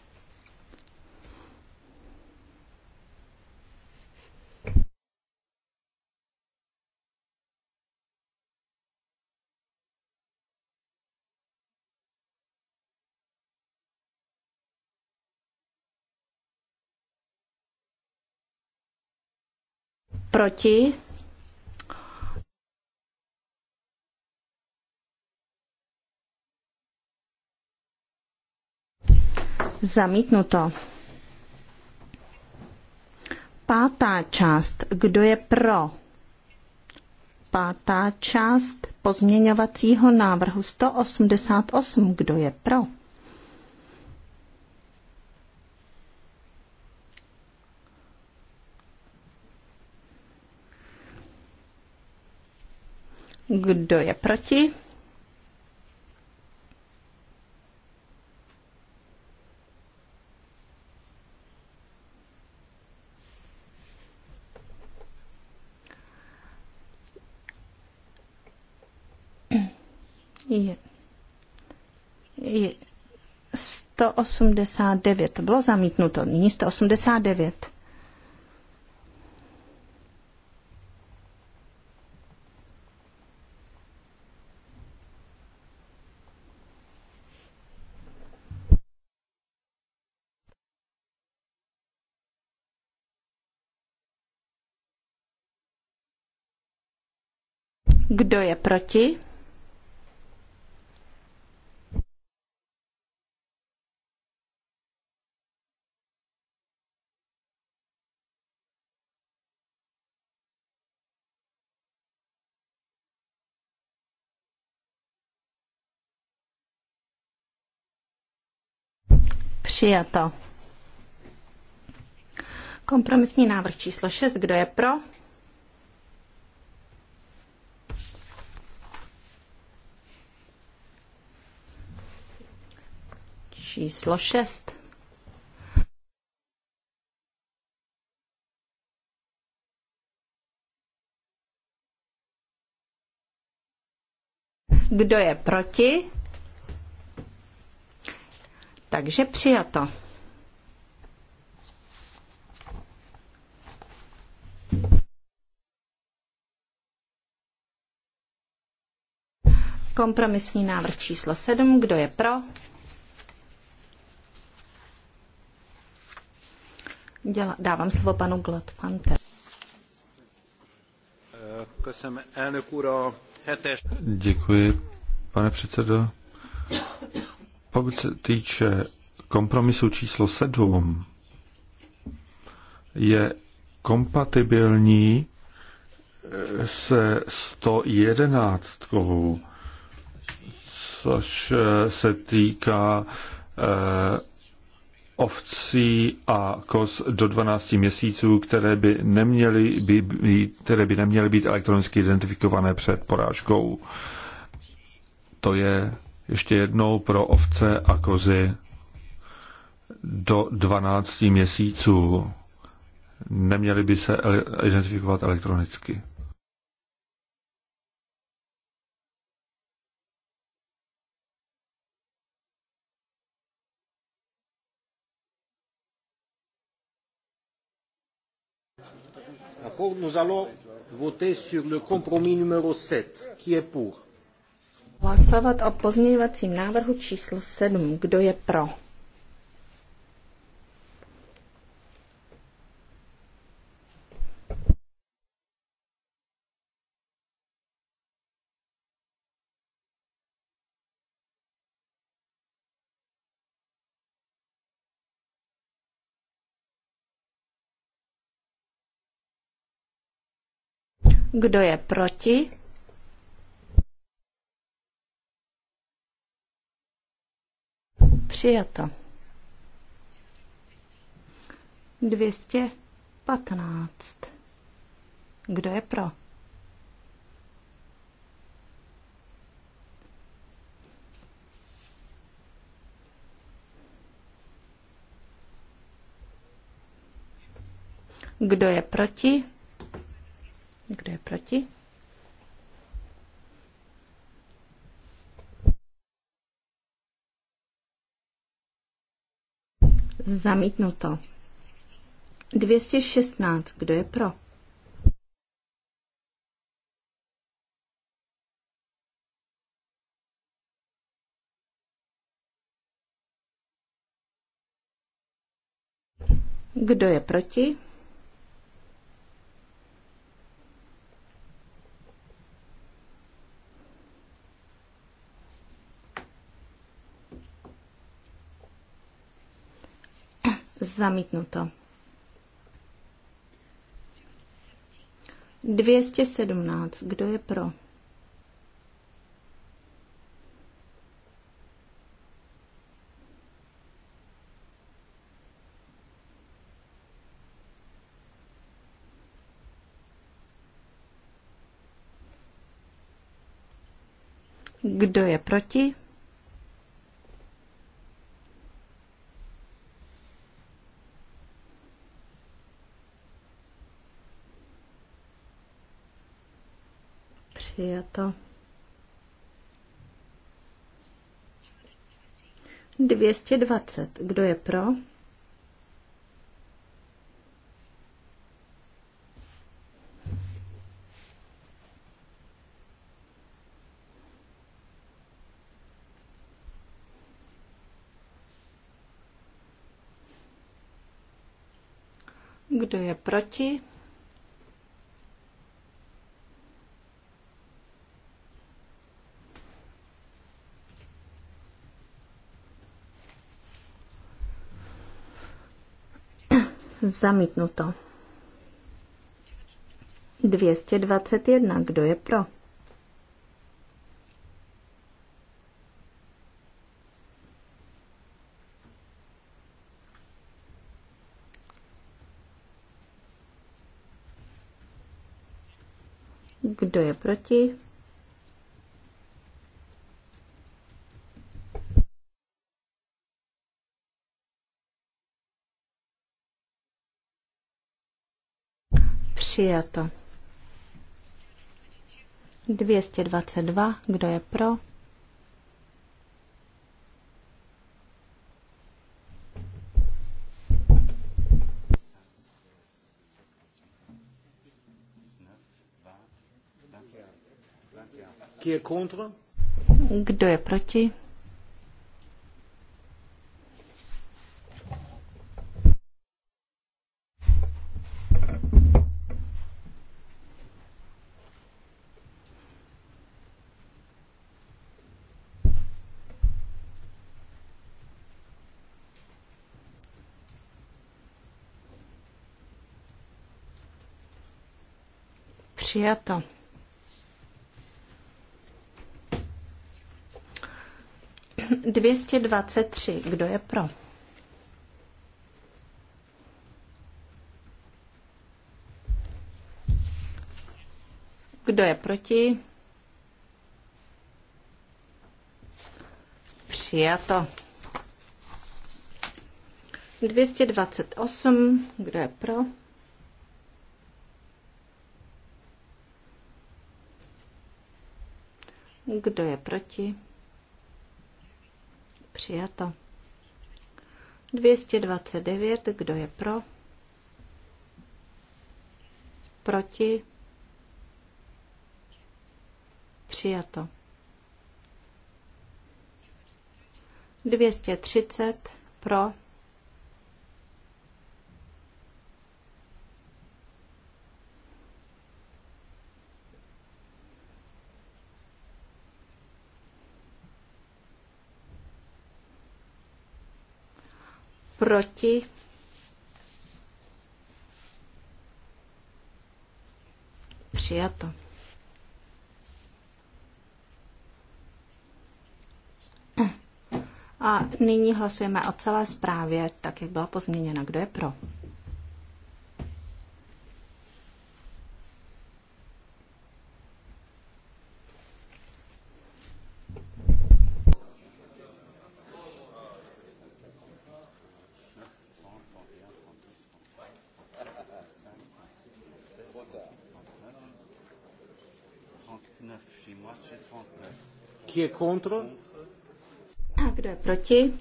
Proti? Zamítnuto. Pátá část. Kdo je pro? Pátá část pozměňovacího návrhu 188. Kdo je pro? Kdo je proti? Je. Je. 189. To bylo zamítnuto. Nyní 189. Kdo je proti? Přijato. Kompromisní návrh číslo 6. Kdo je pro? číslo 6. Kdo je proti? Takže přijato. Kompromisní návrh číslo 7. Kdo je pro? Děla, dávám slovo panu Glotfante. Děkuji, pane předsedo. Pokud se týče kompromisu číslo 7, je kompatibilní eh, se 111, což eh, se týká eh, ovcí a koz do 12 měsíců, které by neměly být, které by neměly být elektronicky identifikované před porážkou. To je ještě jednou pro ovce a kozy do 12 měsíců. Neměly by se identifikovat elektronicky. D'accord Nous allons voter sur le compromis numéro 7. Qui est pour Hlasovat o pozměňovacím návrhu číslo 7. Kdo je pro? Kdo je proti? Přijato. 215. Kdo je pro? Kdo je proti? Kdo je proti? Zamítnuto. 216. Kdo je pro? Kdo je proti? Zamítnuto. 217. Kdo je pro? Kdo je proti? dvěstě dvacet. Kdo je pro? Kdo je proti? Zamítnuto. 221. Kdo je pro? Kdo je proti? Přijato. 222. Kdo je pro? Kdo je proti? přijato. Dvěstě dvacet tři. Kdo je pro? Kdo je proti? Přijato. 228, kdo je pro? Kdo je proti? Přijato. 229. Kdo je pro? Proti? Přijato. 230. Pro? proti, přijato. A nyní hlasujeme o celé zprávě, tak jak byla pozměněna. Kdo je pro? Contre? A kdo je proti?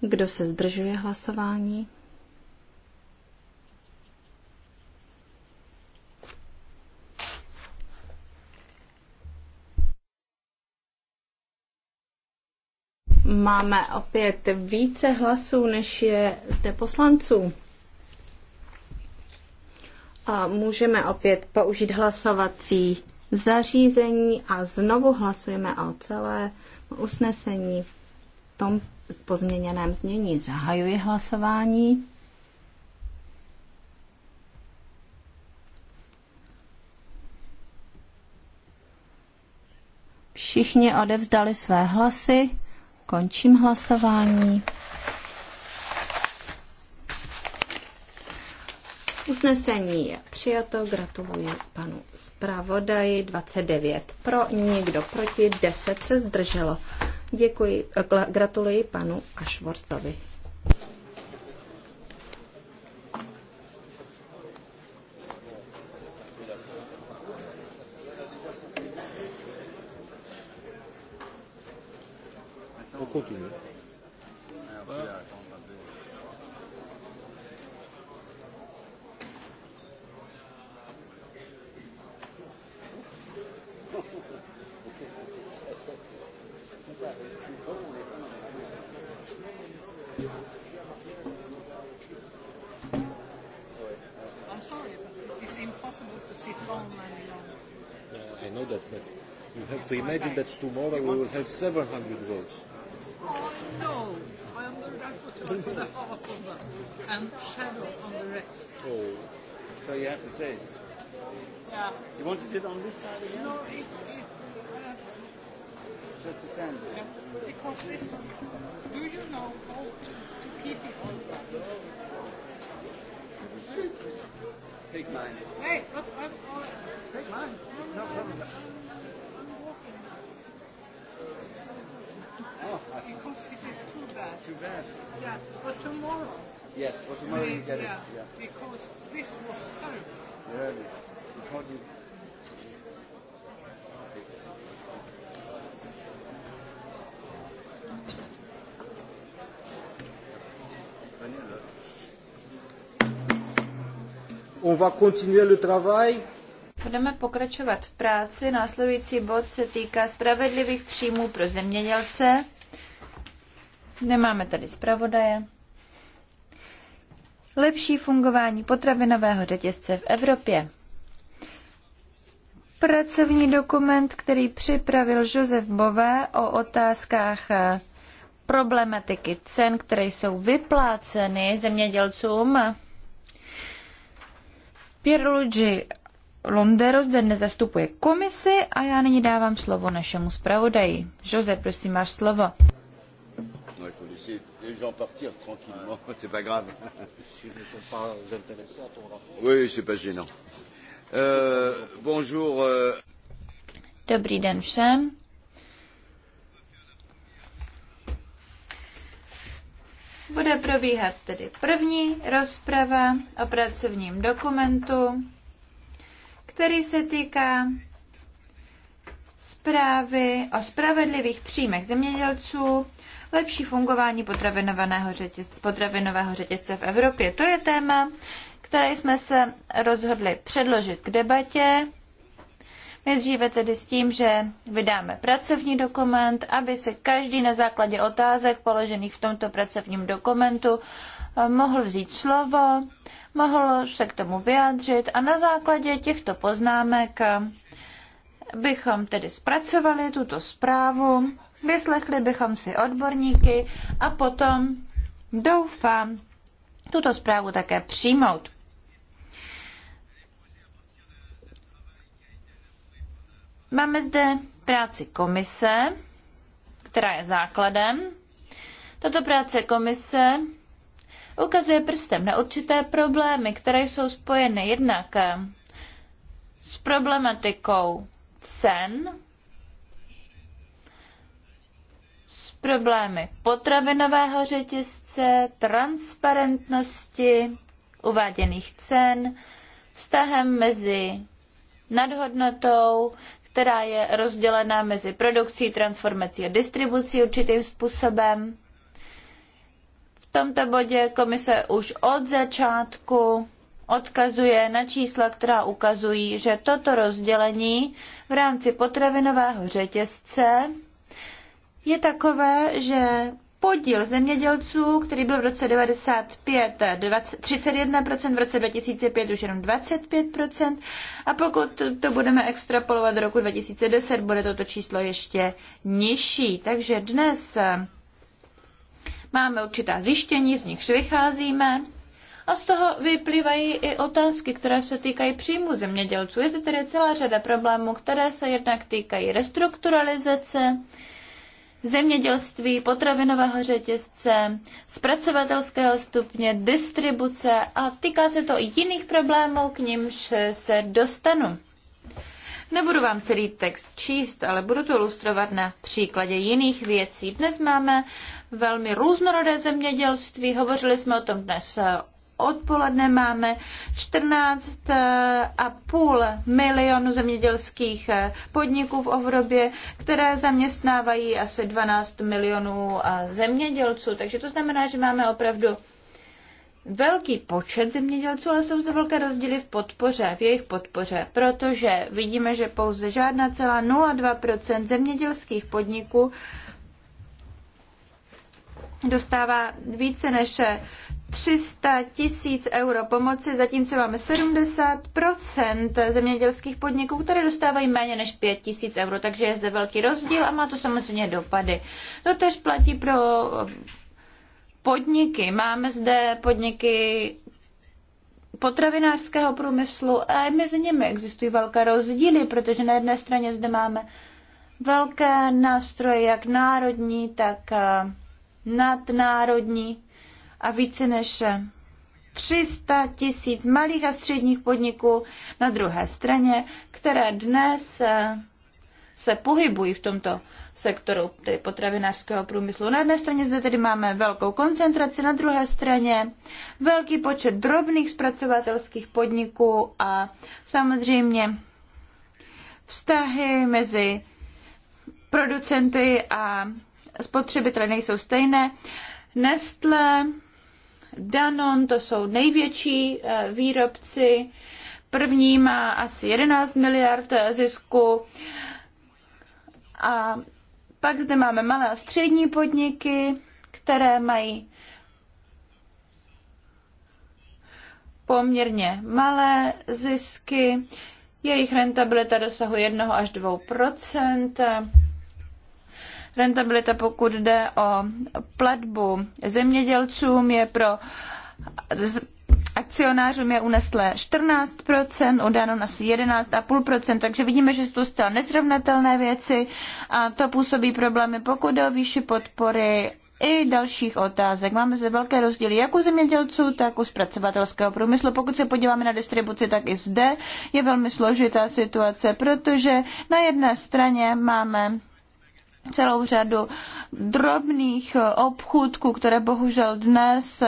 Kdo se zdržuje hlasování? Máme opět více hlasů, než je zde poslanců. A můžeme opět použít hlasovací zařízení a znovu hlasujeme o celé usnesení v tom pozměněném znění. Zahajuji hlasování. Všichni odevzdali své hlasy. Končím hlasování. Usnesení je přijato, gratuluji panu zpravodaji, 29 pro, nikdo proti, 10 se zdrželo. Děkuji, eh, gratuluji panu Ašvorstovi. Yeah, I know that, but you have to imagine that tomorrow we will have 700 votes. Oh, no. I am the rapporteur for the half of them and shadow on the rest. Oh. So you have to say. Yeah. You want to sit on this side again? No, it, it, uh, Just to stand there. Yeah. Because this, do you know how to keep it on? Take mine. Hey, what? what all... Take mine. It's no oh, because it is too bad. Too bad. Yeah, but tomorrow. Yes, for tomorrow we, you get yeah, it. Yeah. Because this was terrible. Really. You On va continuer le travail. Budeme pokračovat v práci. Následující bod se týká spravedlivých příjmů pro zemědělce. Nemáme tady zpravodaje. Lepší fungování potravinového řetězce v Evropě. Pracovní dokument, který připravil Josef Bové o otázkách eh, problematiky cen, které jsou vypláceny zemědělcům Pierluigi Londero zde dnes zastupuje komisi a já nyní dávám slovo našemu zpravodaji. Jose, prosím, máš slovo. Euh, euh. Dobrý den všem. Bude probíhat tedy první rozprava o pracovním dokumentu, který se týká zprávy o spravedlivých příjmech zemědělců, lepší fungování potravinového řetězce, potravinového řetězce v Evropě. To je téma, které jsme se rozhodli předložit k debatě Nejdříve tedy s tím, že vydáme pracovní dokument, aby se každý na základě otázek položených v tomto pracovním dokumentu eh, mohl vzít slovo, mohl se k tomu vyjádřit a na základě těchto poznámek eh, bychom tedy zpracovali tuto zprávu, vyslechli bychom si odborníky a potom, doufám, tuto zprávu také přijmout. Máme zde práci komise, která je základem. Tato práce komise ukazuje prstem na určité problémy, které jsou spojeny jednak s problematikou cen, s problémy potravinového řetězce, transparentnosti uváděných cen, vztahem mezi nadhodnotou, která je rozdělena mezi produkcí, transformací a distribucí určitým způsobem. V tomto bodě komise už od začátku odkazuje na čísla, která ukazují, že toto rozdělení v rámci potravinového řetězce je takové, že podíl zemědělců, který byl v roce 95 20, 31%, v roce 2005 už jenom 25% a pokud to budeme extrapolovat do roku 2010, bude toto číslo ještě nižší. Takže dnes eh, máme určitá zjištění, z nichž vycházíme. A z toho vyplývají i otázky, které se týkají příjmu zemědělců. Je to tedy celá řada problémů, které se jednak týkají restrukturalizace, zemědělství, potravinového řetězce, zpracovatelského stupně, distribuce a týká se to i jiných problémů, k nimž se dostanu. Nebudu vám celý text číst, ale budu to ilustrovat na příkladě jiných věcí. Dnes máme velmi různorodé zemědělství, hovořili jsme o tom dnes odpoledne máme 14,5 milionu zemědělských eh, podniků v Ovrově, které zaměstnávají asi 12 milionů eh, zemědělců. Takže to znamená, že máme opravdu velký počet zemědělců, ale jsou zde velké rozdíly v podpoře, v jejich podpoře, protože vidíme, že pouze žádná celá 0,2 zemědělských podniků dostává více než 300 tisíc euro pomoci, zatímco máme 70 zemědělských podniků, které dostávají méně než 5 tisíc euro, takže je zde velký rozdíl a má to samozřejmě dopady. To tež platí pro podniky. Máme zde podniky potravinářského průmyslu a mezi nimi existují velké rozdíly, protože na jedné straně zde máme velké nástroje, jak národní, tak eh, nadnárodní a více než 300 tisíc malých a středních podniků na druhé straně, které dnes eh, se pohybují v tomto sektoru, tedy potravinářského průmyslu. Na jedné straně zde tedy máme velkou koncentraci, na druhé straně velký počet drobných zpracovatelských podniků a samozřejmě vztahy mezi producenty a spotřebitele nejsou stejné. Nestle, Danon, to jsou největší eh, výrobci. První má asi 11 miliard eh, zisku. A pak zde máme malé a střední podniky, které mají poměrně malé zisky. Jejich rentabilita dosahuje 1 až 2 Rentabilita, pokud jde o platbu zemědělcům, je pro akcionářům je unesle 14%, udáno na 11,5%, takže vidíme, že jsou to zcela nesrovnatelné věci a to působí problémy, pokud jde o výši podpory i dalších otázek. Máme zde velké rozdíly jak u zemědělců, tak u zpracovatelského průmyslu. Pokud se podíváme na distribuci, tak i zde je velmi složitá situace, protože na jedné straně máme celou řadu drobných obchůdků, které bohužel dnes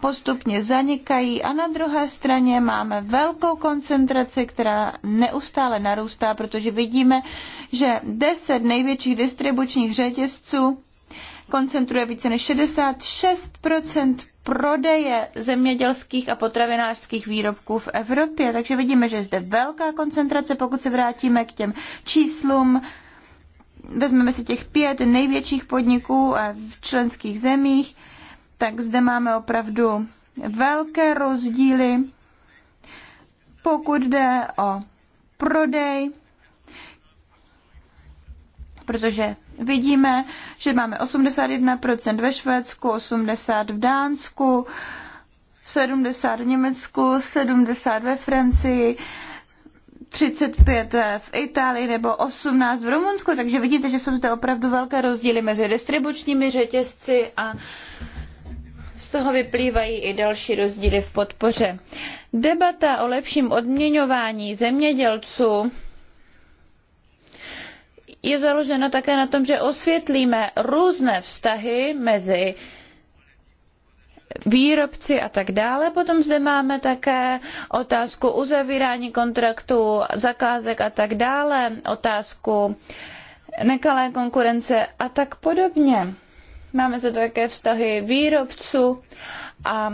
postupně zanikají a na druhé straně máme velkou koncentraci, která neustále narůstá, protože vidíme, že 10 největších distribučních řetězců koncentruje více než 66 prodeje zemědělských a potravinářských výrobků v Evropě. Takže vidíme, že je zde velká koncentrace. Pokud se vrátíme k těm číslům vezmeme si těch pět největších podniků eh, v členských zemích, tak zde máme opravdu velké rozdíly, pokud jde o prodej, protože vidíme, že máme 81% ve Švédsku, 80% v Dánsku, 70 v Německu, 70 ve Francii, 35 v Itálii nebo 18 v Rumunsku, takže vidíte, že jsou zde opravdu velké rozdíly mezi distribučními řetězci a z toho vyplývají i další rozdíly v podpoře. Debata o lepším odměňování zemědělců je založena také na tom, že osvětlíme různé vztahy mezi výrobci a tak dále. Potom zde máme také otázku uzavírání kontraktů, zakázek a tak dále, otázku nekalé konkurence a tak podobně. Máme zde také vztahy výrobců a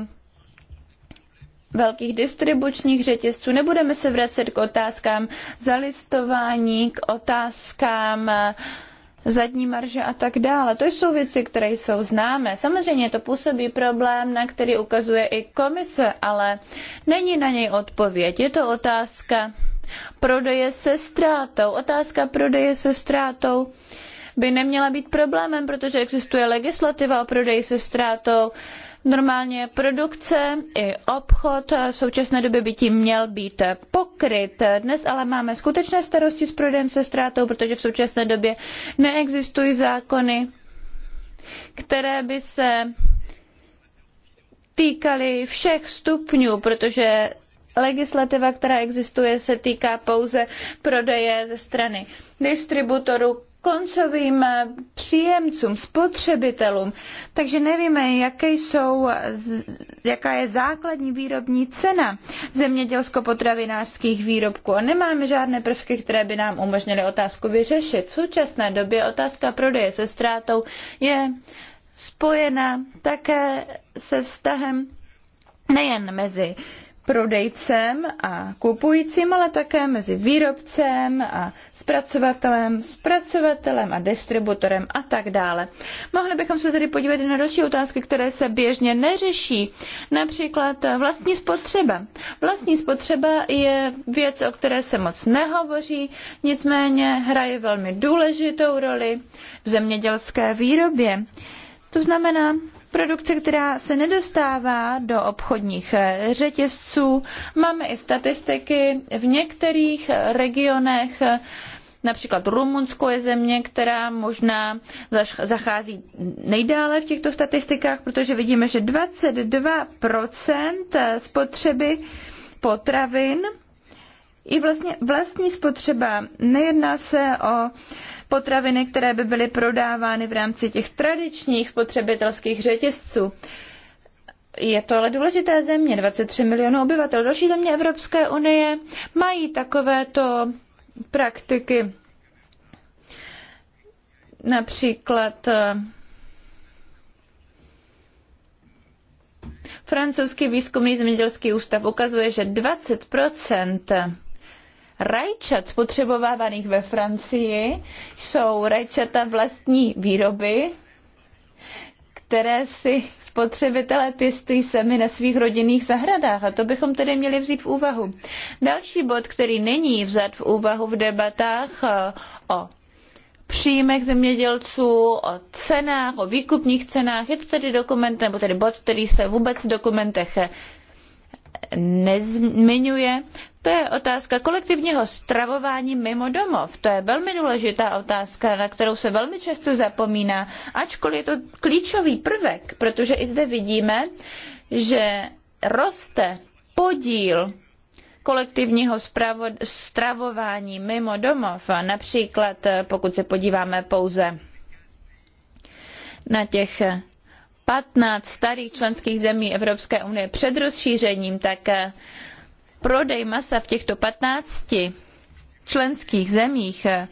velkých distribučních řetězců. Nebudeme se vracet k otázkám zalistování, k otázkám uh, zadní marže a tak dále. To jsou věci, které jsou známé. Samozřejmě to působí problém, na který ukazuje i komise, ale není na něj odpověď. Je to otázka prodeje se ztrátou. Otázka prodeje se ztrátou by neměla být problémem, protože existuje legislativa o prodeji se ztrátou. Normálně produkce i obchod v současné době by tím měl být pokryt. Dnes ale máme skutečné starosti s prodejem se ztrátou, protože v současné době neexistují zákony, které by se týkaly všech stupňů, protože legislativa, která existuje, se týká pouze prodeje ze strany distributorů, koncovým eh, příjemcům, spotřebitelům. Takže nevíme, jaké jsou, jaká je základní výrobní cena zemědělsko-potravinářských výrobků. A nemáme žádné prvky, které by nám umožnily otázku vyřešit. V současné době otázka prodeje se ztrátou je spojena také se vztahem nejen mezi prodejcem a kupujícím, ale také mezi výrobcem a zpracovatelem, zpracovatelem a distributorem a tak dále. Mohli bychom se tedy podívat i na další otázky, které se běžně neřeší, například vlastní spotřeba. Vlastní spotřeba je věc, o které se moc nehovoří, nicméně hraje velmi důležitou roli v zemědělské výrobě. To znamená, produkce, která se nedostává do obchodních řetězců. Máme i statistiky v některých regionech, Například Rumunsko je země, která možná zachází nejdále v těchto statistikách, protože vidíme, že 22% spotřeby potravin i vlastně vlastní spotřeba. Nejedná se o potraviny, které by byly prodávány v rámci těch tradičních spotřebitelských řetězců. Je to ale důležité země, 23 milionů obyvatel. Další země Evropské unie mají takovéto praktiky. Například eh, francouzský výzkumný zemědělský ústav ukazuje, že 20 rajčat spotřebovávaných ve Francii jsou rajčata vlastní výroby, které si spotřebitelé pěstují sami na svých rodinných zahradách a to bychom tedy měli vzít v úvahu. Další bod, který není vzat v úvahu v debatách eh, o příjmech zemědělců, o cenách, o výkupních cenách. Je to tedy dokument, nebo tedy bod, který se vůbec v dokumentech nezmiňuje, to je otázka kolektivního stravování mimo domov. To je velmi důležitá otázka, na kterou se velmi často zapomíná, ačkoliv je to klíčový prvek, protože i zde vidíme, že roste podíl kolektivního stravování mimo domov. Například pokud se podíváme pouze na těch 15 starých členských zemí Evropské unie před rozšířením, tak eh, prodej masa v těchto 15 členských zemích eh,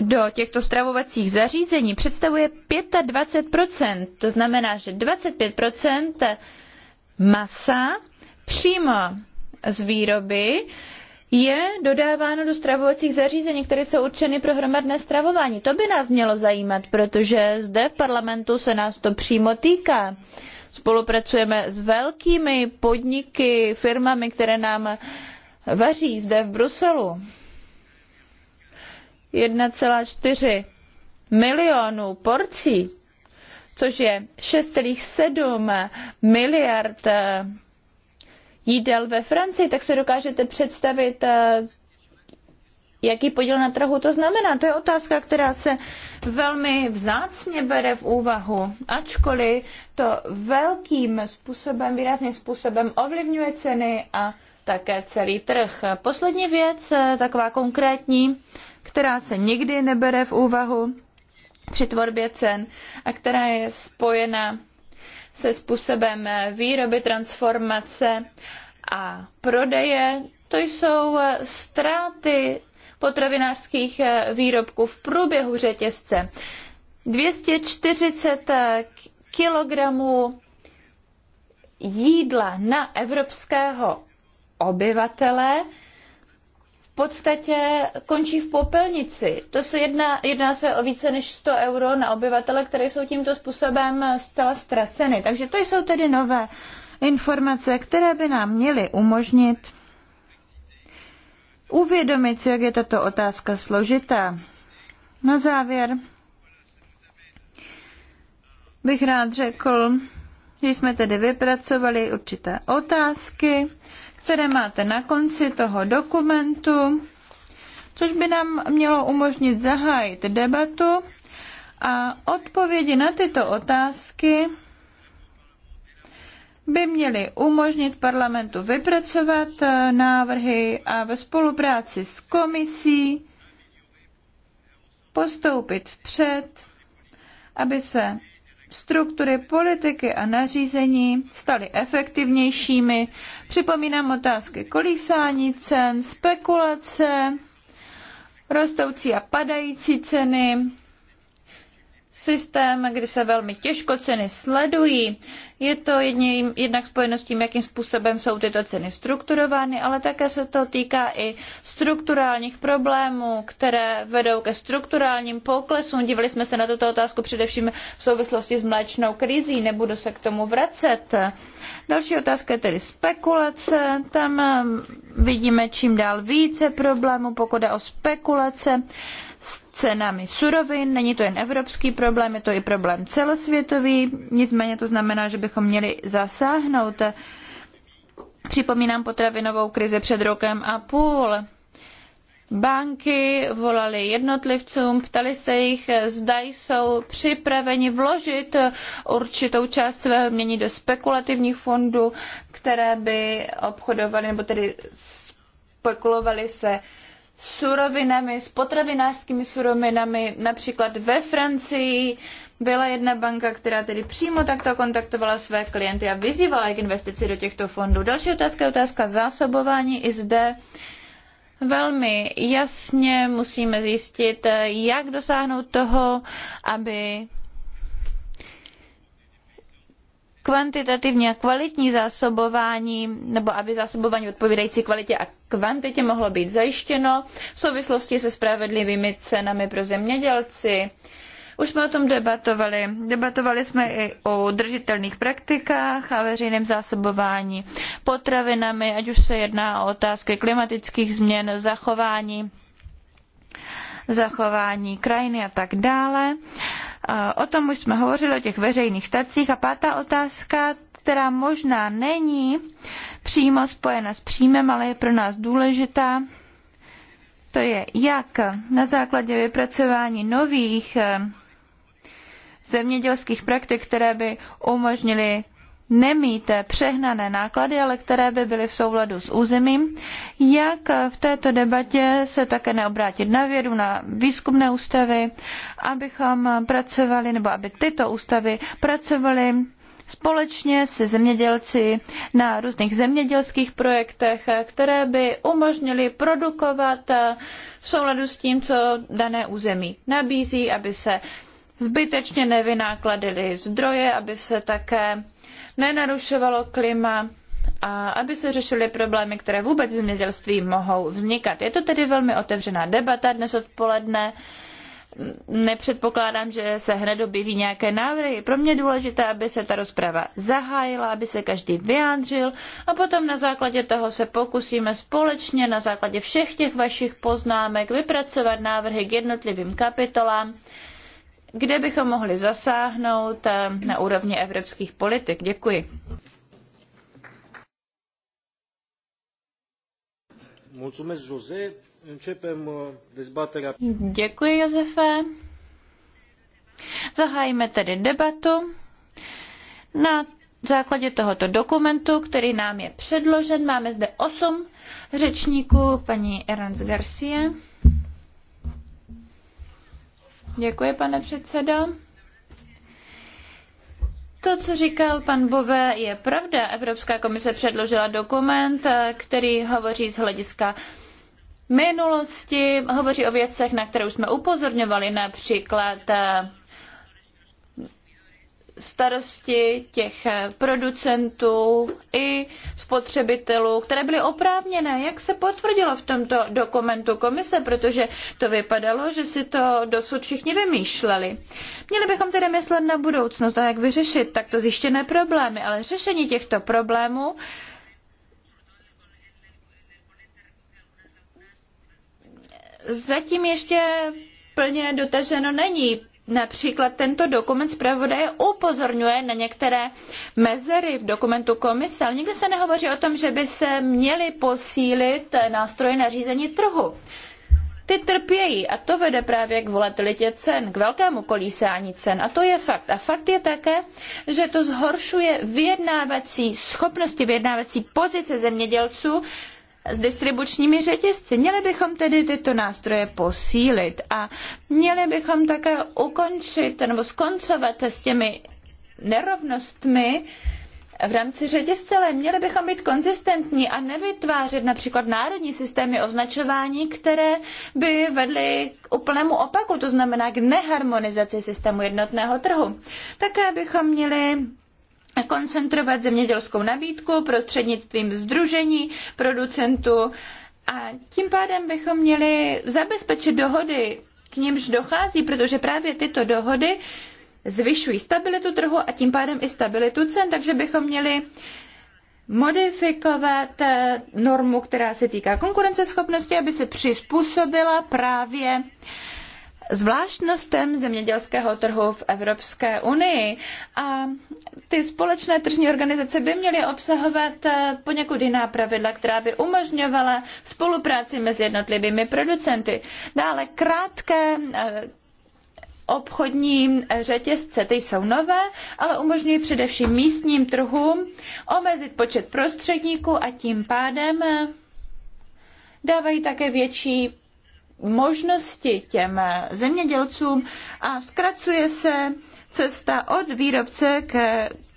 do těchto stravovacích zařízení představuje 25%, to znamená, že 25% masa přímo z výroby je dodáváno do stravovacích zařízení, které jsou určeny pro hromadné stravování. To by nás mělo zajímat, protože zde v parlamentu se nás to přímo týká. Spolupracujeme s velkými podniky, firmami, které nám vaří zde v Bruselu. 1,4 milionů porcí, což je 6,7 miliard jídel ve Francii, tak se dokážete představit, eh, jaký podíl na trhu to znamená. To je otázka, která se velmi vzácně bere v úvahu, ačkoliv to velkým způsobem, výrazným způsobem ovlivňuje ceny a také celý trh. Poslední věc, eh, taková konkrétní, která se nikdy nebere v úvahu při tvorbě cen a která je spojena se způsobem výroby, transformace a prodeje. To jsou ztráty potravinářských výrobků v průběhu řetězce. 240 kilogramů jídla na evropského obyvatele podstatě končí v popelnici. To se jedná, jedná se o více než 100 euro na obyvatele, které jsou tímto způsobem zcela ztraceny. Takže to jsou tedy nové informace, které by nám měly umožnit uvědomit si, jak je tato otázka složitá. Na závěr bych rád řekl, že jsme tedy vypracovali určité otázky, které máte na konci toho dokumentu, což by nám mělo umožnit zahájit debatu a odpovědi na tyto otázky by měly umožnit parlamentu vypracovat eh, návrhy a ve spolupráci s komisí postoupit vpřed, aby se struktury politiky a nařízení staly efektivnějšími. Připomínám otázky kolísání cen, spekulace, rostoucí a padající ceny, systém, kdy se velmi těžko ceny sledují. Je to jedním, jednak spojeno s tím, jakým způsobem jsou tyto ceny strukturovány, ale také se to týká i strukturálních problémů, které vedou ke strukturálním poklesům. Dívali jsme se na tuto otázku především v souvislosti s mléčnou krizí, nebudu se k tomu vracet. Další otázka je tedy spekulace. Tam um, vidíme čím dál více problémů, pokud je o spekulace cenami surovin. Není to jen evropský problém, je to i problém celosvětový. Nicméně to znamená, že bychom měli zasáhnout. Připomínám potravinovou krizi před rokem a půl. Banky volaly jednotlivcům, ptali se jich, zda jsou připraveni vložit určitou část svého mění do spekulativních fondů, které by obchodovaly nebo tedy spekulovaly se uh, surovinami, s potravinářskými surovinami. Například ve Francii byla jedna banka, která tedy přímo takto kontaktovala své klienty a vyzývala je k investici do těchto fondů. Další otázka je otázka zásobování. I zde velmi jasně musíme zjistit, jak dosáhnout toho, aby kvantitativní a kvalitní zásobování, nebo aby zásobování odpovídající kvalitě a kvantitě mohlo být zajištěno v souvislosti se spravedlivými cenami pro zemědělci. Už jsme o tom debatovali. Debatovali jsme i o udržitelných praktikách a veřejném zásobování potravinami, ať už se jedná o otázky klimatických změn, zachování zachování krajiny a tak dále. O tom už jsme hovořili, o těch veřejných tacích. A pátá otázka, která možná není přímo spojena s příjmem, ale je pro nás důležitá, to je, jak na základě vypracování nových eh, zemědělských praktik, které by umožnily nemít přehnané náklady, ale které by byly v souladu s územím. Jak v této debatě se také neobrátit na vědu, na výzkumné ústavy, abychom pracovali, nebo aby tyto ústavy pracovaly společně se zemědělci na různých zemědělských projektech, které by umožnily produkovat v souladu s tím, co dané území nabízí, aby se zbytečně nevynákladily zdroje, aby se také nenarušovalo klima a aby se řešily problémy, které vůbec v zemědělství mohou vznikat. Je to tedy velmi otevřená debata dnes odpoledne. Nepředpokládám, že se hned objeví nějaké návrhy. Pro mě je důležité, aby se ta rozprava zahájila, aby se každý vyjádřil a potom na základě toho se pokusíme společně na základě všech těch vašich poznámek vypracovat návrhy k jednotlivým kapitolám kde bychom mohli zasáhnout eh, na úrovni evropských politik. Děkuji. Eh, Děkuji, Josefe. Zahájíme tedy debatu na základě tohoto dokumentu, který nám je předložen. Máme zde osm řečníků, paní Erans Garcia. Děkuji, pane předsedo. To, co říkal pan Bové, je pravda. Evropská komise předložila dokument, eh, který hovoří z hlediska minulosti, hovoří o věcech, na které už jsme upozorňovali, například eh, starosti těch eh, producentů i spotřebitelů, které byly oprávněné, jak se potvrdilo v tomto dokumentu komise, protože to vypadalo, že si to dosud všichni vymýšleli. Měli bychom tedy myslet na budoucnost a jak vyřešit takto zjištěné problémy, ale řešení těchto problémů zatím ještě plně dotaženo není Například tento dokument zpravodaje upozorňuje na některé mezery v dokumentu komise, ale nikdy se nehovoří o tom, že by se měly posílit nástroje na řízení trhu. Ty trpějí a to vede právě k volatilitě cen, k velkému kolísání cen. A to je fakt. A fakt je také, že to zhoršuje vyjednávací schopnosti, vyjednávací pozice zemědělců, s distribučními řetězci. Měli bychom tedy tyto nástroje posílit a měli bychom také ukončit nebo skoncovat s těmi nerovnostmi, v rámci řetězce, ale měli bychom být konzistentní a nevytvářet například národní systémy označování, které by vedly k úplnému opaku, to znamená k neharmonizaci systému jednotného trhu. Také bychom měli koncentrovat zemědělskou nabídku prostřednictvím združení producentů a tím pádem bychom měli zabezpečit dohody, k nímž dochází, protože právě tyto dohody zvyšují stabilitu trhu a tím pádem i stabilitu cen, takže bychom měli modifikovat eh, normu, která se týká konkurenceschopnosti, aby se přizpůsobila právě uh, zvláštnostem zemědělského trhu v Evropské unii a ty společné tržní organizace by měly obsahovat eh, poněkud jiná pravidla, která by umožňovala spolupráci mezi jednotlivými producenty. Dále krátké eh, obchodní řetězce, ty jsou nové, ale umožňují především místním trhům omezit počet prostředníků a tím pádem eh, dávají také větší možnosti těm zemědělcům a zkracuje se cesta od výrobce k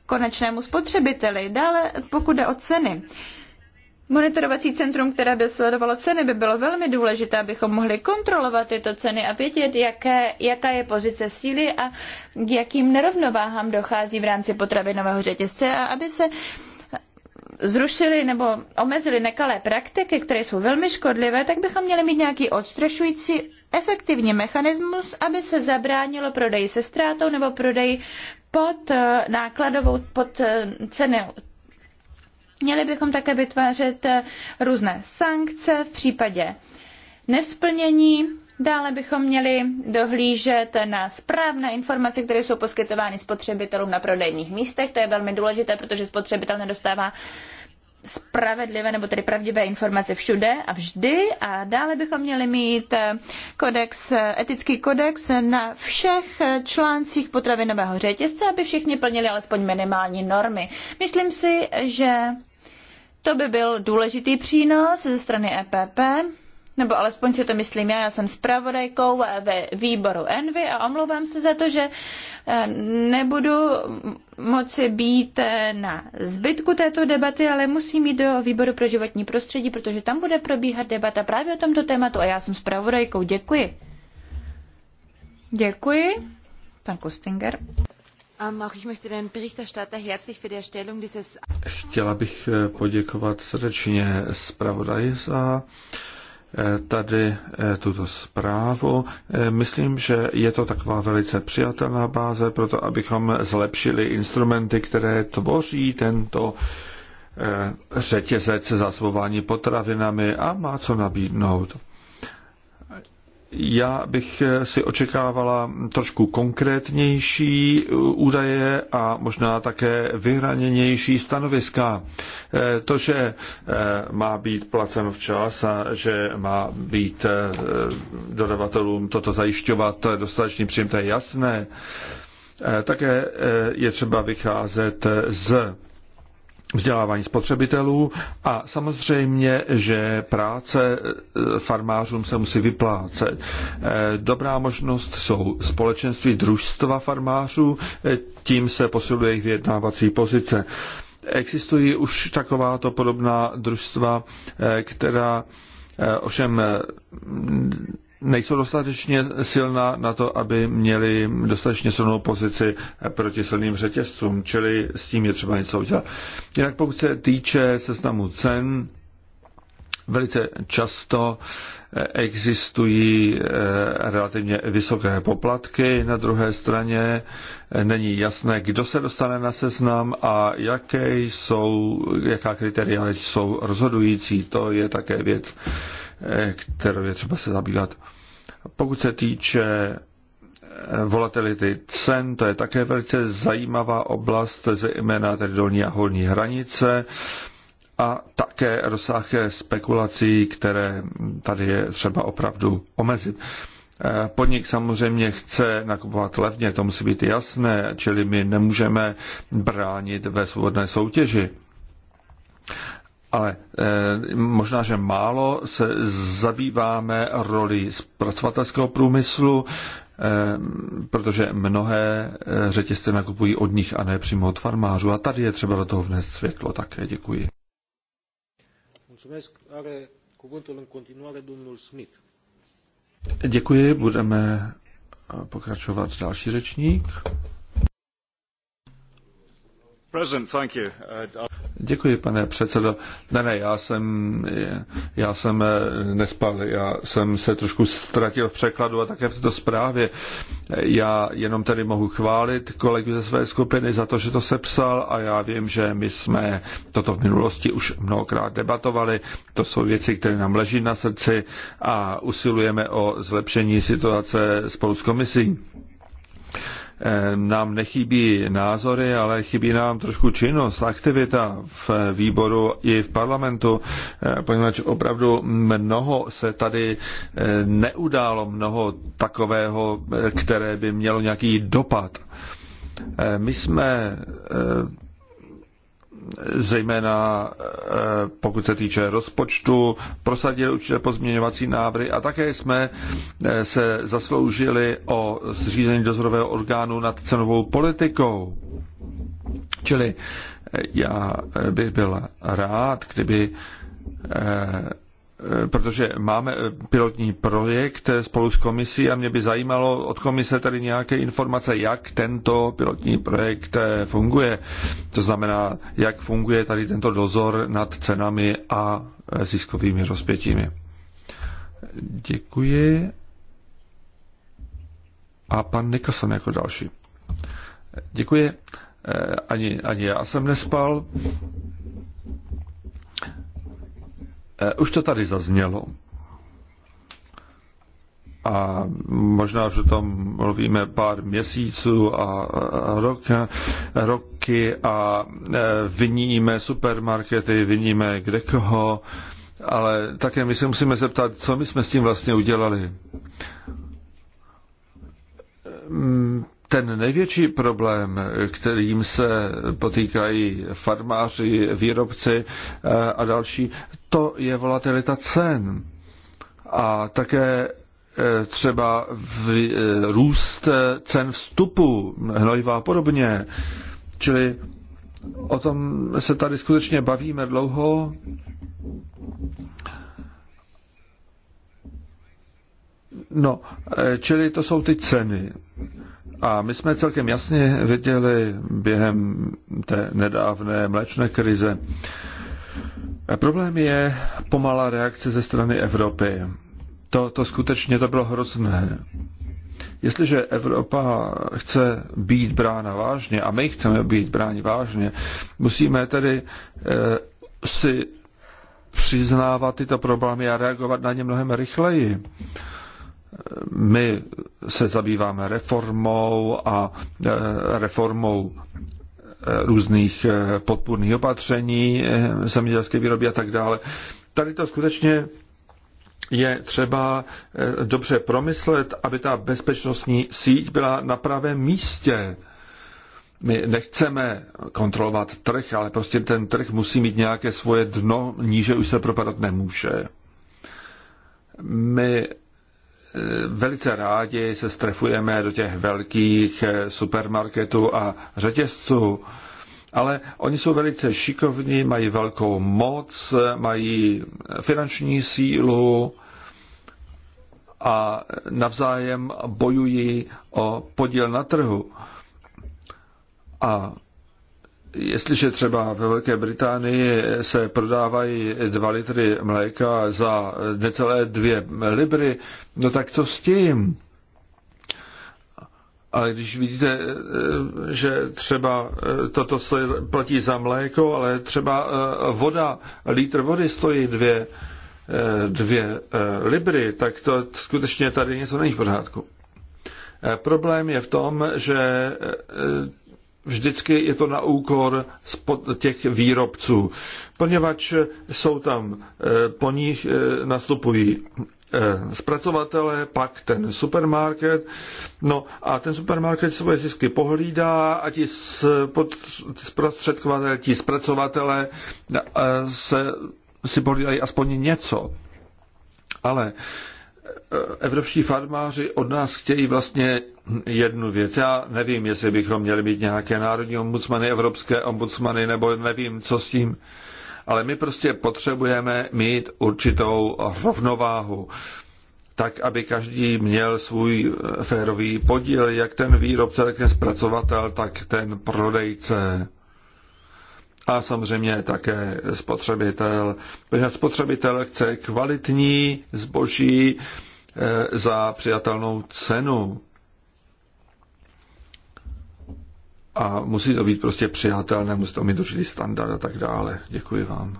konečnému spotřebiteli. Dále, pokud jde o ceny, Monitorovací centrum, které by sledovalo ceny, by bylo velmi důležité, abychom mohli kontrolovat tyto ceny a vědět, jaké, jaká je pozice síly a k jakým nerovnováhám dochází v rámci potravinového řetězce a aby se uh, zrušili nebo omezili nekalé praktiky, které jsou velmi škodlivé, tak bychom měli mít nějaký odstrašující efektivní mechanismus, aby se zabránilo prodeji se ztrátou nebo prodeji pod eh, nákladovou, pod eh, cenou. Měli bychom také vytvářet eh, různé sankce v případě nesplnění Dále bychom měli dohlížet na správné informace, které jsou poskytovány spotřebitelům na prodejních místech. To je velmi důležité, protože spotřebitel nedostává spravedlivé nebo tedy pravdivé informace všude a vždy a dále bychom měli mít kodex, etický kodex na všech článcích potravinového řetězce, aby všichni plnili alespoň minimální normy. Myslím si, že to by byl důležitý přínos ze strany EPP nebo alespoň si to myslím já, já jsem zpravodajkou ve výboru Envy a omlouvám se za to, že eh, nebudu moci být eh, na zbytku této debaty, ale musím jít do výboru pro životní prostředí, protože tam bude probíhat debata právě o tomto tématu a já jsem zpravodajkou. Děkuji. Děkuji. Pan Kustinger. Ähm, Chtěla bych eh, poděkovat srdečně zpravodaji za Eh, tady eh, tuto zprávu. Eh, myslím, že je to taková velice přijatelná báze pro to, abychom zlepšili instrumenty, které tvoří tento řetězec zásobování potravinami a má co nabídnout. Já bych eh, si očekávala trošku konkrétnější eh, údaje a možná také vyhraněnější stanoviska. Eh, to, že má být placen včas a že má být dodavatelům toto zajišťovat dostatečný příjem, to je jasné. Také je třeba vycházet z vzdělávání spotřebitelů a samozřejmě, že práce eh, farmářům se musí vyplácet. Eh, dobrá možnost jsou společenství družstva farmářů, eh, tím se posiluje jejich vyjednávací pozice. Existují už takováto podobná družstva, která ovšem nejsou dostatečně silná na to, aby měli dostatečně silnou pozici proti silným řetězcům, čili s tím je třeba něco udělat. Jinak pokud se týče seznamu cen, velice často existují eh, relativně vysoké poplatky. Na druhé straně eh, není jasné, kdo se dostane na seznam a jaké jsou, jaká kritéria jsou rozhodující. To je také věc, Eh, kterou je třeba se zabývat. Pokud se týče eh, volatility cen, to je také velice zajímavá oblast, zejména tedy dolní a holní hranice a také rozsah spekulací, které tady je třeba opravdu omezit. Eh, podnik samozřejmě chce nakupovat levně, to musí být jasné, čili my nemůžeme bránit ve svobodné soutěži ale eh, možná, že málo se zabýváme roli zpracovatelského průmyslu, eh, protože mnohé eh, řetězce nakupují od nich a ne přímo od farmářů. A tady je třeba do toho vnést světlo také. Děkuji. Děkuji, budeme pokračovat další řečník. Uh, Děkuji, pane předsedo. Ne, ne, já jsem, já jsem eh, nespal, já jsem se trošku ztratil v překladu a také v této zprávě. Já jenom tady mohu chválit kolegu ze své skupiny za to, že to sepsal a já vím, že my jsme toto v minulosti už mnohokrát debatovali. To jsou věci, které nám leží na srdci a usilujeme o zlepšení situace spolu s komisí. Eh, nám nechybí názory, ale chybí nám trošku činnost, aktivita v eh, výboru i v parlamentu, eh, poněvadž opravdu mnoho se tady neudálo, mnoho takového, které by mělo nějaký dopad. My jsme zejména eh, pokud se týče rozpočtu, prosadili určité pozměňovací návrhy a také jsme eh, se zasloužili o zřízení dozorového orgánu nad cenovou politikou. Čili eh, já bych byl rád, kdyby Eh, protože máme eh, pilotní projekt eh, spolu s komisí a mě by zajímalo od komise tady nějaké informace, jak tento pilotní projekt funguje. To znamená, jak funguje tady tento dozor nad cenami a ziskovými rozpětími. Děkuji. A pan Nikoson jako další. Děkuji. Ani, ani já jsem nespal. Eh, už to tady zaznělo. A možná, že tam mluvíme pár měsíců a rok, roky a eh, vyníme supermarkety, vyníme kde koho, ale také my se musíme zeptat, co my jsme s tím vlastně udělali mm, ten největší problém, kterým se potýkají farmáři, výrobci eh, a další, to je volatilita cen. A také eh, třeba v, eh, růst cen vstupu, hnojiva a podobně. Čili o tom se tady skutečně bavíme dlouho. No, čili to jsou ty ceny. A my jsme celkem jasně viděli během té nedávné mléčné krize. Problém je pomalá reakce ze strany Evropy. To, to skutečně to bylo hrozné. Jestliže Evropa chce být brána vážně, a my chceme být bráni vážně, musíme tedy e, si přiznávat tyto problémy a reagovat na ně mnohem rychleji. E, my se zabýváme reformou a e, reformou e, různých e, podpůrných opatření, zemědělské výroby a tak dále. Tady to skutečně je třeba dobře promyslet, aby ta bezpečnostní síť byla na pravém místě. My nechceme kontrolovat trh, ale prostě ten trh musí mít nějaké svoje dno, níže už se propadat nemůže. My velice rádi se strefujeme do těch velkých eh, supermarketů a řetězců, ale oni jsou velice šikovní, mají velkou moc, mají eh, finanční sílu a navzájem bojují o podíl na trhu. A jestliže třeba ve Velké Británii se prodávají 2 litry mléka za necelé 2 libry, no tak co s tím? Ale když vidíte, eh, že třeba eh, toto platí za mléko, ale třeba eh, voda, litr vody stojí dvě, dvě libry, tak to skutečně tady něco není v pořádku. Problém je v tom, že vždycky je to na úkor těch výrobců, poněvadž jsou tam, eh, po nich eh, nastupují eh, zpracovatele, pak ten supermarket, no a ten supermarket svoje zisky pohlídá a ti zprostředkovatele, ti zpracovatele se, si pohlídají aspoň něco. Ale evropští farmáři od nás chtějí vlastně jednu věc. Já nevím, jestli bychom měli mít nějaké národní ombudsmany, evropské ombudsmany, nebo nevím, co s tím. Ale my prostě potřebujeme mít určitou rovnováhu, tak, aby každý měl svůj eh, férový podíl, jak ten výrobce, tak ten zpracovatel, tak ten prodejce a samozřejmě také spotřebitel. Protože spotřebitel chce kvalitní zboží eh, za přijatelnou cenu. A musí to být prostě přijatelné, musí to mít určitý standard a tak dále. Děkuji vám.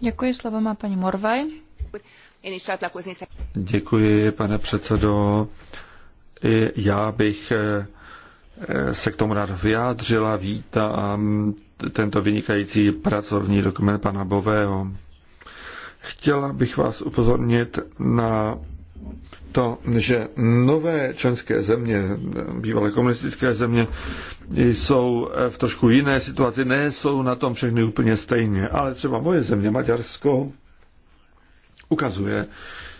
Děkuji, slovo má paní Morvaj. Děkuji, pane předsedo. I já bych eh, eh, se k tomu rád vyjádřila, vítám tento vynikající pracovní dokument pana Bového. Chtěla bych vás upozornit na to, že nové členské země, bývalé komunistické země, jsou v trošku jiné situaci, ne jsou na tom všechny úplně stejně, ale třeba moje země, Maďarsko, ukazuje,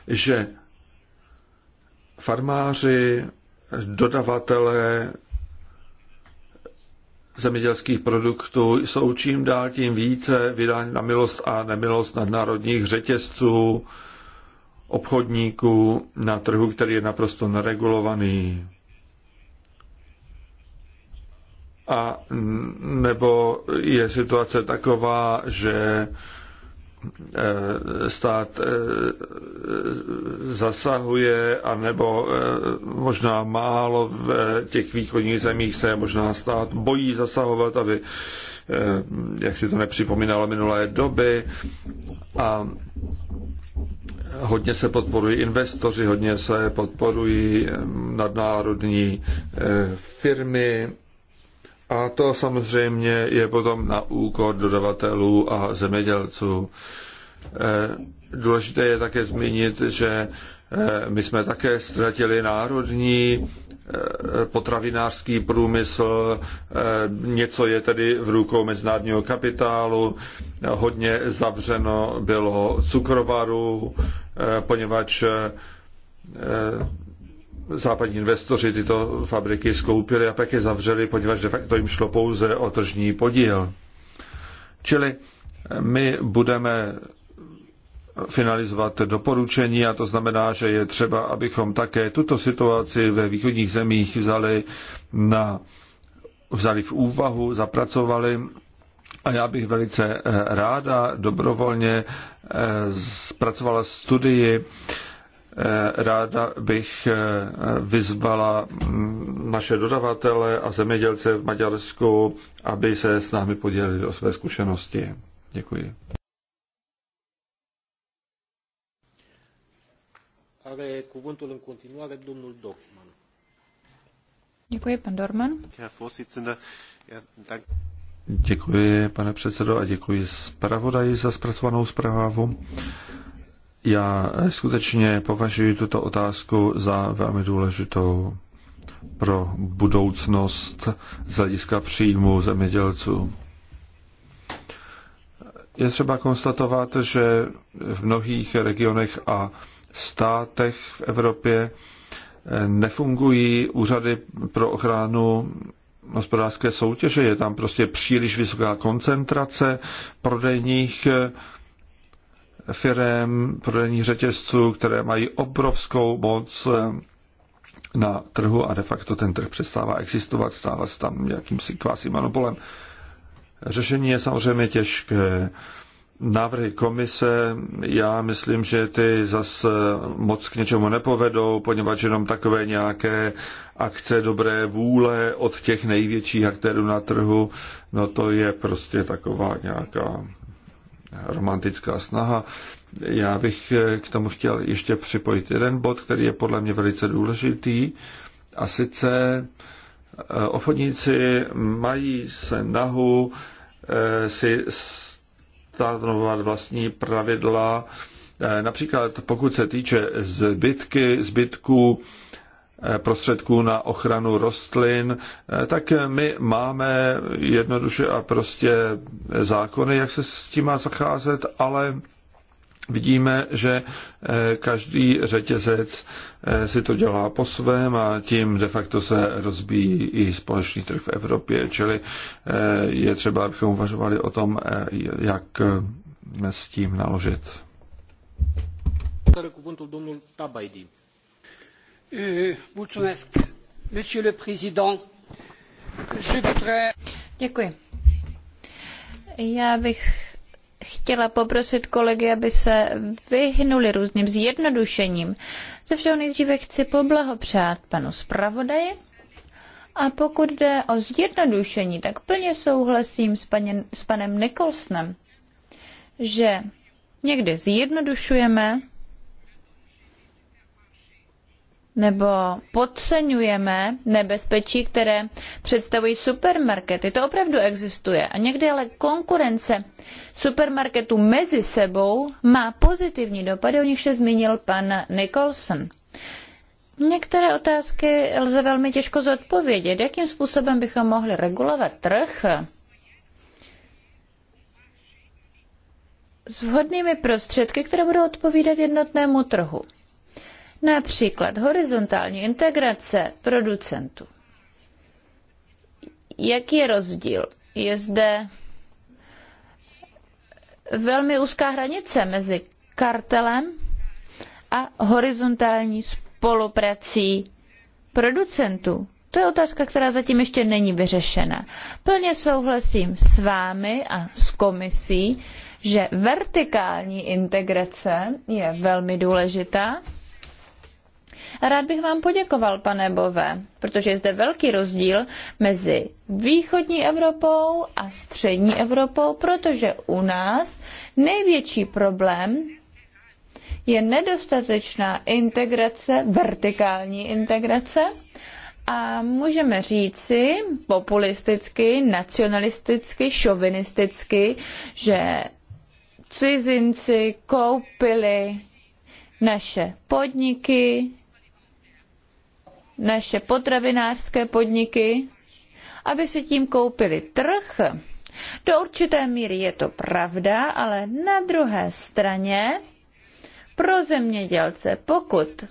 že farmáři, dodavatelé zemědělských produktů jsou čím dál tím více vydáni na milost a nemilost nadnárodních řetězců, obchodníků na trhu, který je naprosto neregulovaný. A nebo je situace taková, že Eh, stát eh, zasahuje, anebo eh, možná málo v těch východních zemích se možná stát bojí zasahovat, aby jak si to nepřipomínalo minulé doby a hodně se podporují investoři, hodně se podporují nadnárodní firmy, a to samozřejmě je potom na úkor dodavatelů a zemědělců. Eh, důležité je také zmínit, že eh, my jsme také ztratili národní eh, potravinářský průmysl, něco je tedy v rukou mezinárodního kapitálu, hodně zavřeno bylo cukrovaru, poněvadž západní investoři tyto fabriky skoupili a pak je zavřeli, poněvadž de facto jim šlo pouze o tržní podíl. Čili my budeme finalizovat doporučení a to znamená, že je třeba, abychom také tuto situaci ve východních zemích vzali, na, vzali v úvahu, zapracovali a já bych velice eh, ráda dobrovolně eh, zpracovala studii Eh, ráda bych eh, vyzvala mm, naše dodavatele a zemědělce v Maďarsku, aby se s námi podělili o své zkušenosti. Děkuji. Děkuji, pan Dorman. Děkuji, pane předsedo, a děkuji zpravodaji za zpracovanou zprávu. Já skutečně považuji tuto otázku za velmi důležitou pro budoucnost z hlediska příjmu zemědělců. Je třeba konstatovat, že v mnohých regionech a státech v Evropě nefungují úřady pro ochranu hospodářské soutěže. Je tam prostě příliš vysoká koncentrace prodejních firem, prodejních řetězců, které mají obrovskou moc eh, na trhu a de facto ten trh přestává existovat, stává se tam jakýmsi kvásí monopolem. Řešení je samozřejmě těžké. Návrhy komise, já myslím, že ty zase moc k něčemu nepovedou, poněvadž jenom takové nějaké akce dobré vůle od těch největších aktérů na trhu, no to je prostě taková nějaká romantická snaha. Já bych eh, k tomu chtěl ještě připojit jeden bod, který je podle mě velice důležitý, a sice eh, obchodníci mají snahu eh, si stanovat vlastní pravidla, například pokud se týče zbytky, zbytků Eh, prostředků na ochranu rostlin, eh, tak my máme jednoduše a prostě zákony, jak se s tím má zacházet, ale vidíme, že eh, každý řetězec si to dělá po svém a tím de facto se rozbíjí i společný trh v Evropě, čili je třeba, abychom uvažovali o tom, jak s tím naložit. Care cuvântul domnul Tabaidi. Eh, Děkuji. Já bych chtěla poprosit kolegy, aby se vyhnuli různým zjednodušením. Ze všeho nejdříve chci poblahopřát panu zpravodaji. A pokud jde o zjednodušení, tak plně souhlasím s, paně, s panem Nikolsnem, že někdy zjednodušujeme nebo podceňujeme nebezpečí, které představují supermarkety. To opravdu existuje. A někdy ale konkurence supermarketů mezi sebou má pozitivní dopady, o nich se zmínil pan Nicholson. Některé otázky lze velmi těžko zodpovědět. Jakým způsobem bychom mohli regulovat trh? S vhodnými prostředky, které budou odpovídat jednotnému trhu. Například horizontální integrace producentů. Jaký je rozdíl? Je zde velmi úzká hranice mezi kartelem a horizontální spoluprací producentů. To je otázka, která zatím ještě není vyřešena. Plně souhlasím s vámi a s komisí, že vertikální integrace je velmi důležitá Rád bych vám poděkoval, pane Bové, protože je zde velký rozdíl mezi východní Evropou a střední Evropou, protože u nás největší problém je nedostatečná integrace, vertikální integrace, a můžeme říci populisticky, nacionalisticky, šovinisticky, že cizinci koupili naše podniky, naše potravinářské podniky, aby si tím koupili trh. Do určité míry je to pravda, ale na druhé straně pro zemědělce, pokud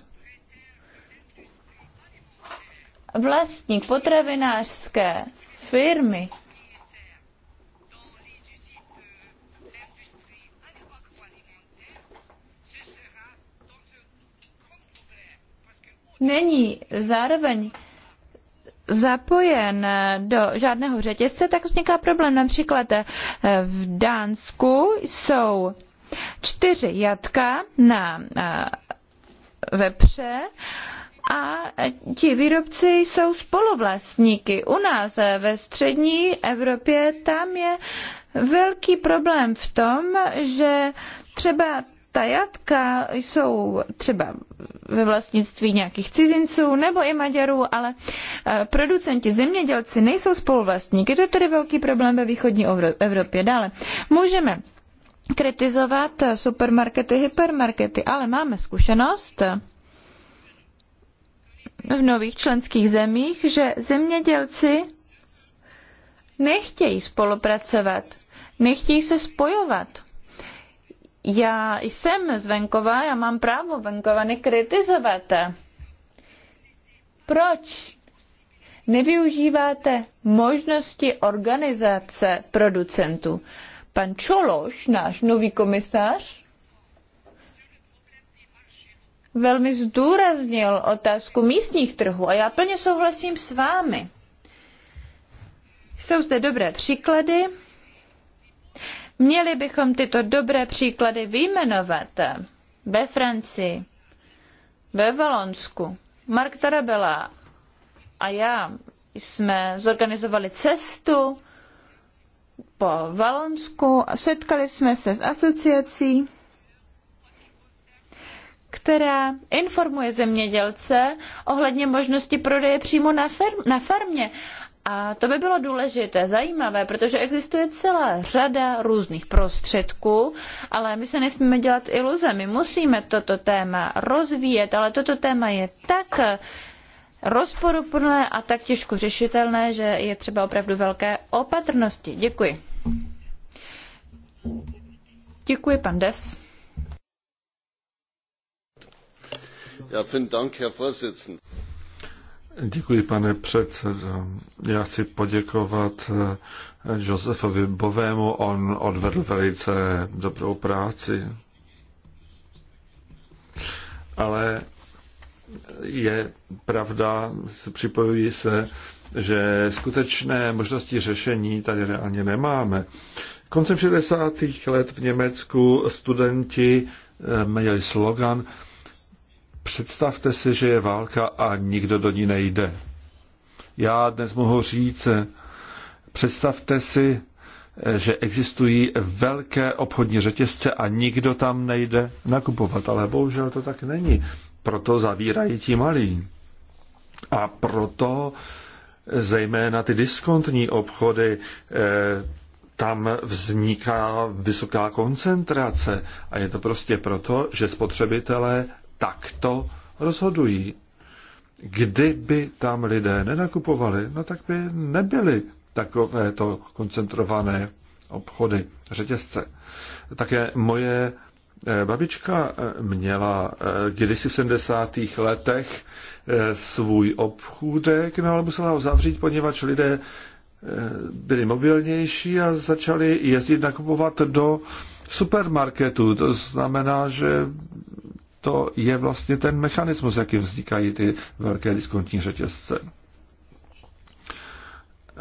vlastník potravinářské firmy není zároveň zapojen do žádného řetězce, tak vzniká problém. Například eh, v Dánsku jsou čtyři jatka na eh, vepře a ti výrobci jsou spoluvlastníky. U nás eh, ve střední Evropě tam je velký problém v tom, že třeba ta jatka jsou třeba ve vlastnictví nějakých cizinců nebo i Maďarů, ale eh, producenti, zemědělci nejsou spoluvlastníky. To je tedy velký problém ve východní Evropě. Dále můžeme kritizovat eh, supermarkety, hypermarkety, ale máme zkušenost eh, v nových členských zemích, že zemědělci nechtějí spolupracovat, nechtějí se spojovat já jsem z venkova, já mám právo venkovany kritizovat. Proč nevyužíváte možnosti organizace producentů? Pan Čološ, náš nový komisař, velmi zdůraznil otázku místních trhů a já plně souhlasím s vámi. Jsou zde dobré příklady, Měli bychom tyto dobré příklady vyjmenovat ve Francii, ve Valonsku. Mark Tarabella a já jsme zorganizovali cestu po Valonsku a setkali jsme se s asociací, která informuje zemědělce ohledně možnosti prodeje přímo na, ferm- na farmě. A to by bylo důležité, zajímavé, protože existuje celá řada různých prostředků, ale my se nesmíme dělat iluze. My musíme toto téma rozvíjet, ale toto téma je tak rozporuplné a tak těžko řešitelné, že je třeba opravdu velké opatrnosti. Děkuji. Děkuji, pan Des. Ja, vielen Dank, Herr Vorsitzender. Děkuji, pane předsedo. Já chci poděkovat eh, Josefovi Bovému. On odvedl velice dobrou práci. Ale je pravda, připojuji se, že skutečné možnosti řešení tady reálně nemáme. Koncem 60. let v Německu studenti eh, měli slogan Představte si, že je válka a nikdo do ní nejde. Já dnes mohu říct, představte si, že existují velké obchodní řetězce a nikdo tam nejde nakupovat. Ale bohužel to tak není. Proto zavírají ti malí. A proto zejména ty diskontní obchody, eh, tam vzniká vysoká koncentrace a je to prostě proto, že spotřebitelé takto rozhodují. Kdyby tam lidé nenakupovali, no tak by nebyly takovéto koncentrované obchody, řetězce. Také moje eh, babička eh, měla eh, kdysi v 70. letech svůj obchůdek, no ale musela ho zavřít, poněvadž lidé byli mobilnější a začali jezdit nakupovat do supermarketu. To znamená, že to je vlastně ten mechanismus, jakým vznikají ty velké diskontní řetězce.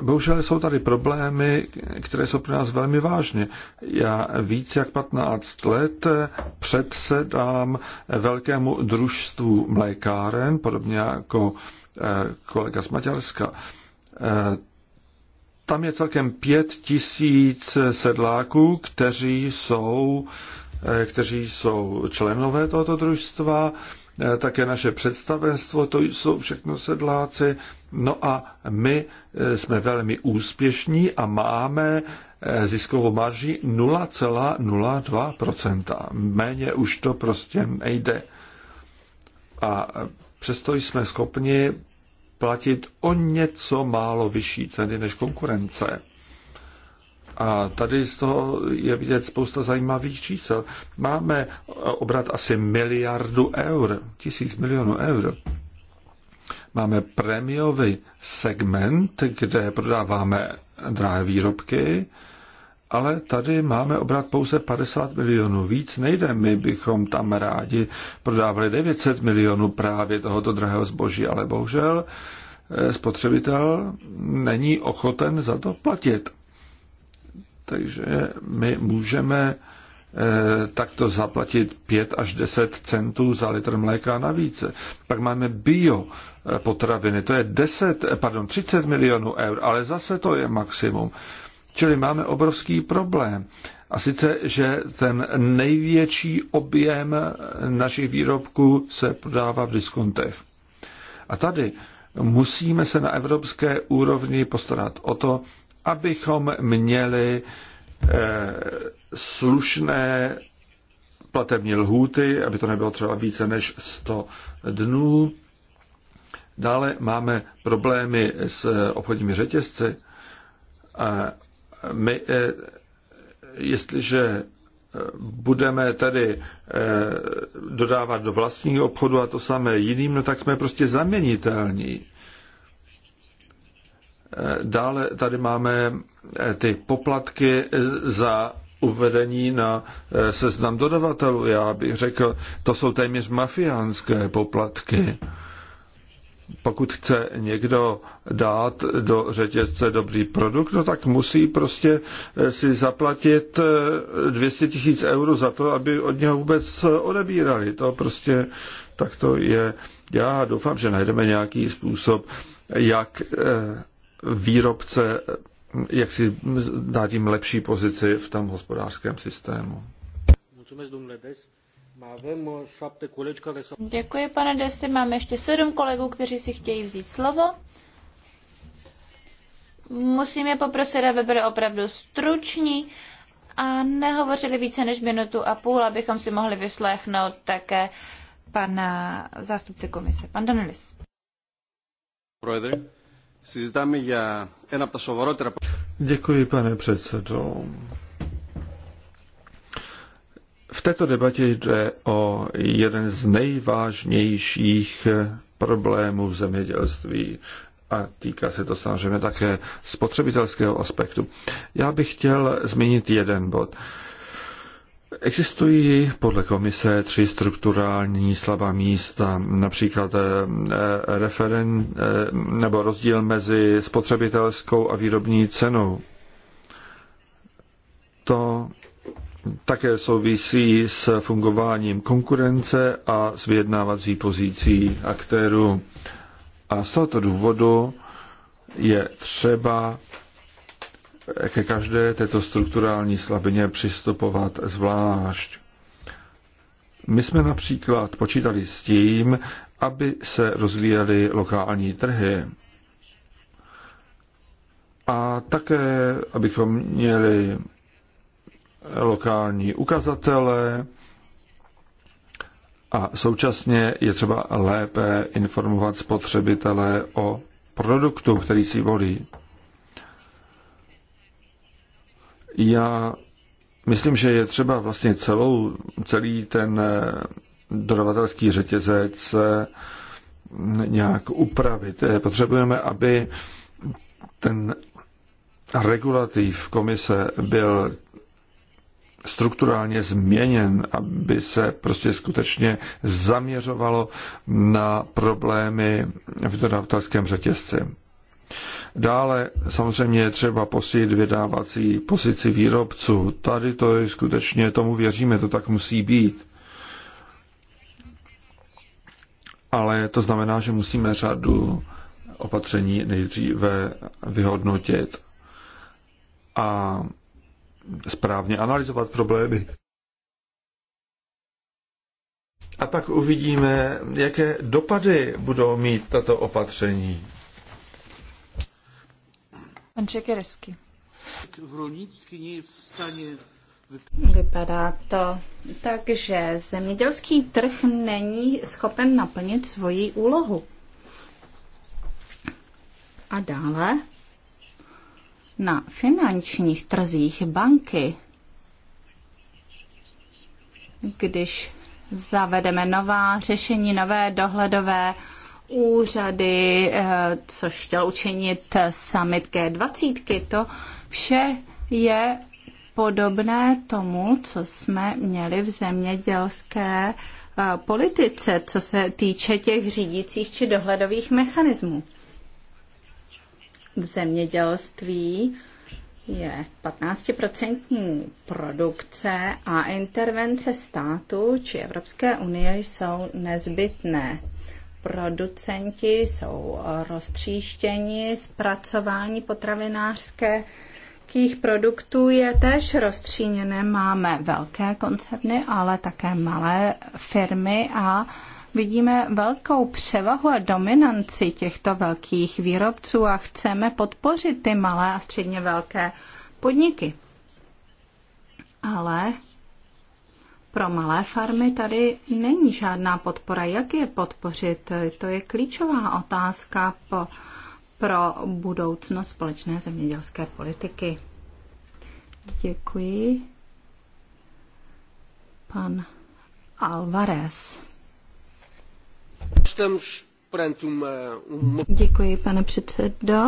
Bohužel jsou tady problémy, které jsou pro nás velmi vážné. Já víc jak 15 let předsedám velkému družstvu mlékáren, podobně jako eh, kolega z Maďarska. Eh, tam je celkem pět tisíc sedláků, kteří jsou Eh, kteří jsou členové tohoto družstva, eh, také naše představenstvo, to jsou všechno sedláci. No a my eh, jsme velmi úspěšní a máme ziskovou marži 0,02%. Méně už to prostě nejde. A přesto jsme schopni platit o něco málo vyšší ceny než konkurence. A tady z toho je vidět spousta zajímavých čísel. Máme obrat asi miliardu eur, tisíc milionů eur. Máme prémiový segment, kde prodáváme drahé výrobky, ale tady máme obrat pouze 50 milionů. Víc nejde, my bychom tam rádi prodávali 900 milionů právě tohoto drahého zboží, ale bohužel eh, spotřebitel není ochoten za to platit. Takže my můžeme eh, takto zaplatit 5 až 10 centů za litr mléka navíc. Pak máme bio eh, potraviny, to je 10, eh, pardon, 30 milionů eur, ale zase to je maximum. Čili máme obrovský problém. A sice, že ten největší objem našich výrobků se prodává v diskontech. A tady musíme se na evropské úrovni postarat o to, abychom měli eh, slušné platební lhůty, aby to nebylo třeba více než 100 dnů. Dále máme problémy s obchodními řetězci. My, eh, jestliže eh, budeme tady dodávat do vlastního obchodu a to samé jiným, no tak jsme prostě zaměnitelní. Dále tady máme eh, ty poplatky eh, za uvedení na eh, seznam dodavatelů. Já bych řekl, to jsou téměř mafiánské poplatky. Pokud chce někdo dát do řetězce dobrý produkt, no tak musí prostě si zaplatit 200 tisíc euro za to, aby od něho vůbec odebírali. To prostě tak to je. Já doufám, že najdeme nějaký způsob, jak výrobce jak si dá tím lepší pozici v tom hospodářském systému. Uh, Děkuji, pane Desi. Máme ještě sedm kolegů, kteří si chtějí vzít slovo. Musím je poprosit, aby byli opravdu struční a nehovořili více než minutu a půl, abychom si mohli vyslechnout také pana zástupce komise. Pan Danilis. Projde. Děkuji, pane předsedo. V této debatě jde o jeden z nejvážnějších problémů v zemědělství a týká se to samozřejmě také spotřebitelského aspektu. Já bych chtěl zmínit jeden bod. Existují podle komise tři strukturální slabá místa, například eh, referen, eh, nebo rozdíl mezi spotřebitelskou a výrobní cenou. To také souvisí s fungováním konkurence a s vyjednávací pozicí aktérů. A z tohoto důvodu je třeba ke každé této strukturální slabině přistupovat zvlášť. My jsme například počítali s tím, aby se rozvíjely lokální trhy a také, abychom měli lokální ukazatele a současně je třeba lépe informovat spotřebitele o produktu, který si volí. Já myslím, že je třeba vlastně celou, celý ten eh, dodavatelský řetězec eh, nějak upravit. Eh, potřebujeme, aby ten regulativ komise byl strukturálně změněn, aby se prostě skutečně zaměřovalo na problémy v dodavatelském řetězci. Dále samozřejmě je třeba posílit vydávací pozici výrobců. Tady to je skutečně, tomu věříme, to tak musí být. Ale to znamená, že musíme řadu opatření nejdříve vyhodnotit a správně analyzovat problémy. A pak uvidíme, jaké dopady budou mít tato opatření. Pan Čekeresky. V rolnictví není v stanie Vypadá to tak, že zemědělský trh není schopen naplnit svoji úlohu. A dále na finančních trzích banky, když zavedeme nová řešení, nové dohledové úřady, eh, což chtěl učinit summit G20, to vše je podobné tomu, co jsme měli v zemědělské eh, politice, co se týče těch řídících či dohledových mechanismů. V zemědělství je 15% produkce a intervence státu či Evropské unie jsou nezbytné producenti jsou roztříštěni, zpracování potravinářské jakých produktů je tež rozstříněné. Máme velké koncerny, ale také malé firmy a vidíme velkou převahu a dominanci těchto velkých výrobců a chceme podpořit ty malé a středně velké podniky. Ale pro malé farmy tady není žádná podpora. Jak je podpořit? To je klíčová otázka po, pro budoucnost společné zemědělské politiky. Děkuji. Pan Alvarez. Děkuji, pane předsedo.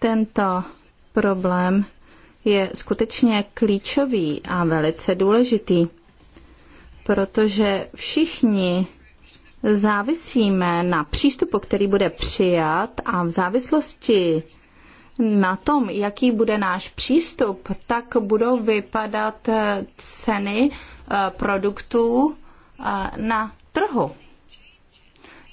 Tento problém je skutečně klíčový a velice důležitý, protože všichni závisíme na přístupu, který bude přijat a v závislosti na tom, jaký bude náš přístup, tak budou vypadat ceny eh, produktů eh, na trhu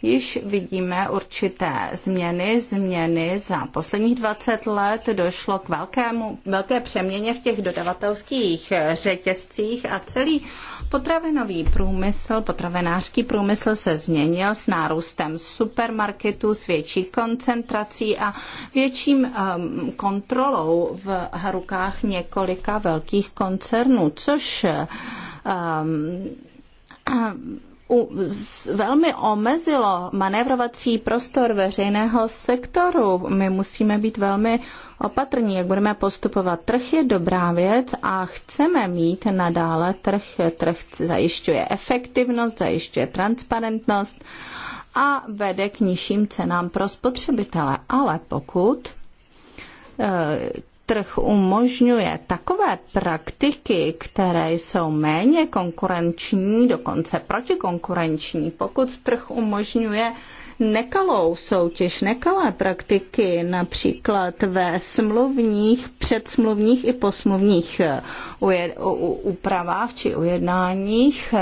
již vidíme určité změny. Změny za posledních 20 let došlo k velkému, velké přeměně v těch dodavatelských eh, řetězcích a celý potravinový průmysl, potravinářský průmysl se změnil s nárůstem supermarketů, s větší koncentrací a větším um, kontrolou v rukách několika velkých koncernů, což um, velmi omezilo manévrovací prostor veřejného sektoru. My musíme být velmi opatrní, jak budeme postupovat. Trh je dobrá věc a chceme mít nadále trh. Trh zajišťuje efektivnost, zajišťuje transparentnost a vede k nižším cenám pro spotřebitele. Ale pokud eh, trh umožňuje takové praktiky, které jsou méně konkurenční, dokonce protikonkurenční, pokud trh umožňuje nekalou soutěž, nekalé praktiky, například ve smluvních, předsmluvních i posmluvních eh, úpravách či ujednáních,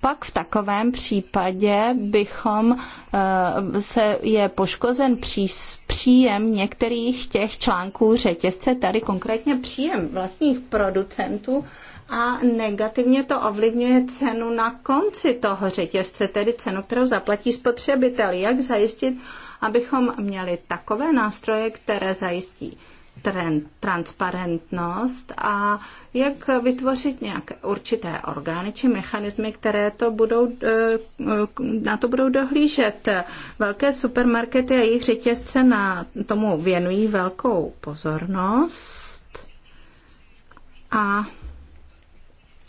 pak v takovém případě bychom eh, se je poškozen příjem některých těch článků řetězce, tady konkrétně příjem vlastních producentů, a negativně to ovlivňuje cenu na konci toho řetězce, tedy cenu, kterou zaplatí spotřebitel. Jak zajistit, abychom měli takové nástroje, které zajistí trend, transparentnost a jak vytvořit nějaké určité orgány či mechanismy, které to budou, eh, eh, na to budou dohlížet. Velké supermarkety a jejich řetězce na tomu věnují velkou pozornost a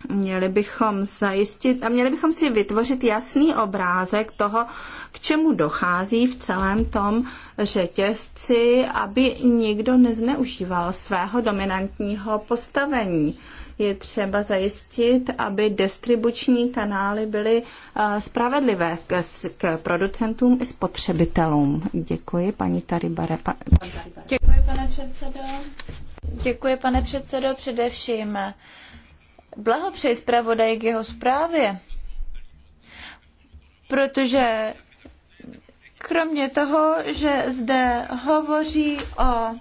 Měli bychom zajistit a měli bychom si vytvořit jasný obrázek toho, k čemu dochází v celém tom řetězci, aby nikdo nezneužíval svého dominantního postavení je třeba zajistit, aby distribuční kanály byly eh, spravedlivé k, k producentům i spotřebitelům. Děkuji, paní Taribare. Pa, pan Taribare. Děkuji, pane předsedo. Děkuji, pane předsedo, především blahopřeji zpravodaji k jeho zprávě, protože kromě toho, že zde hovoří o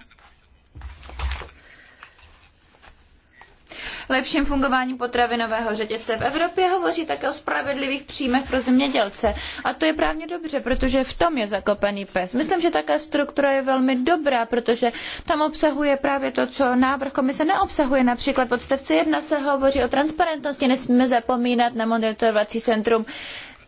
lepším fungováním potravinového řetězce v Evropě, hovoří také o spravedlivých příjmech pro zemědělce. A to je právě dobře, protože v tom je zakopaný pes. Myslím, že taká struktura je velmi dobrá, protože tam obsahuje právě to, co návrh komise neobsahuje. Například v odstavci 1 se hovoří o transparentnosti, nesmíme zapomínat na monitorovací centrum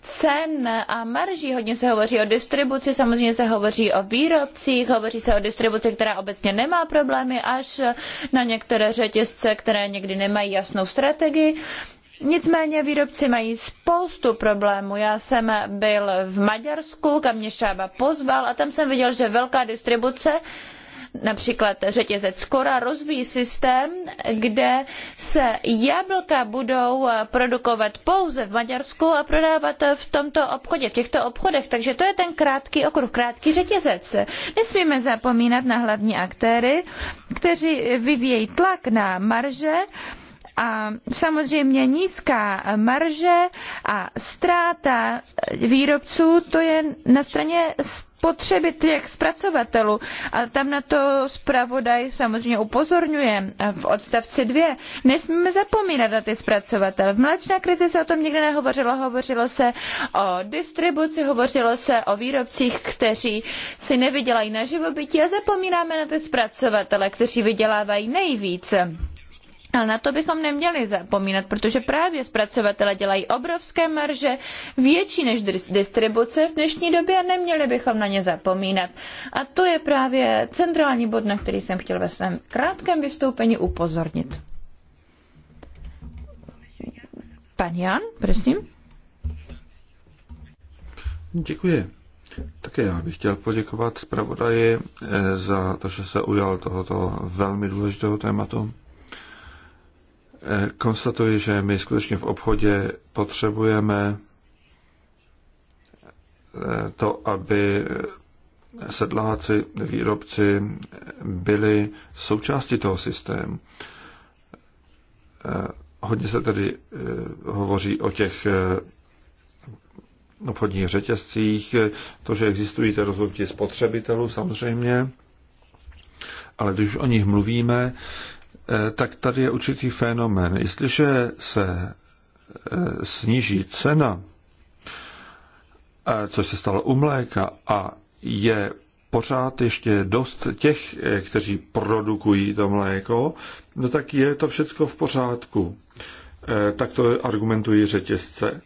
cen a marží. Hodně se hovoří o distribuci, samozřejmě se hovoří o výrobcích, hovoří se o distribuci, která obecně nemá problémy, až na některé řetězce, které někdy nemají jasnou strategii. Nicméně výrobci mají spoustu problémů. Já jsem byl v Maďarsku, kam mě Šába pozval a tam jsem viděl, že velká distribuce například řetězec cora rozvíjí systém, kde se jablka budou eh, produkovat pouze v Maďarsku a prodávat eh, v tomto obchodě, v těchto obchodech. Takže to je ten krátký okruh, krátký řetězec. Nesmíme zapomínat na hlavní aktéry, kteří vyvíjejí tlak na marže, a samozřejmě nízká marže a ztráta eh, výrobců, to je na straně potřeby těch zpracovatelů. A tam na to zpravodaj samozřejmě upozorňuje v odstavci 2. Nesmíme zapomínat na ty zpracovatele. V mléčné krizi se o tom nikdy nehovořilo. Hovořilo se o distribuci, hovořilo se o výrobcích, kteří si nevydělají na živobytí a zapomínáme na ty zpracovatele, kteří vydělávají nejvíce. Ale na to bychom neměli zapomínat, protože právě zpracovatele dělají obrovské marže, větší než distribuce v dnešní době a neměli bychom na ně zapomínat. A to je právě centrální bod, na který jsem chtěl ve svém krátkém vystoupení upozornit. Pan Jan, prosím. Děkuji. Také já bych chtěl poděkovat zpravodaji eh, za to, že se ujal tohoto velmi důležitého tématu konstatuji, že my skutečně v obchodě potřebujeme eh, to, aby sedláci, výrobci byli součástí toho systému. Eh, hodně se tedy eh, hovoří o těch obchodních řetězcích, to, že existují ty rozhodnutí spotřebitelů samozřejmě, ale když o nich mluvíme, Eh, tak tady je určitý fenomén. Jestliže se eh, sníží cena, eh, co se stalo u mléka, a je pořád ještě dost těch, kteří produkují to mléko, no tak je to všechno v pořádku. Tak to argumentují řetězce.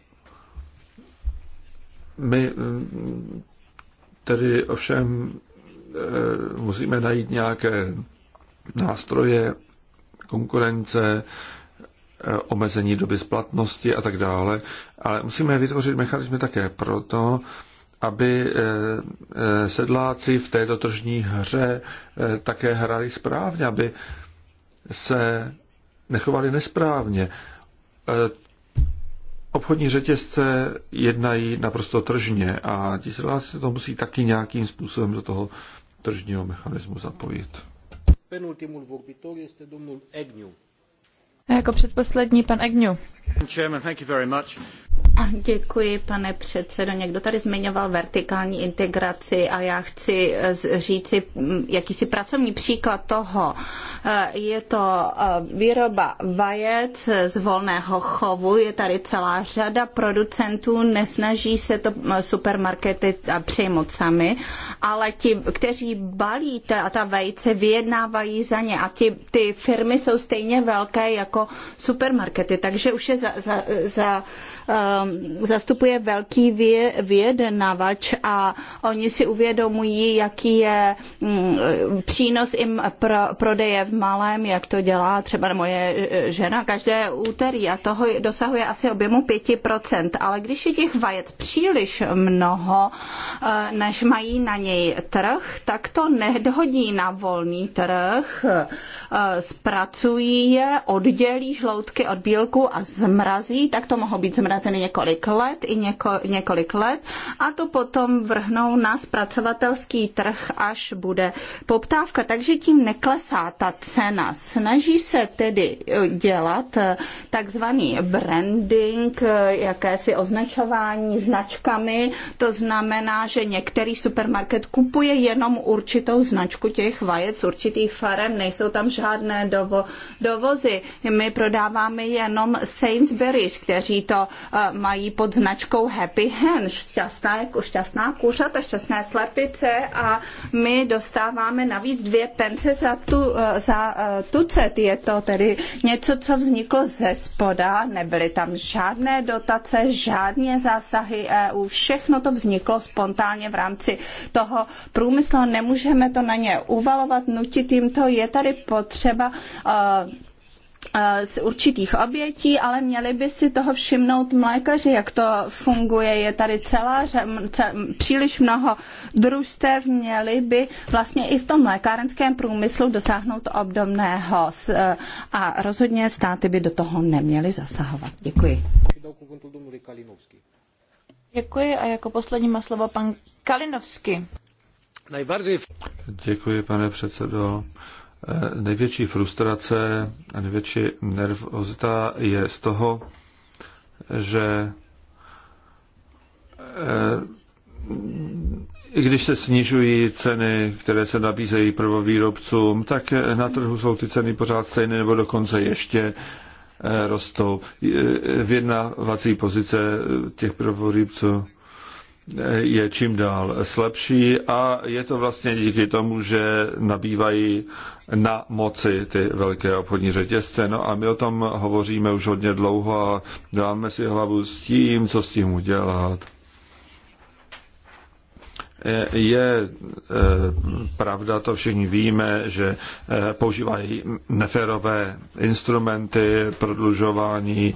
My mm, tedy ovšem musíme najít nějaké nástroje, konkurence, e, omezení doby splatnosti a tak dále. Ale musíme vytvořit mechanizmy také proto, aby e, e, sedláci v této tržní hře také hráli správně, aby se nechovali nesprávně. Obchodní řetězce jednají naprosto tržně a ti sedláci to musí taky nějakým způsobem do toho tržního mechanismu zapojit. Penultimul vorbitor este domnul Egniu jako předposlední pan Agnew. Děkuji, pane předsedo. Někdo tady zmiňoval vertikální integraci a já chci eh, říci mm, jakýsi pracovní příklad toho. Eh, je to eh, výroba vajec z volného chovu, je tady celá řada producentů, nesnaží se to supermarkety přejmout sami, ale ti, kteří balí ta, ta vejce, vyjednávají za ně a ti, ty firmy jsou stejně velké jako jako supermarkety. Takže už je za, za, za Ehm, zastupuje velký vyjednavač a oni si uvědomují, jaký je mm, přínos jim pro, prodeje v malém, jak to dělá třeba moje e, žena každé úterý a toho dosahuje asi objemu 5%, ale když je těch vajec příliš mnoho, e, než mají na něj trh, tak to nehodí na volný trh, e, zpracují je, oddělí žloutky od bílku a zmrazí, tak to mohou být zmrazené nahrazeny několik let i něko, několik let a to potom vrhnou na zpracovatelský trh, až bude poptávka. Takže tím neklesá ta cena. Snaží se tedy eh, dělat eh, takzvaný branding, eh, jakési označování značkami. To znamená, že některý supermarket kupuje jenom určitou značku těch vajec, určitých farem, nejsou tam žádné dovo, dovozy. My prodáváme jenom Sainsbury's, kteří to mají pod značkou Happy Hen, šťastná, jako šťastná kuřata, šťastné slepice a my dostáváme navíc dvě pence za, tu, e, za e, tucet. Je to tedy něco, co vzniklo ze spoda, nebyly tam žádné dotace, žádné zásahy EU, všechno to vzniklo spontánně v rámci toho průmyslu, nemůžeme to na ně uvalovat, nutit jim to, je tady potřeba uh, Eh, z určitých obětí, ale měli by si toho všimnout mlékaři, jak to funguje. Je tady celá příliš mnoho družstev, měli by vlastně i v tom mlékárenském průmyslu dosáhnout obdobného eh, a rozhodně státy by do toho neměly zasahovat. Děkuji. Děkuji a jako poslední má slovo pan Kalinovský. Děkuji, pane předsedo. Eh, největší frustrace a největší nervozita je z toho, že eh, i když se snižují ceny, které se nabízejí prvovýrobcům, tak na trhu jsou ty ceny pořád stejné nebo dokonce ještě eh, rostou. Vědnavací pozice těch prvovýrobců je čím dál slabší a je to vlastně díky tomu, že nabývají na moci ty velké obchodní řetězce. No a my o tom hovoříme už hodně dlouho a dáme si hlavu s tím, co s tím udělat. Je e, pravda, to všichni víme, že e, používají neférové instrumenty, prodlužování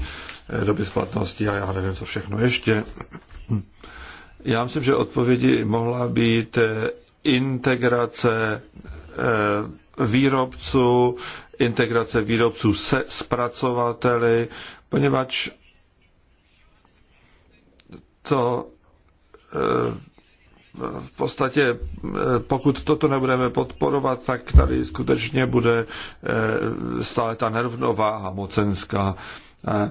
e, doby splatnosti a já nevím, co všechno ještě. Já myslím, že odpovědi mohla být eh, integrace eh, výrobců, integrace výrobců se zpracovateli, poněvadž to eh, v podstatě, pokud toto nebudeme podporovat, tak tady skutečně bude stále ta nerovnováha mocenská. E,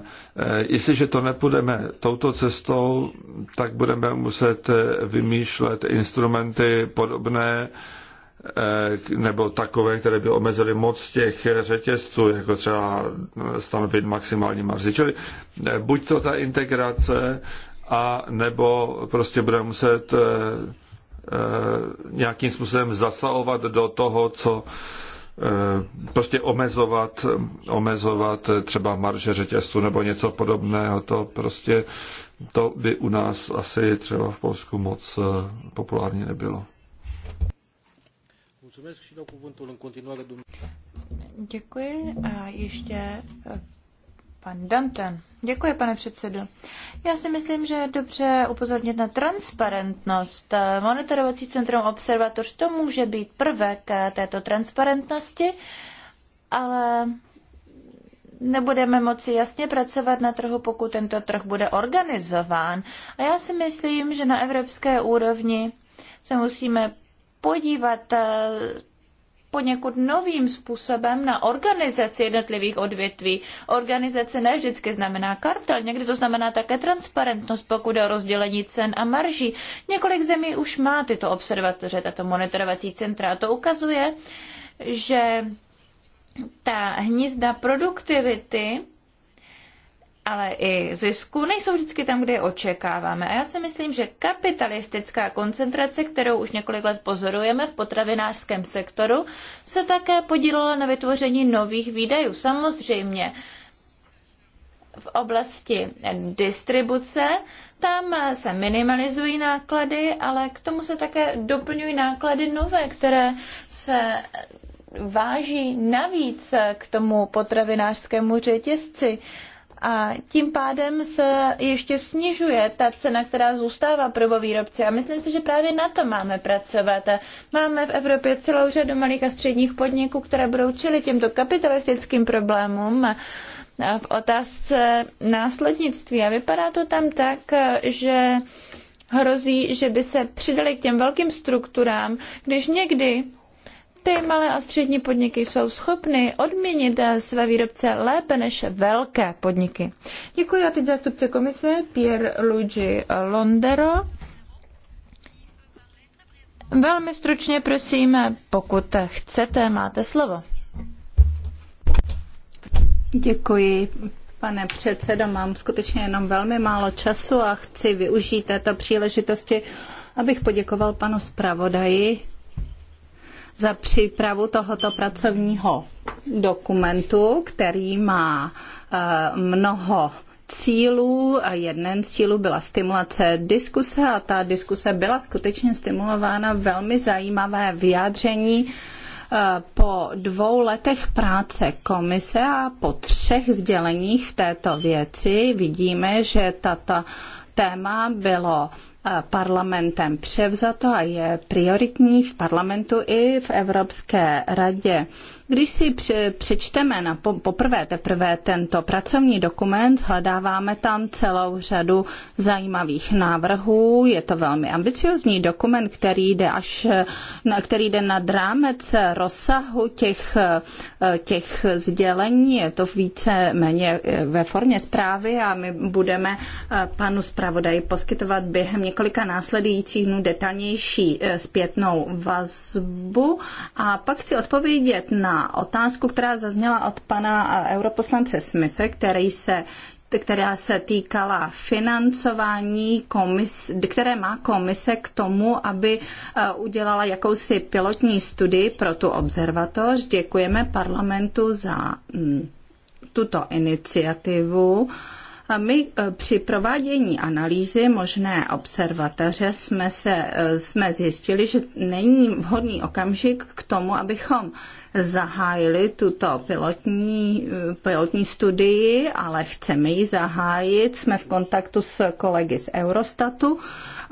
jestliže to nepůjdeme touto cestou, tak budeme muset e, vymýšlet instrumenty podobné e, nebo takové, které by omezily moc těch řetězců, jako třeba stanovit maximální marži. Čili buď to ta integrace, a nebo prostě budeme muset nějakým způsobem zasahovat do toho, co Eh, prostě omezovat, omezovat třeba marže řetězců nebo něco podobného, to prostě to by u nás asi třeba v Polsku moc eh, populární nebylo. Děkuji a ještě eh, Pan Danten. Děkuji, pane předsedo. Já si myslím, že je dobře upozornit na transparentnost. Monitorovací centrum Observatoř to může být prvek této transparentnosti, ale nebudeme moci jasně pracovat na trhu, pokud tento trh bude organizován. A já si myslím, že na evropské úrovni se musíme podívat poněkud novým způsobem na organizaci jednotlivých odvětví. Organizace ne vždycky znamená kartel, někdy to znamená také transparentnost, pokud je o rozdělení cen a marží. Několik zemí už má tyto observatoře, tato monitorovací centra a to ukazuje, že ta hnízda produktivity ale i zisku nejsou vždycky tam, kde je očekáváme. A já si myslím, že kapitalistická koncentrace, kterou už několik let pozorujeme v potravinářském sektoru, se také podílela na vytvoření nových výdajů. Samozřejmě v oblasti distribuce, tam se minimalizují náklady, ale k tomu se také doplňují náklady nové, které se váží navíc k tomu potravinářskému řetězci. A tím pádem se ještě snižuje ta cena, která zůstává pro výrobce. A myslím si, že právě na to máme pracovat. A máme v Evropě celou řadu malých a středních podniků, které budou čelit těmto kapitalistickým problémům v otázce následnictví. A vypadá to tam tak, že hrozí, že by se přidali k těm velkým strukturám, když někdy ty malé a střední podniky jsou schopny odměnit eh, své výrobce lépe než velké podniky. Děkuji a teď zástupce komise Pierre Luigi Londero. Velmi stručně prosím, pokud chcete, máte slovo. Děkuji, Pane předsedo, mám skutečně jenom velmi málo času a chci využít této příležitosti, abych poděkoval panu zpravodaji za přípravu tohoto pracovního dokumentu, který má eh, mnoho cílů a jeden z cílů byla stimulace diskuse a ta diskuse byla skutečně stimulována velmi zajímavé vyjádření eh, po dvou letech práce komise a po třech sděleních v této věci vidíme, že tato téma bylo eh, parlamentem převzato a je prioritní v parlamentu i v Evropské radě. Když si přečteme na poprvé teprve tento pracovní dokument, zhledáváme tam celou řadu zajímavých návrhů. Je to velmi ambiciozní dokument, který jde až, který jde nad rámec rozsahu těch, těch sdělení. Je to více méně eh, ve formě zprávy a my budeme eh, panu zpravodaji poskytovat během několika následujících dnů detailnější eh, zpětnou vazbu. A pak chci odpovědět na otázku, která zazněla od pana eh, europoslance Smise, který se která se týkala financování, komis, které má komise k tomu, aby eh, udělala jakousi pilotní studii pro tu observatoř. Děkujeme parlamentu za mm, tuto iniciativu. My eh, při provádění analýzy možné observatoře jsme, se, jsme zjistili, že není vhodný okamžik k tomu, abychom zahájili tuto pilotní, pilotní studii, ale chceme ji zahájit. Jsme v kontaktu s kolegy z Eurostatu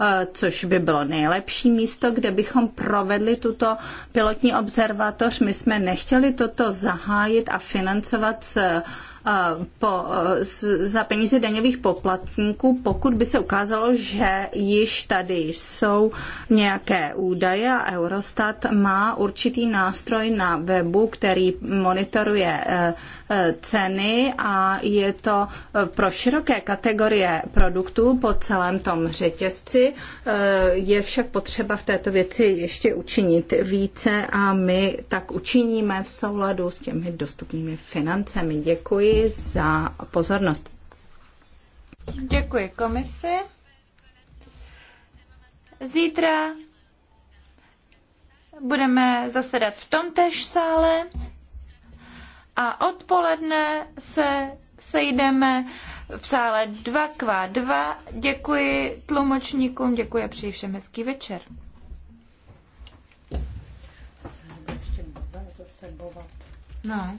eh, což by bylo nejlepší místo, kde bychom provedli tuto pilotní observatoř. My jsme nechtěli toto zahájit a financovat z Eh, po, eh, za peníze daňových poplatníků, pokud by se ukázalo, že již tady jsou nějaké údaje a Eurostat má určitý nástroj na webu, který monitoruje eh, ceny a je to eh, pro široké kategorie produktů po celém tom řetězci. Eh, je však potřeba v této věci ještě učinit více a my tak učiníme v souladu s těmi dostupnými financemi. Děkuji za pozornost. Děkuji komisi. Zítra budeme zasedat v tomtež sále a odpoledne se sejdeme v sále 2 k 2. Děkuji tlumočníkům, děkuji a přeji všem hezký večer. No.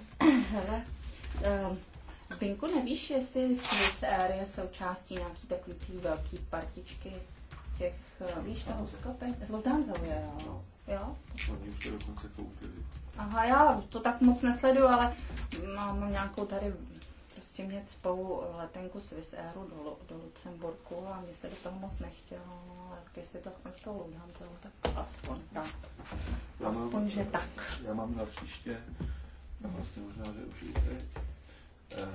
Hele, um, ehm, Binku, nevíš, jestli Swiss Air je součástí nějaký takový tý velký partičky těch, eh, víš, toho skopek? Z je, jo. Jo? Oni už to dokonce koupili. Aha, já to tak moc nesledu, ale mám nějakou tady prostě mě spou letenku Swiss Airu do, do Lucemburku a mě se do toho moc nechtělo, ale když si to aspoň s tou Lufthansou, tak aspoň tak. Aspoň, mám, že tak. Já mám na příště, já vlastně možná, že už i teď, Eh,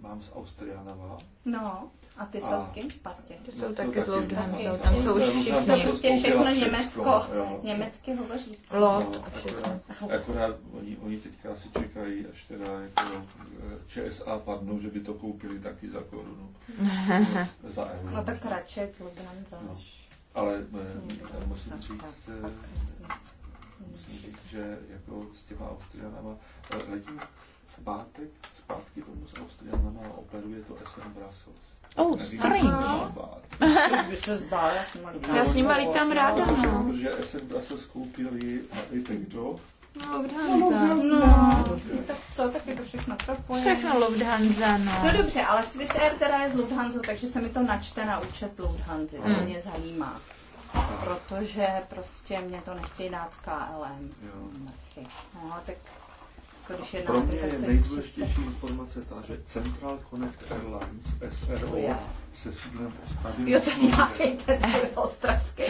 mám z Austrianova. No, a ty jsou a s kým v partě? Ty jsou taky Lodhem, tam jsou už všichni. Prostě všechno Německo, německy hovoří. Lod no, a všechno. Akorát, akorát oni, oni teďka asi čekají, až teda jako eh, ČSA padnou, že by to koupili taky za korunu. za euro. No tak radši Lodhem za. No. Ale eh, musím říct, musím říct, že jako s těma Austrianama letím v pátek zpátky domů z Austrie, ona má operuje to SM Brussels. Oh, starý. Já s nima tam ráda. Protože no. SM Brussels koupili a i víte kdo? No, Lufthansa. No, no, tak co, tak je to všechno propojené. Všechno Lufthansa, no. No dobře, ale Swiss Air teda je z Lufthansa, takže se mi to načte na účet Lufthansa, to mm. mě zajímá. Protože prostě mě to nechtějí dát s KLM. Jo. No, tak jako když je Pro mě je prostě nejdůležitější informace ta, že Central Connect Airlines SRO se sídlem v Jo, to je nějaký ten ostravský.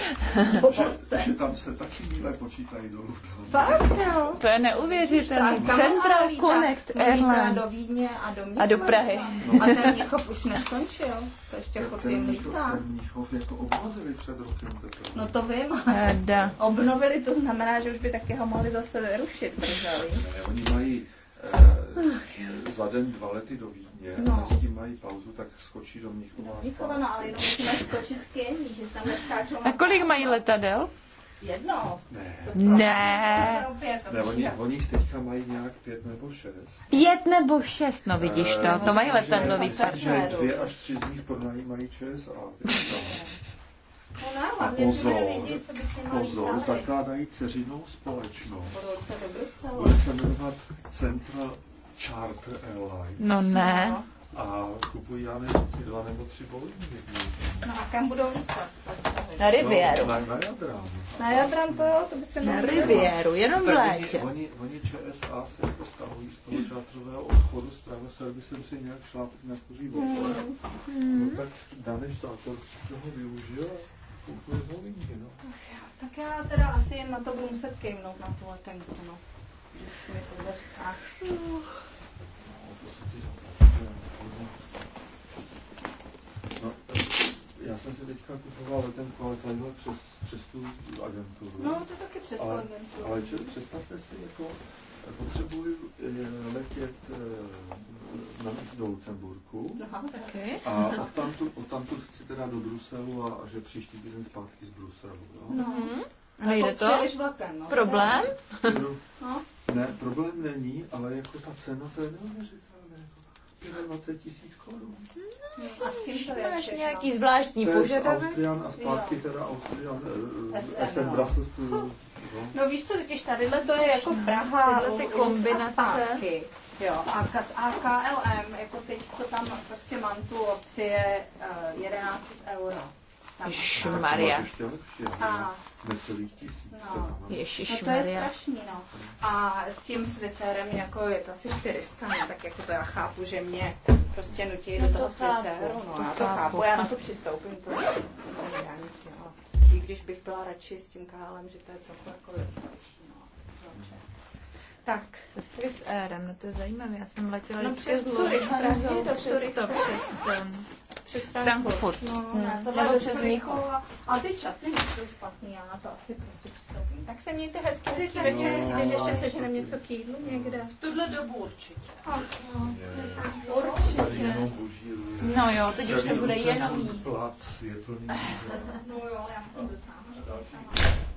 Že, že, tam se taky míle počítají do Lufthansa. Fakt, jo. To je neuvěřitelné. Central lítá, Connect Airline. Do Vídně a do, a do Prahy. No. A ten Mnichov už neskončil. To ještě furt jim lítá. Ten Mnichov jako obnovili před rokem. No to vím. Hada. Eh, obnovili, to znamená, že už by taky ho mohli zase rušit. Ne, oni mají eh, za den dva lety do Vídně je no. mezi tím mají pauzu, tak skočí do Mnichová. Do Mnichova, no ale jenom musíme skočit z Kyjeví, že tam neskáčou. A kolik mají letadel? Jedno. Ne. Ne. ne oni, oni teďka mají nějak pět nebo šest. Pět nebo šest, no vidíš to, to mají eh, letadlový partner. Dvě až tři z nich pronajímají čes a no, a pozor, pozor, zakládají dceřinou společnost. Bude se jmenovat Central Charter Airlines. No ne. A kupují, já nevím, asi dva nebo tři bolivy. No a kam budou lítat? Na Riviéru. No, na, na Jadran. Na Jadran to jo, to by se Na Riviéru, jenom v létě. Oni, oni, oni ČSA se jako stahují z toho čátrového odchodu, se strava servisem si nějak šlápit na kuří okolo. Mm. No hmm. tak Daneš Zátor toho využil kupuje bowlingy, no. tak já teda asi na to budu muset kejmnout na tu letenku, no. Když mi to říkáš. já jsem si teďka kupoval ten kvalitajno přes, přes tu agenturu. No, to taky přes ale, agenturu. Ale či, představte si, jako potřebuji eh, letět eh, na, do Lucemburku Aha, taky. a tam tu chci teda do Bruselu a, a že příští týden zpátky z Bruselu. No. No. A jde to? Vlakem, no. Problém? No. no, ne, problém není, ale jako ta cena, to je neuvěřitelné. 20 tisíc korun. No, a s kým to je? všechno? nějaký zvláštní požadavek? a zpátky jo. teda Austrian, eh, SM eh, no. Brussels. Eh, no. no víš co, když tadyhle to je jako Praha, ale ty kombinace. Jo, a, s AKLM, jako teď, co tam prostě tu opci je uh, 11 euro. Maria. No. to je strašný, no. A s tím svisérem jako je to asi 400, no, tak jako to já chápu, že mě prostě nutí do toho sviséru, no, já to chápu. já na to přistoupím, to nic dělat. I když bych byla radši s tím kálem, že to je trochu jako lepší. Tak, se Swiss Airem, no to je zajímavé, já jsem letěla no, no přes Zurich, Prahu, to přes, to přes, um, přes Frankfurt. Frankfurt. No, no, no, to bylo přes Michova. A ty časy nejsou špatný, já na to asi prostě přistoupím. Tak se mějte hezky, hezký večer, myslíte, že ještě seženeme něco k jídlu někde? V tuhle dobu určitě. Ach, no. je, je, je, Určitě. No jo, teď už se bude jenom jíst. No jo, já to sama.